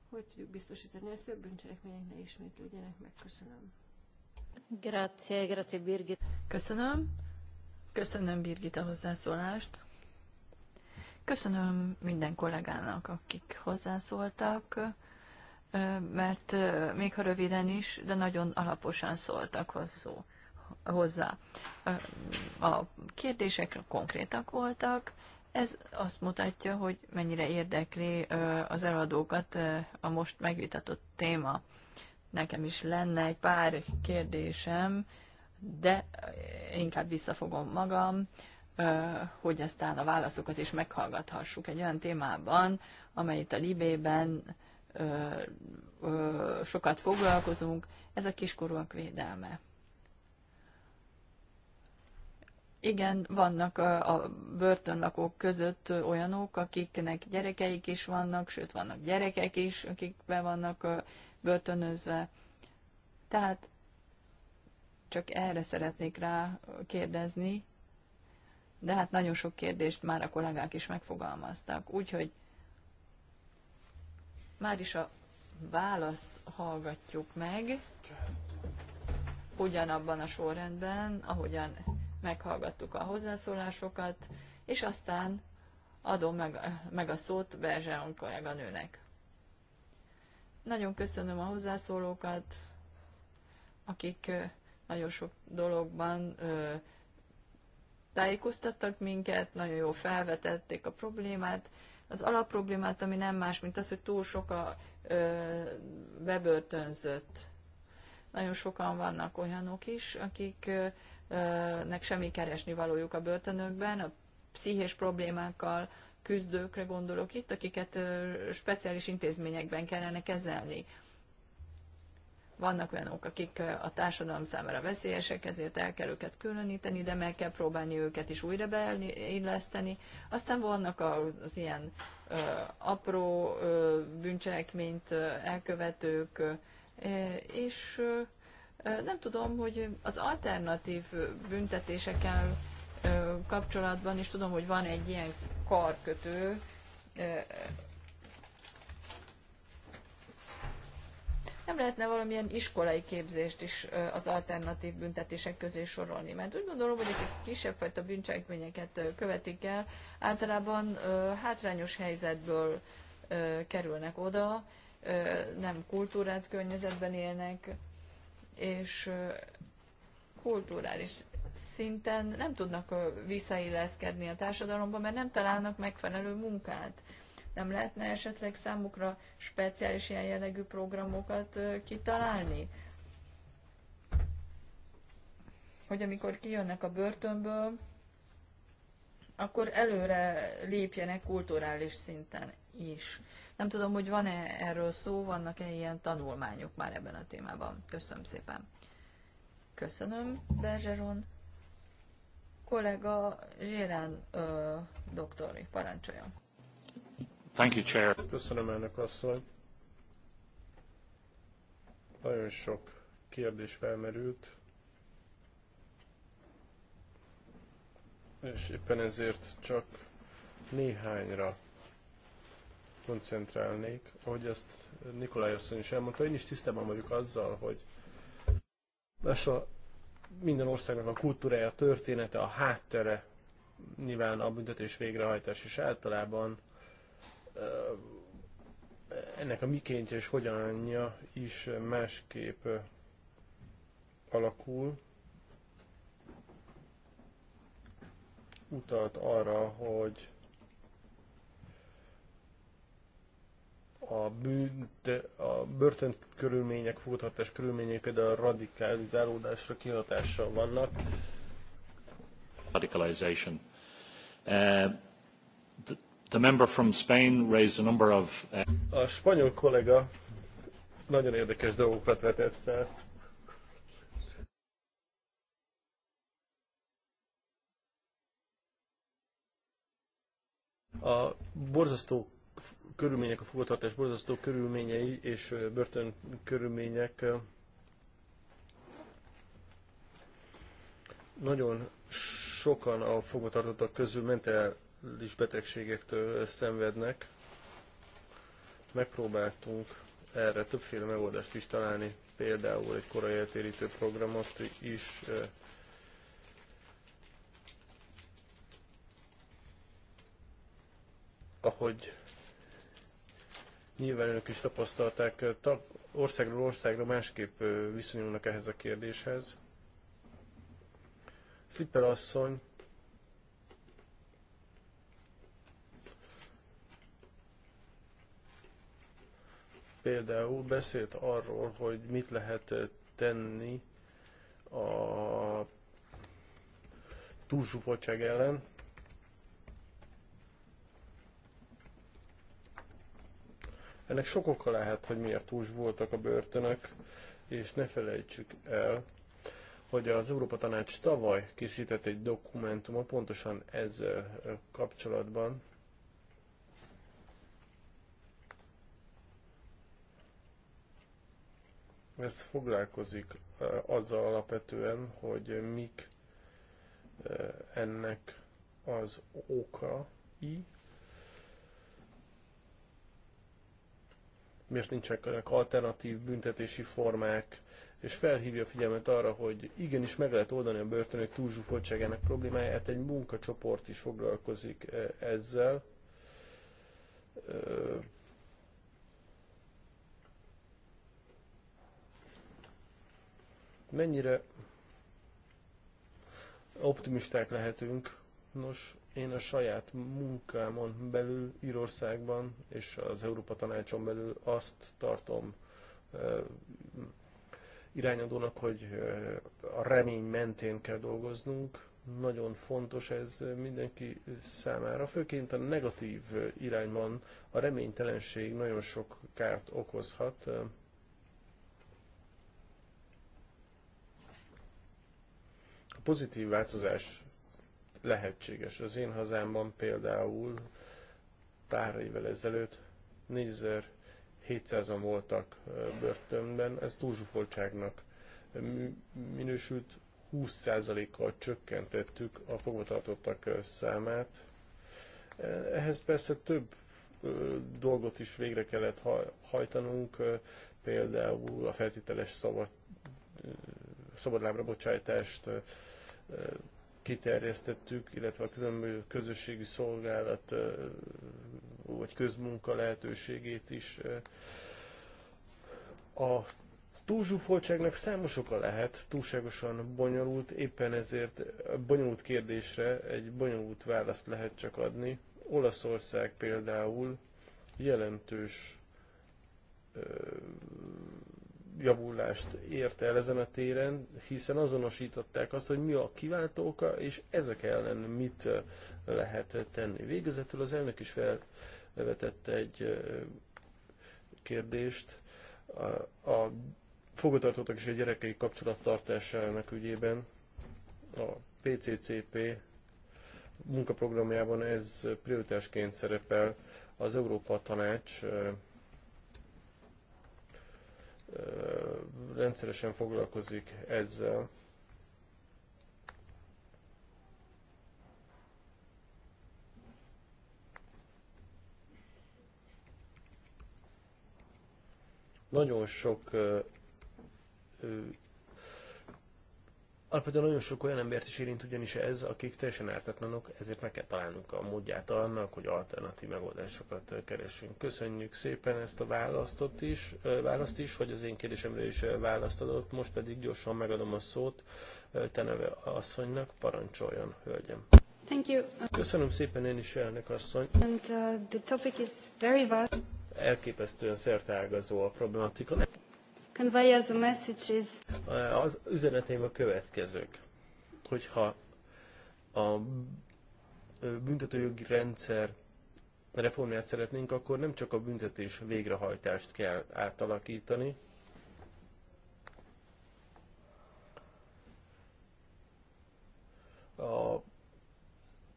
C: Hogy tudjuk biztosítani ezt, hogy a bűncselekmények ne ismétlődjenek meg? Köszönöm.
B: Köszönöm. Köszönöm Birgit a hozzászólást. Köszönöm minden kollégának, akik hozzászóltak, mert még ha röviden is, de nagyon alaposan szóltak hozzó, hozzá. A kérdések konkrétak voltak, ez azt mutatja, hogy mennyire érdekli az eladókat a most megvitatott téma. Nekem is lenne egy pár kérdésem, de inkább visszafogom magam, hogy aztán a válaszokat is meghallgathassuk egy olyan témában, amelyet a Libében sokat foglalkozunk, ez a kiskorúak védelme. Igen, vannak a börtönlakók között olyanok, akiknek gyerekeik is vannak, sőt, vannak gyerekek is, akik be vannak börtönözve. Tehát csak erre szeretnék rá kérdezni, de hát nagyon sok kérdést már a kollégák is megfogalmaztak. Úgyhogy már is a választ hallgatjuk meg, ugyanabban a sorrendben, ahogyan meghallgattuk a hozzászólásokat, és aztán adom meg, meg a szót Berzsáron kolléganőnek. Nagyon köszönöm a hozzászólókat, akik nagyon sok dologban tájékoztattak minket, nagyon jól felvetették a problémát. Az alapproblémát, ami nem más, mint az, hogy túl sok a bebörtönzött. Nagyon sokan vannak olyanok is, akiknek semmi keresni valójuk a börtönökben, a pszichés problémákkal, küzdőkre gondolok itt, akiket speciális intézményekben kellene kezelni. Vannak olyanok, akik a társadalom számára veszélyesek, ezért el kell őket különíteni, de meg kell próbálni őket is újra beilleszteni. Aztán vannak az ilyen ö, apró ö, bűncselekményt ö, elkövetők, ö, és ö, nem tudom, hogy az alternatív büntetésekkel kapcsolatban is tudom, hogy van egy ilyen karkötő, nem lehetne valamilyen iskolai képzést is az alternatív büntetések közé sorolni? Mert úgy gondolom, hogy akik kisebb fajta bűncselekményeket követik el, általában hátrányos helyzetből kerülnek oda, nem kultúrát környezetben élnek, és kulturális szinten nem tudnak visszailleszkedni a társadalomba, mert nem találnak megfelelő munkát. Nem lehetne esetleg számukra speciális ilyen jellegű programokat kitalálni? Hogy amikor kijönnek a börtönből, akkor előre lépjenek kulturális szinten is. Nem tudom, hogy van-e erről szó, vannak-e ilyen tanulmányok már ebben a témában. Köszönöm szépen. Köszönöm, Bergeron kollega Zsérán doktor parancsoljon.
E: Thank you, Chair. Köszönöm, elnök asszony. Nagyon sok kérdés felmerült, és éppen ezért csak néhányra koncentrálnék. Ahogy ezt Nikolaj asszony is elmondta, én is tisztában vagyok azzal, hogy ez a minden országnak a kultúrája, a története, a háttere, nyilván a büntetés végrehajtás, és általában ennek a mikéntje és hogyanja is másképp alakul. Utalt arra, hogy a, bűnt, a börtön körülmények, fogadhatás körülményei például a radikalizálódásra kihatással vannak.
F: Radicalization. Uh, the, the member from Spain raised a number of... Uh...
E: A spanyol kollega nagyon érdekes dolgokat vetett fel. A borzasztó körülmények, a fogvatartás borzasztó körülményei és börtön körülmények nagyon sokan a fogvatartottak közül mentális betegségektől szenvednek. Megpróbáltunk erre többféle megoldást is találni, például egy korai eltérítő programot is ahogy Nyilván önök is tapasztalták, országról országra másképp viszonyulnak ehhez a kérdéshez. Szipper asszony például beszélt arról, hogy mit lehet tenni a túlzsúfoltság ellen, Ennek sok oka lehet, hogy miért hús voltak a börtönök, és ne felejtsük el, hogy az Európa Tanács tavaly készített egy dokumentumot pontosan ez kapcsolatban, ez foglalkozik azzal alapvetően, hogy mik ennek az okai, miért nincsenek alternatív büntetési formák, és felhívja a figyelmet arra, hogy igenis meg lehet oldani a börtönök túlzsúfoltságának problémáját, egy munkacsoport is foglalkozik e, ezzel. Mennyire optimisták lehetünk? Nos, én a saját munkámon belül Írországban és az Európa Tanácson belül azt tartom irányadónak, hogy a remény mentén kell dolgoznunk. Nagyon fontos ez mindenki számára, főként a negatív irányban a reménytelenség nagyon sok kárt okozhat. A pozitív változás lehetséges. Az én hazámban például pár évvel ezelőtt 4700-an voltak börtönben, ez túlzsúfoltságnak minősült, 20%-kal csökkentettük a fogvatartottak számát. E, ehhez persze több dolgot is végre kellett hajtanunk, például a feltételes szabad, szabadlábra bocsájtást, kiterjesztettük, illetve a különböző közösségi szolgálat vagy közmunka lehetőségét is. A túlzsúfoltságnak számos oka lehet, túlságosan bonyolult, éppen ezért bonyolult kérdésre egy bonyolult választ lehet csak adni. Olaszország például jelentős javulást érte el ezen a téren, hiszen azonosították azt, hogy mi a kiváltóka, és ezek ellen mit lehet tenni. Végezetül az elnök is felvetette egy kérdést a, a fogatartottak és a gyerekei kapcsolattartásának ügyében. A PCCP munkaprogramjában ez prioritásként szerepel az Európa Tanács rendszeresen foglalkozik ezzel. Nagyon sok Alapvetően nagyon sok olyan embert is érint ugyanis ez, akik teljesen ártatlanok, ezért meg kell találnunk a módját annak, hogy alternatív megoldásokat keresünk. Köszönjük szépen ezt a választot is, választ is, hogy az én kérdésemre is választ adott, most pedig gyorsan megadom a szót neve asszonynak, parancsoljon, hölgyem.
A: Thank you. Köszönöm
E: szépen én is, elnök asszony.
A: And, uh, the topic is very vast.
E: Elképesztően szerteágazó a problematika
A: convey as a message is...
E: Eh, az üzenetem a következők. Hogyha a büntetőjogi rendszer reformját szeretnénk, akkor nem csak a büntetés végrehajtást kell átalakítani, a,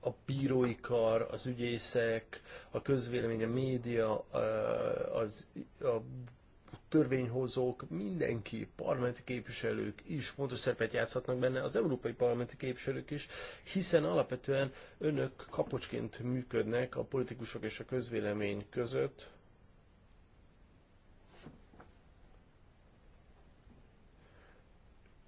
E: a bírói kar, az ügyészek, a közvélemény, a média, eh, az, a törvényhozók, mindenki, parlamenti képviselők is fontos szerepet játszhatnak benne, az európai parlamenti képviselők is, hiszen alapvetően önök kapocsként működnek a politikusok és a közvélemény között,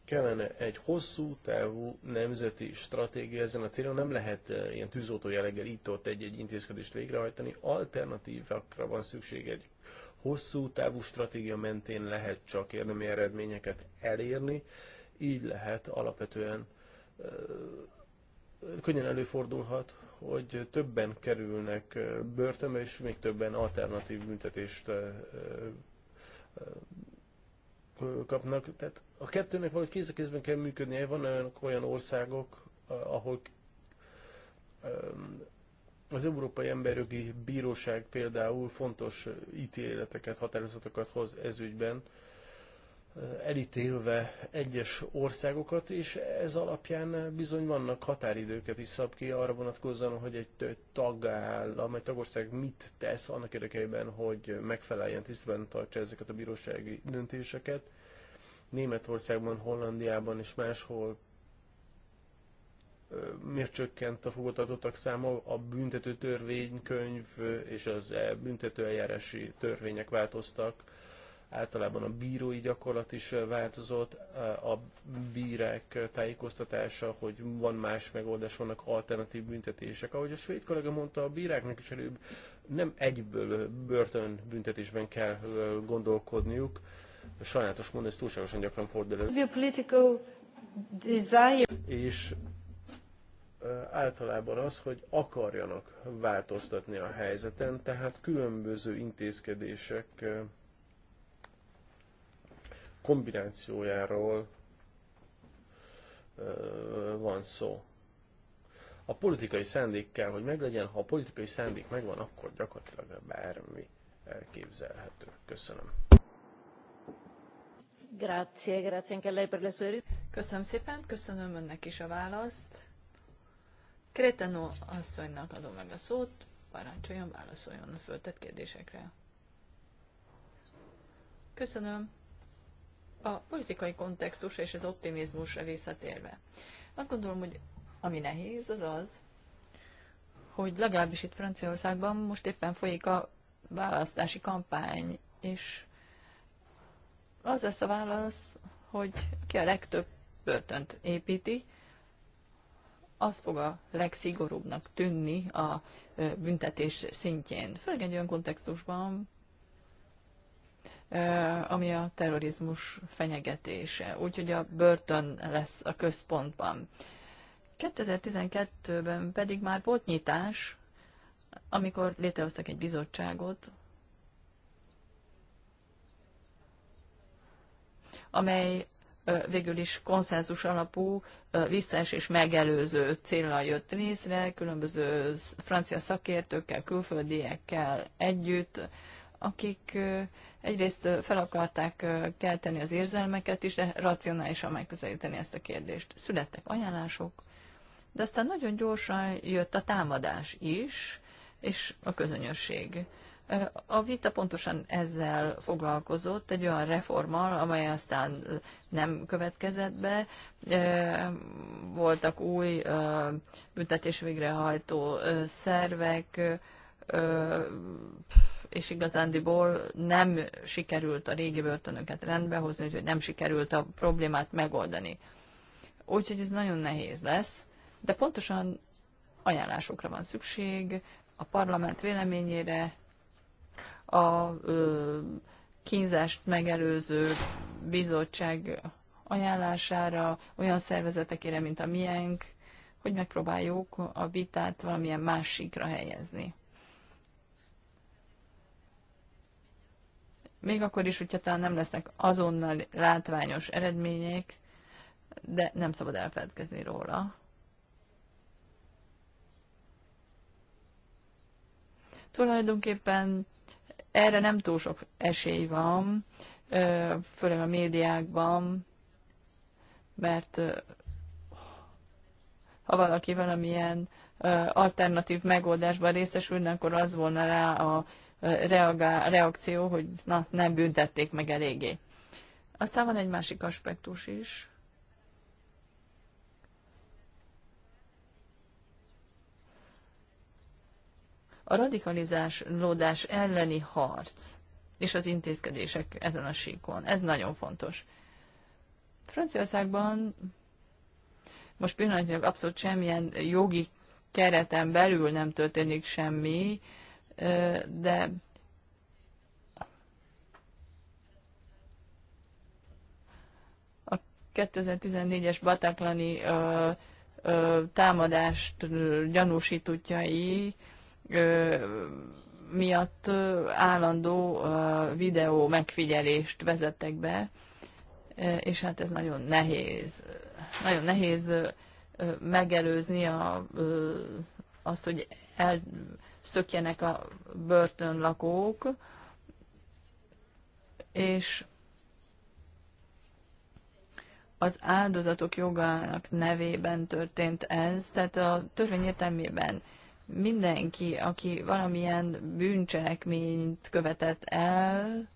E: kellene egy hosszú távú nemzeti stratégia ezen a célon, nem lehet eh, ilyen tűzoltó jelleggel itt-ott egy-egy intézkedést végrehajtani, alternatívakra van szükség egy hosszú távú stratégia mentén lehet csak érdemi eredményeket elérni, így lehet alapvetően könnyen előfordulhat, hogy többen kerülnek börtönbe, és még többen alternatív büntetést kapnak. Tehát a kettőnek valahogy kéz a kézben kell működnie. Van olyan, olyan országok, ahol az Európai Emberjogi Bíróság például fontos ítéleteket, határozatokat hoz ezügyben, elítélve egyes országokat, és ez alapján bizony vannak határidőket is szab ki arra vonatkozóan, hogy egy tagállam, egy tagország mit tesz annak érdekében, hogy megfeleljen, tisztben tartsa ezeket a bírósági döntéseket. Németországban, Hollandiában és máshol miért csökkent a fogvatartottak száma a büntető törvénykönyv és az e- eljárási törvények változtak, általában a bírói gyakorlat is változott, a bírák tájékoztatása, hogy van más megoldás, vannak alternatív büntetések. Ahogy a svéd kollega mondta, a bíráknak is előbb nem egyből börtönbüntetésben kell gondolkodniuk, sajnálatos mondani, ez túlságosan gyakran fordul elő. És általában az, hogy akarjanak változtatni a helyzeten, tehát különböző intézkedések kombinációjáról van szó. A politikai szándék kell, hogy meglegyen, ha a politikai szándék megvan, akkor gyakorlatilag bármi elképzelhető. Köszönöm.
A: Grazie, grazie anche lei per le sue Köszönöm szépen, köszönöm
B: önnek is a választ. Kretenó asszonynak adom meg a szót, parancsoljon, válaszoljon a föltett kérdésekre. Köszönöm. A politikai kontextus és az optimizmusra visszatérve. Azt gondolom, hogy ami nehéz, az az, hogy legalábbis itt Franciaországban most éppen folyik a választási kampány, és az lesz a válasz, hogy ki a legtöbb börtönt építi, az fog a legszigorúbbnak tűnni a büntetés szintjén, főleg egy olyan kontextusban, ami a terrorizmus fenyegetése. Úgyhogy a börtön lesz a központban. 2012-ben pedig már volt nyitás, amikor létrehoztak egy bizottságot, amely végül is konszenzus alapú visszaes és megelőző célra jött részre, különböző francia szakértőkkel, külföldiekkel együtt, akik egyrészt fel akarták kelteni az érzelmeket is, de racionálisan megközelíteni ezt a kérdést. Születtek ajánlások, de aztán nagyon gyorsan jött a támadás is, és a közönösség. A vita pontosan ezzel foglalkozott, egy olyan reformmal, amely aztán nem következett be. Voltak új büntetés végrehajtó szervek, és igazándiból nem sikerült a régi börtönöket rendbehozni, úgyhogy nem sikerült a problémát megoldani. Úgyhogy ez nagyon nehéz lesz, de pontosan ajánlásokra van szükség, a parlament véleményére, a kínzást megelőző bizottság ajánlására, olyan szervezetekére, mint a miénk, hogy megpróbáljuk a vitát valamilyen másikra helyezni. Még akkor is, hogyha talán nem lesznek azonnal látványos eredmények, de nem szabad elfeledkezni róla. Tulajdonképpen erre nem túl sok esély van, főleg a médiákban, mert ha valaki valamilyen alternatív megoldásban részesülne, akkor az volna rá a reakció, hogy na, nem büntették meg eléggé. Aztán van egy másik aspektus is, a radikalizálódás elleni harc és az intézkedések ezen a síkon. Ez nagyon fontos. Franciaországban most pillanatnyilag abszolút semmilyen jogi kereten belül nem történik semmi, de a 2014-es Bataklani támadást gyanúsítutjai miatt állandó videó megfigyelést vezettek be, és hát ez nagyon nehéz. Nagyon nehéz megelőzni a, azt, hogy elszökjenek a börtönlakók, és az áldozatok jogának nevében történt ez, tehát a törvény értelmében mindenki, aki valamilyen bűncselekményt követett el,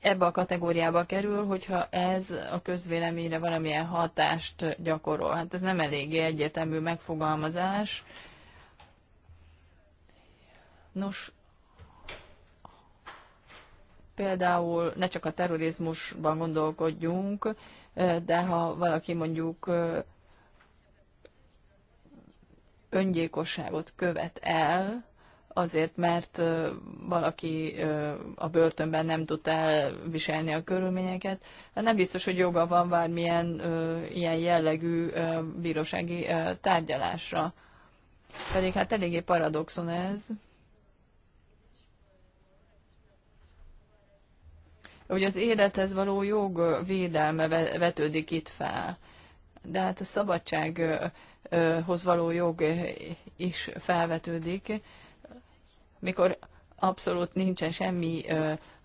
B: ebbe a kategóriába kerül, hogyha ez a közvéleményre valamilyen hatást gyakorol. Hát ez nem eléggé egyetemű megfogalmazás. Nos, például ne csak a terrorizmusban gondolkodjunk, de ha valaki mondjuk öngyilkosságot követ el, azért, mert valaki a börtönben nem tud elviselni a körülményeket. Hát nem biztos, hogy joga van bármilyen ilyen jellegű bírósági tárgyalásra. Pedig hát eléggé paradoxon ez. hogy az élethez való jog védelme vetődik itt fel. De hát a szabadsághoz való jog is felvetődik, mikor abszolút nincsen semmi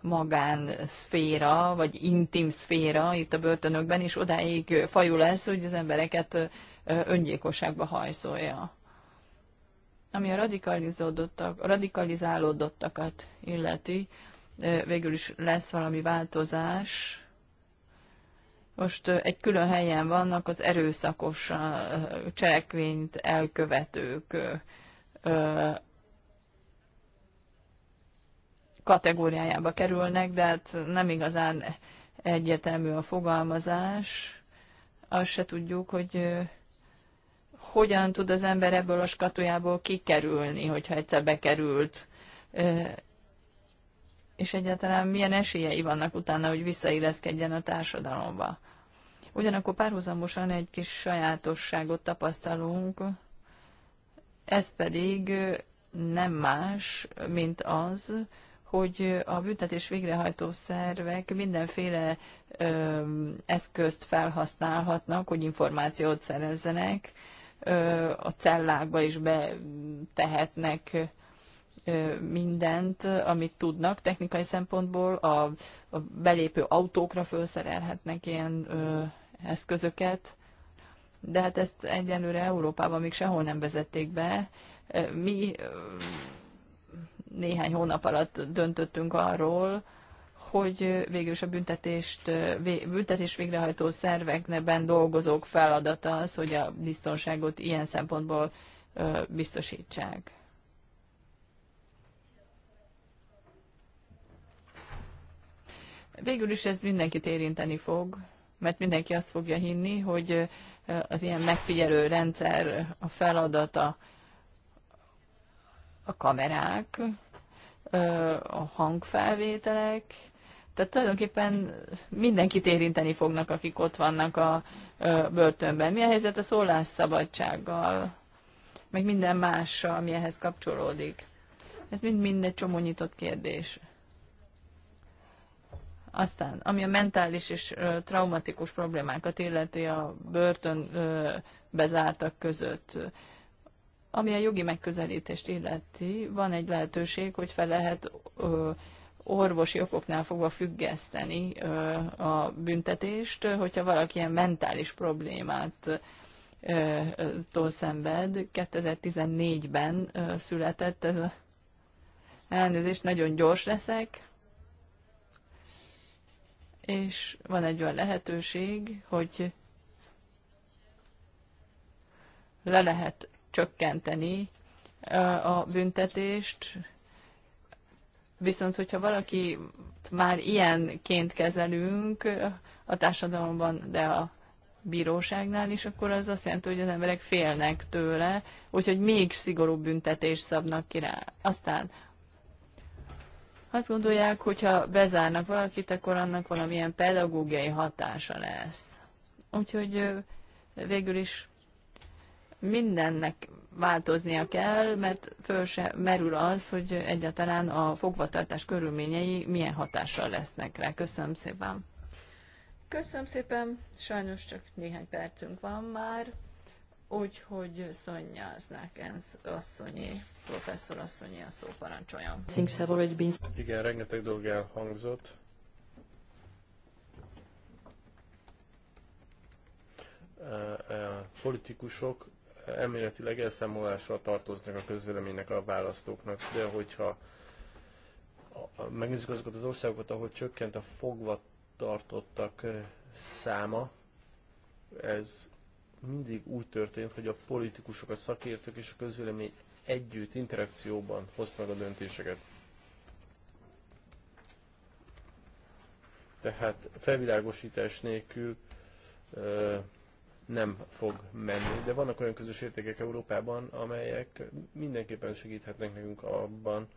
B: magánszféra, vagy intim szféra itt a börtönökben, és odáig fajul ez, hogy az embereket öngyilkosságba hajszolja. Ami a radikalizálódottakat illeti, végül is lesz valami változás. Most egy külön helyen vannak az erőszakos cselekvényt elkövetők kategóriájába kerülnek, de hát nem igazán egyértelmű a fogalmazás. Azt se tudjuk, hogy hogyan tud az ember ebből a skatujából kikerülni, hogyha egyszer bekerült és egyáltalán milyen esélyei vannak utána, hogy visszailleszkedjen a társadalomba. Ugyanakkor párhuzamosan egy kis sajátosságot tapasztalunk, ez pedig nem más, mint az, hogy a büntetés végrehajtó szervek mindenféle ö, eszközt felhasználhatnak, hogy információt szerezzenek, ö, a cellákba is betehetnek mindent, amit tudnak technikai szempontból, a, a belépő autókra felszerelhetnek ilyen ö, eszközöket, de hát ezt egyelőre Európában még sehol nem vezették be. Mi néhány hónap alatt döntöttünk arról, hogy végül is a büntetést, büntetés végrehajtó szervekneben dolgozók feladata az, hogy a biztonságot ilyen szempontból biztosítsák. Végül is ez mindenkit érinteni fog, mert mindenki azt fogja hinni, hogy az ilyen megfigyelő rendszer a feladata a kamerák, a hangfelvételek, tehát tulajdonképpen mindenkit érinteni fognak, akik ott vannak a börtönben. Mi a helyzet a szólásszabadsággal, meg minden mással, ami ehhez kapcsolódik? Ez mind-mind egy csomó nyitott kérdés. Aztán, ami a mentális és traumatikus problémákat illeti a börtön bezártak között, ami a jogi megközelítést illeti, van egy lehetőség, hogy fel lehet orvosi okoknál fogva függeszteni a büntetést, hogyha valaki ilyen mentális problémát tól szenved. 2014-ben született ez a elnézést, nagyon gyors leszek és van egy olyan lehetőség, hogy le lehet csökkenteni a büntetést, viszont hogyha valaki már ilyenként kezelünk a társadalomban, de a bíróságnál is, akkor az azt jelenti, hogy az emberek félnek tőle, úgyhogy még szigorúbb büntetést szabnak ki rá. Aztán azt gondolják, hogyha bezárnak valakit, akkor annak valamilyen pedagógiai hatása lesz. Úgyhogy végül is mindennek változnia kell, mert föl se merül az, hogy egyáltalán a fogvatartás körülményei milyen hatással lesznek rá. Köszönöm szépen. Köszönöm szépen, sajnos csak néhány percünk van már úgyhogy Szonya az asszonyi, professzor asszonyi a szóparancsolja.
E: Igen, rengeteg dolog elhangzott. E, e, politikusok elméletileg elszámolásra tartoznak a közvéleménynek, a választóknak, de hogyha megnézzük azokat az országokat, ahol csökkent a fogva tartottak e, száma, ez mindig úgy történt, hogy a politikusok, a szakértők és a közvélemény együtt, interakcióban hozta meg a döntéseket. Tehát felvilágosítás nélkül ö, nem fog menni. De vannak olyan közös értékek Európában, amelyek mindenképpen segíthetnek nekünk abban,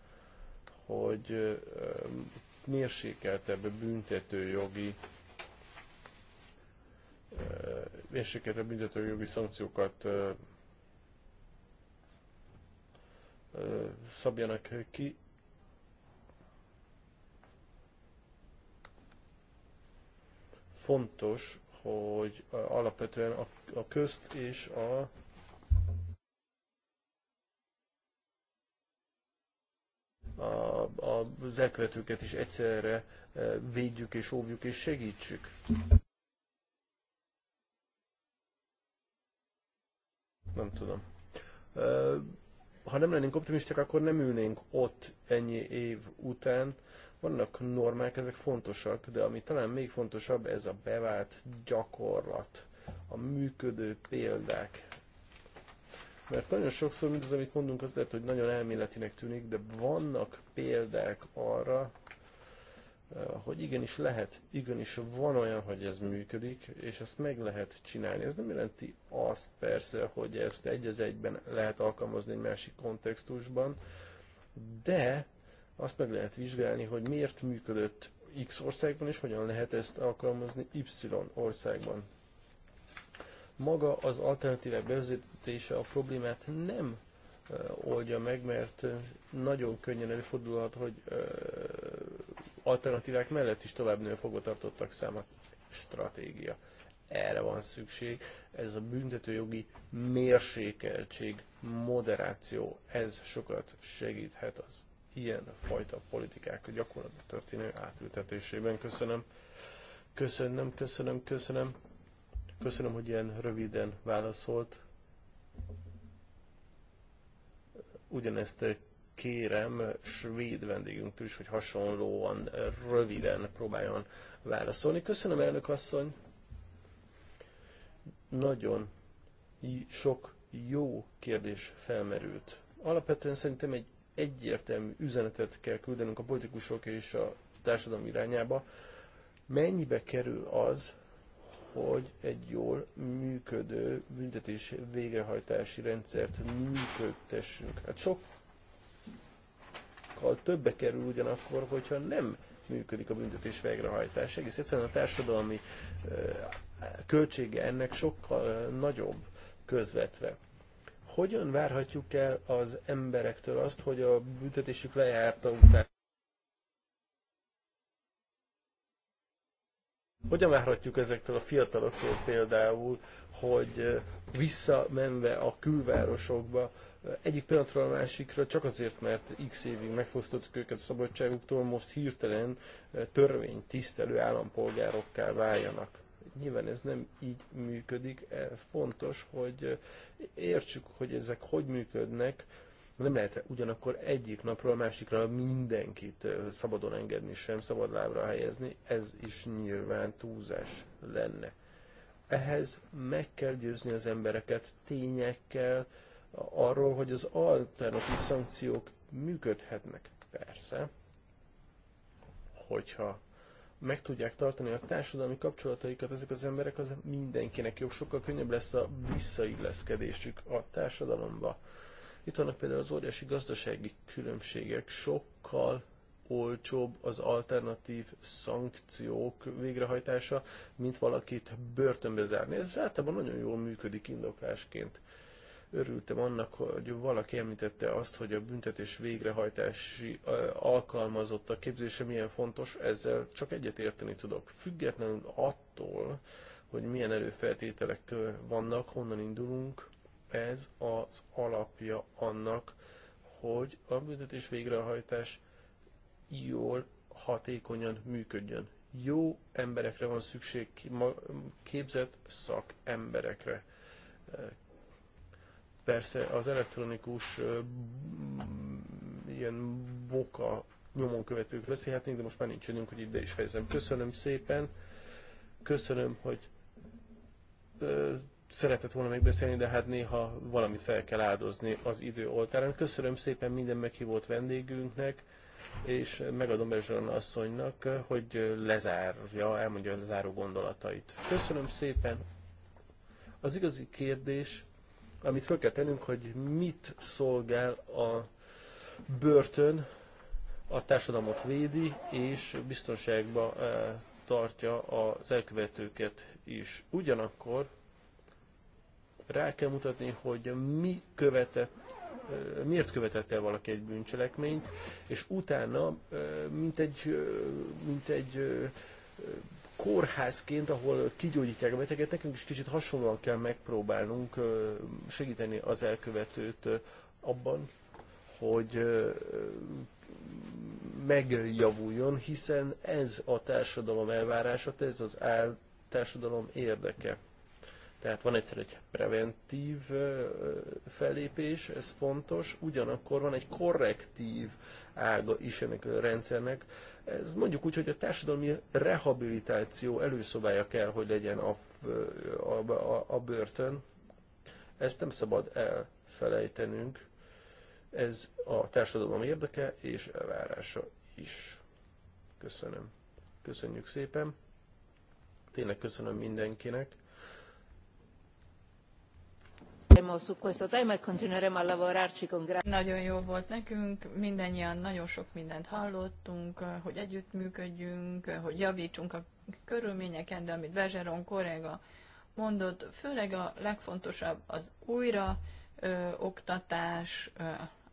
E: hogy mérsékeltebb büntetőjogi jogi mérsékletebb büntetőjogi szankciókat szabjanak ki. Fontos, hogy alapvetően a, közt és a a, az elkövetőket is egyszerre védjük és óvjuk és segítsük. Nem tudom. Ha nem lennénk optimisták, akkor nem ülnénk ott ennyi év után. Vannak normák, ezek fontosak, de ami talán még fontosabb, ez a bevált gyakorlat, a működő példák. Mert nagyon sokszor mindaz, amit mondunk, az lehet, hogy nagyon elméletinek tűnik, de vannak példák arra, Eh, hogy igenis lehet, igenis van olyan, hogy ez működik, és ezt meg lehet csinálni. Ez nem jelenti azt persze, hogy ezt egy az egyben lehet alkalmazni egy másik kontextusban, de azt meg lehet vizsgálni, hogy miért működött X országban, és hogyan lehet ezt alkalmazni Y országban. Maga az alternatívek bevezetése a problémát nem eh, oldja meg, mert eh, nagyon könnyen előfordulhat, hogy alternatívák mellett is tovább nő a fogvatartottak száma stratégia. Erre van szükség. Ez a büntetőjogi mérsékeltség, moderáció, ez sokat segíthet az ilyen fajta politikák a gyakorlatban történő átültetésében. Köszönöm. Köszönöm, köszönöm, köszönöm. Köszönöm, hogy ilyen röviden válaszolt. Ugyanezt kérem svéd vendégünktől is, hogy hasonlóan eh, röviden próbáljon válaszolni. Köszönöm, elnök asszony! Nagyon sok jó kérdés felmerült. Alapvetően szerintem egy egyértelmű üzenetet kell küldenünk a politikusok és a társadalom irányába. Mennyibe kerül az, hogy egy jól működő büntetés végrehajtási rendszert működtessünk. Hát sok sokkal többe kerül ugyanakkor, hogyha nem működik a büntetés végrehajtás. Egész egyszerűen a társadalmi költsége ennek sokkal nagyobb közvetve. Hogyan várhatjuk el az emberektől azt, hogy a büntetésük lejárta után Hogyan várhatjuk ezektől a fiataloktól például, hogy visszamenve a külvárosokba egyik pillanatról a másikra csak azért, mert x évig megfosztottuk őket a szabadságuktól, most hirtelen törvény tisztelő állampolgárokká váljanak. Nyilván ez nem így működik, e, fontos, hogy értsük, hogy ezek hogy működnek, nem lehet ugyanakkor egyik napról a másikra mindenkit szabadon engedni, sem szabad lábra helyezni, ez is nyilván túlzás lenne. Ehhez meg kell győzni az embereket tényekkel, arról, hogy az alternatív szankciók működhetnek. Persze, hogyha meg tudják tartani a társadalmi kapcsolataikat ezek az emberek, az mindenkinek jobb, sokkal könnyebb lesz a visszailleszkedésük a társadalomba. Itt vannak például az óriási gazdasági különbségek, sokkal olcsóbb az alternatív szankciók végrehajtása, mint valakit börtönbe zárni. Ez általában nagyon jól működik indoklásként. Örültem annak, hogy valaki említette azt, hogy a büntetés végrehajtási alkalmazottak képzése milyen fontos, ezzel csak egyet érteni tudok. Függetlenül attól, hogy milyen előfeltételek vannak, honnan indulunk, ez az alapja annak, hogy a büntetés végrehajtás jól, hatékonyan működjön. Jó emberekre van szükség, képzett szakemberekre. Persze az elektronikus ilyen boka nyomon követők beszélhetnénk, de most már nincs időnk, hogy ide is fejezem. Köszönöm szépen, köszönöm, hogy szeretett volna még beszélni, de hát néha valamit fel kell áldozni az idő oltárán. Köszönöm szépen minden meghívott vendégünknek, és megadom Bezsaron asszonynak, hogy lezárja, elmondja a záró gondolatait. Köszönöm szépen. Az igazi kérdés amit fel kell tennünk, hogy mit szolgál a börtön, a társadalmat védi és biztonságba eh, tartja az elkövetőket is. Ugyanakkor rá kell mutatni, hogy mi követett, eh, miért követett el valaki egy bűncselekményt, és utána, eh, mint egy, mint egy kórházként, ahol kigyógyítják a beteget, nekünk is kicsit hasonlóan kell megpróbálnunk segíteni az elkövetőt abban, hogy megjavuljon, hiszen ez a társadalom elvárása, ez az áll társadalom érdeke. Tehát van egyszer egy preventív fellépés, ez fontos, ugyanakkor van egy korrektív ága is ennek a rendszernek, ez mondjuk úgy, hogy a társadalmi rehabilitáció előszobája kell, hogy legyen a, a, a, a börtön. Ezt nem szabad elfelejtenünk. Ez a társadalom érdeke és elvárása is. Köszönöm. Köszönjük szépen. Tényleg köszönöm mindenkinek
A: E nagyon jó volt nekünk, mindannyian
B: nagyon sok mindent hallottunk, hogy együttműködjünk, hogy javítsunk a körülményeken, de amit Bezseron kollega mondott, főleg a legfontosabb az újra ö, oktatás, ö,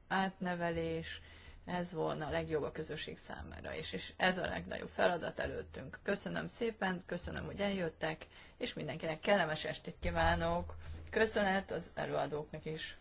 B: átnevelés, ez volna a legjobb a közösség számára, és, és ez a legnagyobb feladat előttünk. Köszönöm szépen, köszönöm, hogy eljöttek, és mindenkinek kellemes estét kívánok! Köszönet az előadóknak is.